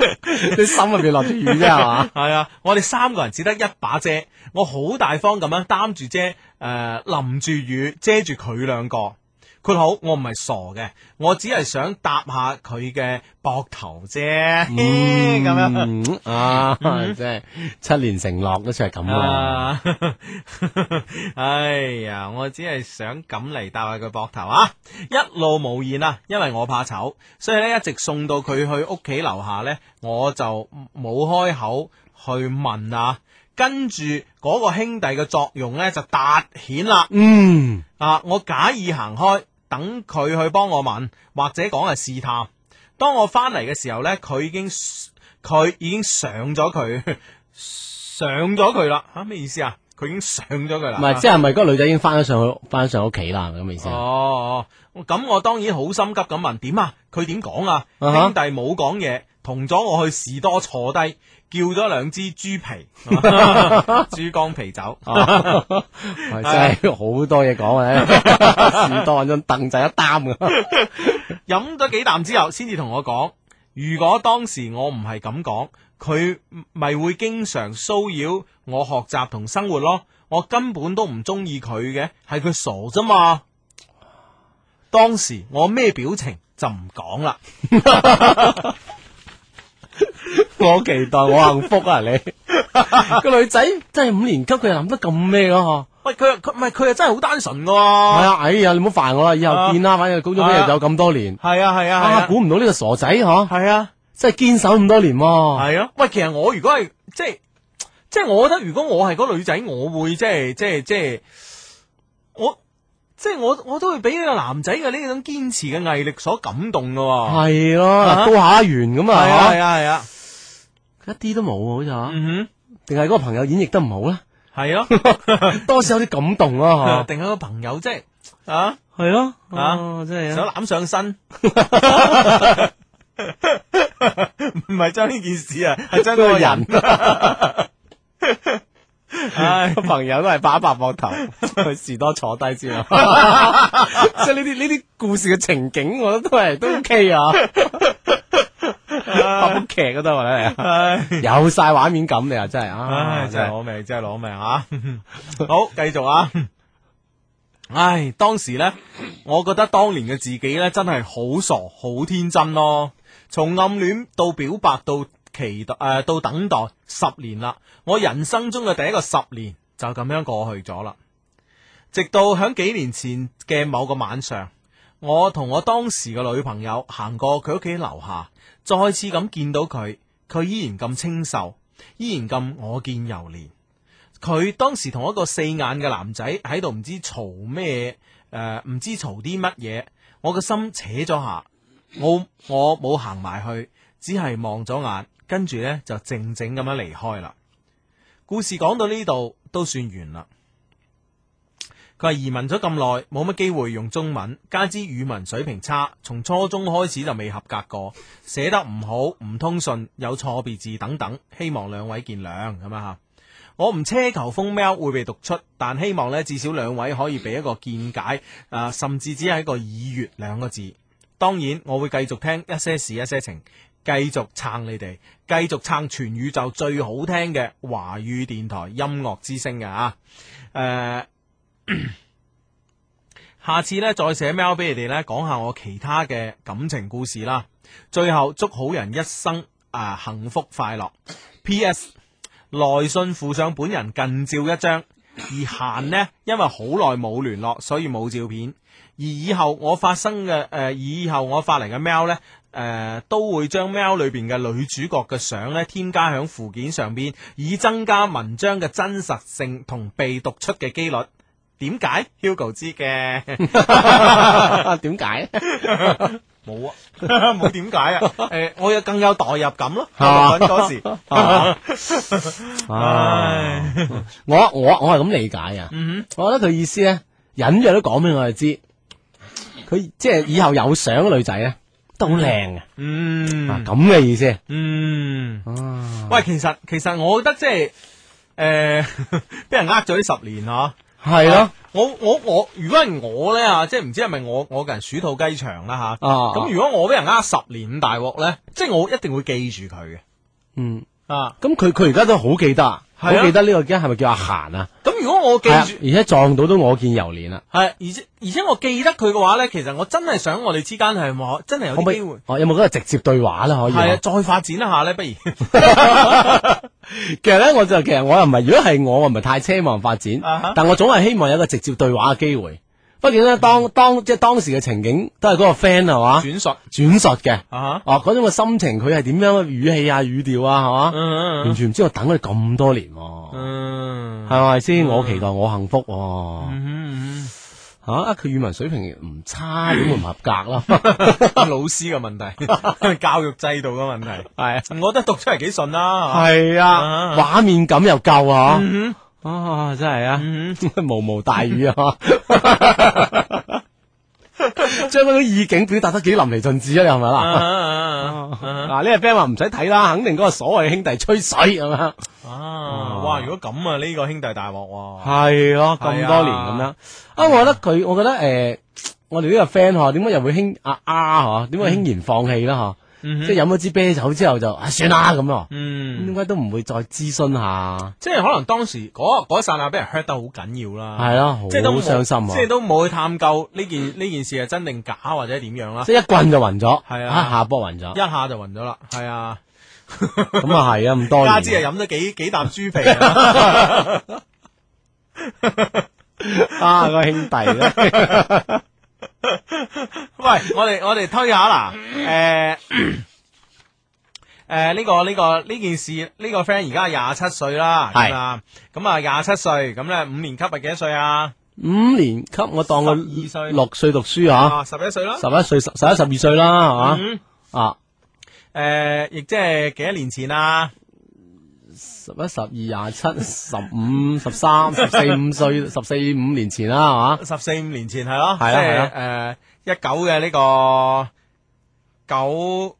[laughs] 你心入邊落啲雨啫係嘛，係 [laughs] 吧 [laughs] 啊，我哋三個人只得一把遮，我好大方咁樣擔住遮，誒、呃，淋住雨遮住佢兩個。佢好，我唔係傻嘅，我只係想搭下佢嘅膊頭啫，咁、嗯、樣啊，真係七年承諾都出係咁咯。 [laughs] 哎呀，我只係想咁嚟，搭下佢膊頭啊！一路無言啊，因為我怕醜，所以咧一直送到佢去屋企樓下咧，我就冇開口去問啊。跟住嗰個兄弟嘅作用咧就凸顯啦，嗯啊，我假意行開。等佢去幫我問，或者講係試探。當我翻嚟嘅時候呢，佢已經佢已經上咗佢上咗佢啦。吓，咩意思啊？佢已經上咗佢啦。唔係即係咪嗰個女仔已經翻咗上去翻上屋企啦咁嘅意思、啊哦？哦，咁、哦、我當然好心急咁問點啊？佢點講啊？ [laughs] 兄弟冇講嘢，同咗我去士多坐低。叫咗兩支豬皮 [laughs] 豬肝、啤酒，真係好多嘢講嘅， [laughs] [laughs] 多咗凳仔一擔嘅。飲 [laughs] 咗 [laughs] 幾啖之後，先至同我講：如果當時我唔係咁講，佢咪會經常騷擾我學習同生活咯。我根本都唔中意佢嘅，係佢傻啫嘛。當時我咩表情就唔講啦。 [laughs] 我期待我幸福啊！你個 [laughs] [laughs] 女仔真係五年級，佢又諗得咁咩咯？嗬！喂，佢佢唔係佢又，真係好單純。係啊，哎呀，你唔好煩我啦，以後見啦，反正高中畢業有咁多年，係啊係啊，估唔、啊啊啊、到呢個傻仔嗬，係啊，真係堅守咁多年、啊。係咯、啊，喂，其實我如果係即係即係，我覺得如果我係個女仔，我會即係即係即係，我即係我我都會俾呢個男仔嘅呢種堅持嘅毅力所感動噶、啊。係咯、 [laughs] 啊，高考完咁 [laughs] 啊，係啊係啊。 [laughs] 一啲都冇，好似吓，定係嗰個朋友演繹得唔好咧？係咯、啊， [laughs] 多少有啲感動咯、啊 [laughs] 啊，定係個朋友即係啊？係咯，啊，真係想攬上身，唔係將呢件事啊，係將個人。唉，個朋友都係擺一擺膊頭去士多坐低先啊，即係呢啲呢啲故事嘅情景，我覺得都係都 OK 啊。 [laughs] 好部劇度得嚟，有晒畫面感你啊，真係，真係攞命，真係攞命啊。好，繼續啊！唉、哎，當時呢，我覺得當年嘅自己呢，真係好傻，好天真咯。從暗戀到表白，到期待，誒、呃，到等待，十年啦。我人生中嘅第一個十年就咁樣過去咗啦。直到響幾年前嘅某個晚上。我同我當時嘅女朋友行過佢屋企樓下，再次咁見到佢，佢依然咁清秀，依然咁我見猶憐。佢當時同一個四眼嘅男仔喺度唔知嘈咩，誒、呃、唔知嘈啲乜嘢，我個心扯咗下，我我冇行埋去，只係望咗眼，跟住呢，就靜靜咁樣離開啦。故事講到呢度都算完啦。佢移民咗咁耐，冇乜機會用中文，加之語文水平差，從初中開始就未合格過，寫得唔好，唔通順，有錯別字等等。希望兩位見諒咁啊！我唔奢求封 mail 會被讀出，但希望咧至少兩位可以俾一個見解，啊、呃，甚至只係一個已閱兩個字。當然，我會繼續聽一些事一些情，繼續撐你哋，繼續撐全宇宙最好聽嘅華語電台音樂之聲嘅啊，誒、呃。下次咧再寫 mail 俾你哋咧，講下我其他嘅感情故事啦。最後祝好人一生啊、呃、幸福快樂。P.S. 內信附上本人近照一張，而閒呢，因為好耐冇聯絡，所以冇照片。而以後我發生嘅誒、呃，以後我發嚟嘅 mail 咧誒，都會將 mail 裏邊嘅女主角嘅相咧，添加喺附件上邊，以增加文章嘅真實性同被讀出嘅幾率。點解？Hugo 知嘅，點 [laughs] 解 [laughs] 麼？冇 [laughs] 啊，冇點解啊？誒、 [laughs] 欸，我有更有代入感咯，嗰時，唉，我我我係咁理解啊，嗯、哼我覺得佢意思咧，隱約都講俾我哋知，佢即係以後有相嘅女仔咧，都靚嘅、啊，嗯，啊、嗯，啊，咁嘅意思，嗯，喂，其實其實我覺得即係，誒、呃，俾人呃咗呢十年啊。係咯，我我我如果係我咧吓，啊，即係唔知係咪我我個人鼠肚雞腸啦吓，咁、啊啊、如果我俾人呃十年咁大鑊咧，即係我一定會記住佢嘅，嗯啊，咁佢佢而家都好記得。啊、我記得呢個而家係咪叫阿嫻啊？咁如果我記住，啊、而且撞到都我見猶年啦。係、啊，而且而且我記得佢嘅話咧，其實我真係想我哋之間係我真係有機會。哦，有冇嗰個直接對話咧？可以。係啊，以再發展一下咧，不如。 [laughs] [laughs] [laughs] 其實咧，我就其實我又唔係，如果係我，我唔係太奢望發展，uh huh. 但我總係希望有個直接對話嘅機會。不過咧，當當即係當時嘅情景，都係嗰個 friend 係嘛，轉述轉述嘅啊，哦，嗰種嘅心情，佢係點樣語氣啊、語調啊，係嘛，完全唔知。我等佢咁多年，係咪先？我期待我幸福。吓，佢語文水平唔差，點會唔合格咯？老師嘅問題，教育制度嘅問題，係啊，我覺得讀出嚟幾順啦，係啊，畫面感又夠啊。啊，真係啊，毛毛大雨啊，將嗰種意境表達得幾淋漓盡致啊，又係咪啦？嗱，呢個 friend 話唔使睇啦，肯定嗰個所謂兄弟吹水咁啊！啊，哇，如果咁啊，呢、這個兄弟大鑊哇、啊！係咯、啊，咁、啊、多年咁樣啊，啊我，我覺得佢、呃，我覺得誒，我哋呢個 friend 嗬，點解又會輕啊啊嗬？點解輕言放棄啦嗬？即係飲咗支啤酒之後就啊算啦咁咯，應該、嗯、都唔會再諮詢下？即係可能當時嗰嗰剎那俾人 hurt 得好緊要啦，係咯、啊，即係都好傷心啊！即係都冇、就是、去探究呢件呢、嗯、件事係真定假或者點樣啦。即係一棍就暈咗，係啊，一下波暈咗，一下就暈咗啦，係啊，咁啊係啊，咁多，加之啊飲咗幾幾啖豬皮啊，啊個兄弟 [laughs] [laughs] 喂，我哋我哋推下啦，誒誒，呢個呢個呢件事呢個 friend 而家係廿七歲啦，係是，咁啊廿七歲，咁咧五年級係幾多歲啊？五年級我當佢二歲六歲讀書啊，十一歲啦？十一歲十十一十二歲啦，係嘛啊？誒，亦即係幾多年前啊？十一、十二、廿七、十五、十三、十四五歲，十四五年前啦，係嘛？十四五年前係咯，即係誒，一九嘅呢個九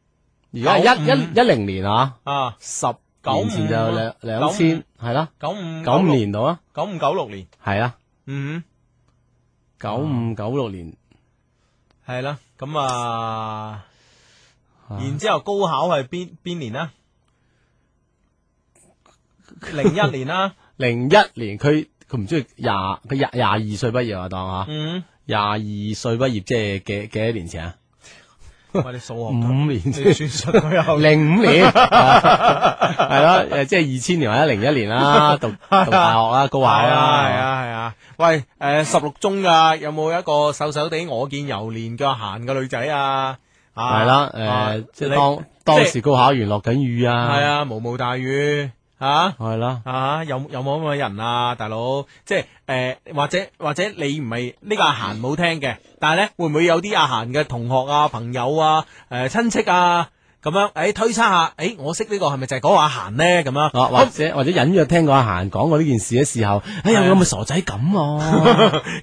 而家一一一零年啊，啊，十九年前就兩兩千係啦，九五九年到啊，九五九六年係啊，嗯，九五九六年係啦，咁啊，然之後高考係邊邊年啊？零一年啦，零一年佢佢唔中意廿佢廿廿二歲畢業啊。當吓，廿二歲畢業即係幾幾多年前啊？喂，你數學五年即算算術，零五年係咯，誒，即係二千年或者零一年啦，讀讀大學啦，高考啦，係啊，係啊。喂，誒，十六中噶有冇一個瘦瘦哋、我見猶憐嘅閒嘅女仔啊？係啦，誒，即係當當時高考完落緊雨啊，係啊，毛毛大雨。啊，係啦、啊，啊有有冇咁嘅人啊，大佬，即係誒、呃、或者或者你唔係呢個阿嫻冇聽嘅，但係咧會唔會有啲阿嫻嘅同學啊朋友啊誒親、呃、戚啊咁樣，誒、欸、推測下，誒、欸、我識、這個、是是是個呢個係咪就係講阿嫻咧咁啊，或者、啊、或者隱約聽過阿嫻講過呢件事嘅時候，哎呀咁咪傻仔咁咯、啊，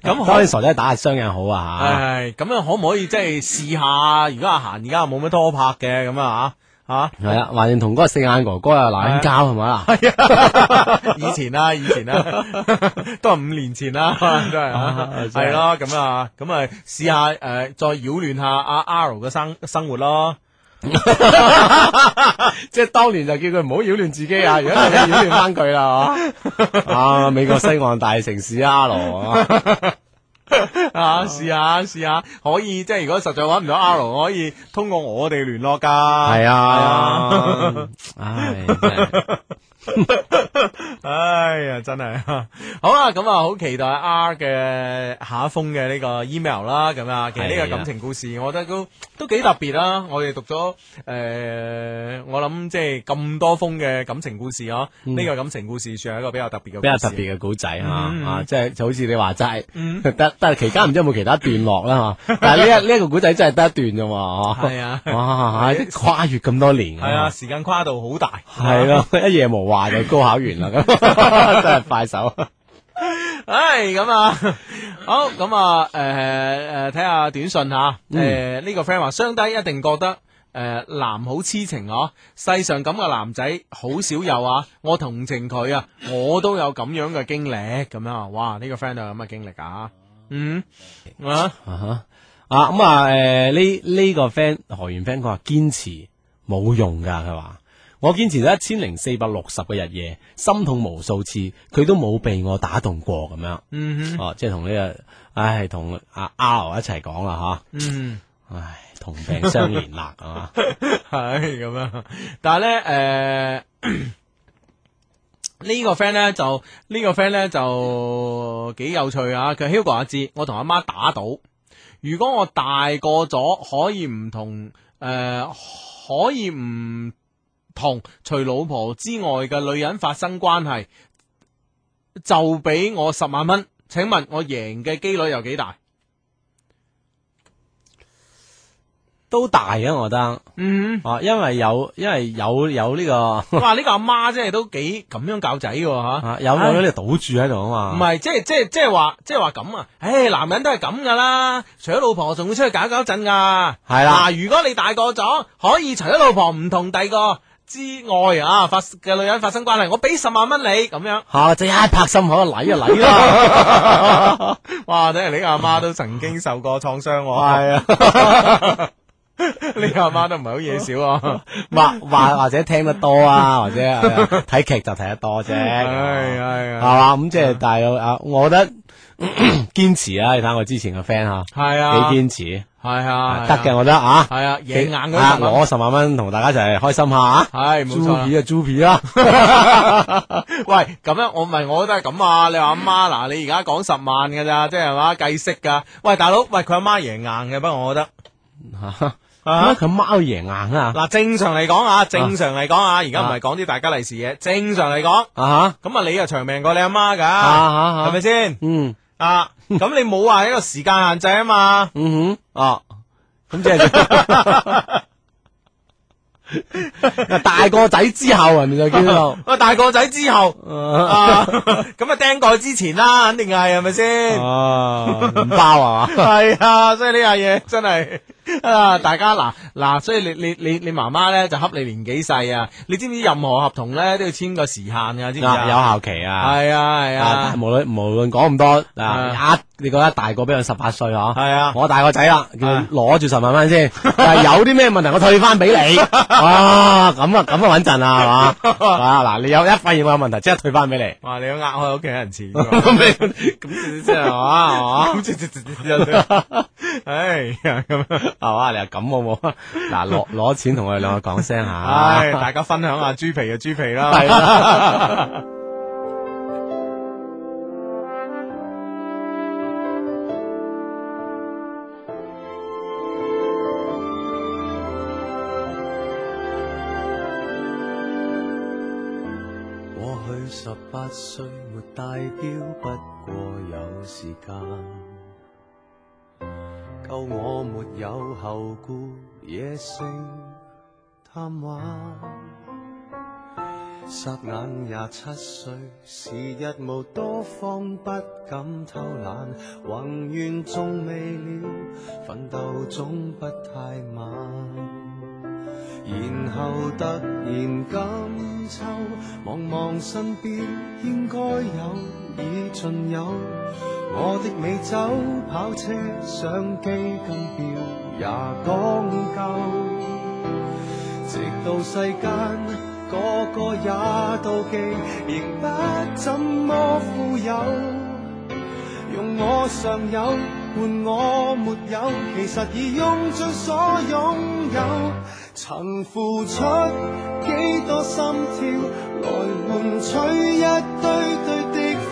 咁當然傻仔打雙引號啊吓，係咁樣可唔可以即係試下？如果阿嫻而家冇乜拖拍嘅咁啊吓。吓係啦，還認同嗰個四眼哥哥啊，懶交係咪啦， [laughs] [laughs] 以前啊，以前啊，都係五年前啦、啊，都係係咯咁啊，咁啊，試下誒，再擾亂下阿 R 嘅生生活咯， [laughs] [laughs] 即係當年就叫佢唔好擾亂自己 [laughs] 如果擾亂啊，而家又擾亂翻佢啦，啊，美國西岸大城市阿羅啊。 [laughs] 啊，試下試下，可以即係如果實在搵唔到 R，我可以通過我哋聯絡噶，係 [laughs] 啊。 [laughs] 哎呀，真係好啦，咁、嗯、啊，好期待 R 嘅下一封嘅呢個 email 啦。咁、嗯、啊，其實呢個感情故事我覺得都都幾特別啦。我哋讀咗誒、呃，我諗即係咁多封嘅感情故事嗬、啊，呢、嗯、個感情故事算係一個比較特別嘅、比較特別嘅古仔吓啊，即係就好似你話齋得，但係期間唔知有冇其他段落啦吓、啊。但係呢一呢一 [laughs] 個古仔真係得一段啫嘛？係啊，哇、跨越咁多年、啊，係啊，時間跨度好大，係咯、啊 [laughs] 啊，一夜無話。又高考完啦， [laughs] 咁真係快手。唉，咁啊，好咁啊，誒、呃、誒，睇下短信吓，誒、呃、呢、這個 friend 話，雙低一定覺得誒、呃、男好痴情啊，世上咁嘅男仔好少有啊，我同情佢啊，我都有咁樣嘅經歷咁樣啊，哇呢、這個 friend 有咁嘅經歷啊，嗯啊啊啊，咁 [laughs] 啊誒呢呢個 friend 何員 friend 佢話堅持冇用噶，佢話我堅持咗一千零四百六十個日夜，心痛無數次，佢都冇被我打動過咁樣。哦、嗯哼啊，即係同呢個唉，同阿阿牛一齊講啦，吓。嗯、哼唉，同病相憐啦，係咁 [laughs] 樣。但係咧，誒、呃這個、呢、呢個 friend 咧就呢個 friend 咧就幾有趣啊。佢 Hugo 阿志，我同阿媽，媽打賭，如果我大個咗，可以唔同誒、呃，可以唔？同除老婆之外嘅女人發生關係，就俾我十萬蚊，請問我贏嘅幾率有幾大？都大啊，我覺得。嗯，啊，因為有，因為有，有呢、這個。哇，呢、這個阿媽真係都幾咁樣教仔嘅吓，有有呢度賭住喺度啊嘛。唔係唉，即係即係即係話，即係話咁啊！唉、哎，男人都係咁噶啦，除咗老婆，我仲會出去搞搞震噶、啊。係啦，嗱、啊，如果你大個咗，可以除咗老婆，唔同第二個。之外啊，發嘅女人發生關係，我俾十萬蚊你咁樣吓，即係一拍心口，禮啊。禮啦。哇！你你阿媽都曾經受過創傷，係啊，你阿媽都唔係好嘢少啊，或或或者聽得多啊，或者睇劇就睇得多啫。係係係嘛，咁即係大係啊，我覺得堅持啊，你睇我之前嘅 friend 吓，係啊，幾堅持。係啊，得嘅，我覺得啊，係啊，贏硬嗰啲，攞十萬蚊同大家一齊開心下啊，係，豬皮就豬皮啦。喂，咁樣我唔係，我覺得係咁啊。你話阿媽嗱，你而家講十萬噶咋，即係嘛計息噶。喂，大佬，喂佢阿媽贏硬嘅，不過我覺得吓啊，佢阿媽贏硬啊。嗱，正常嚟講啊，正常嚟講啊，而家唔係講啲大家利是嘢，正常嚟講啊，咁啊你又長命過你阿媽噶，係咪先？嗯啊。咁你冇話一個時間限制啊嘛， [laughs] 嗯哼，啊，咁即係大個仔之後，人哋就叫做，喂 [laughs] 大個仔之後， [laughs] 啊，咁啊釘蓋之前啦，肯定係，係咪先？唔包係嘛？係啊，啊 [laughs] [laughs] 啊所以真係呢樣嘢真係。啊！大家嗱嗱，所以你你你你媽媽咧，就恰你年紀細啊！你知唔知任何合同咧，都要簽個時限噶啊，知唔知有效期啊！係啊係啊！無論無論講咁多嗱，你覺得大個比我十八歲啊？係啊，我大個仔啦，佢攞住十萬蚊先，但係有啲咩問題我退翻，俾你啊！咁啊咁啊穩陣啊，係嘛？啊嗱，你有一發現我有問題，即刻退翻俾你。哇！你又呃我屋企人錢，咁即即係嘛？咁即咁啊，你又咁好冇？嗱，攞攞錢同我哋兩個講聲吓，唉，大家分享下豬皮嘅豬皮啦。過去十八歲沒戴錶，不過有時間。夠我沒有後顧，野性貪玩，霎眼廿七歲，時日無多方，方不敢偷懶，宏願縱未了，奮鬥總不太晚。然後突然今秋，望望身邊，應該有，已盡有。我的美酒、跑車相機金表也講究，直到世間個個也妒忌，仍不怎麼富有。用我尚有換我沒有，其實已用盡所擁有，曾付出幾多心跳，來換取一堆堆。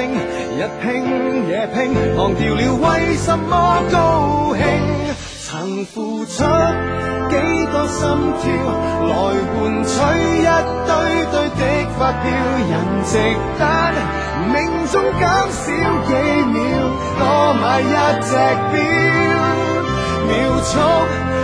日拼夜拼，忘掉了為什麼高興？曾付出幾多心跳，來換取一堆堆的發票。人值得命中減少幾秒，多買一隻表。秒速。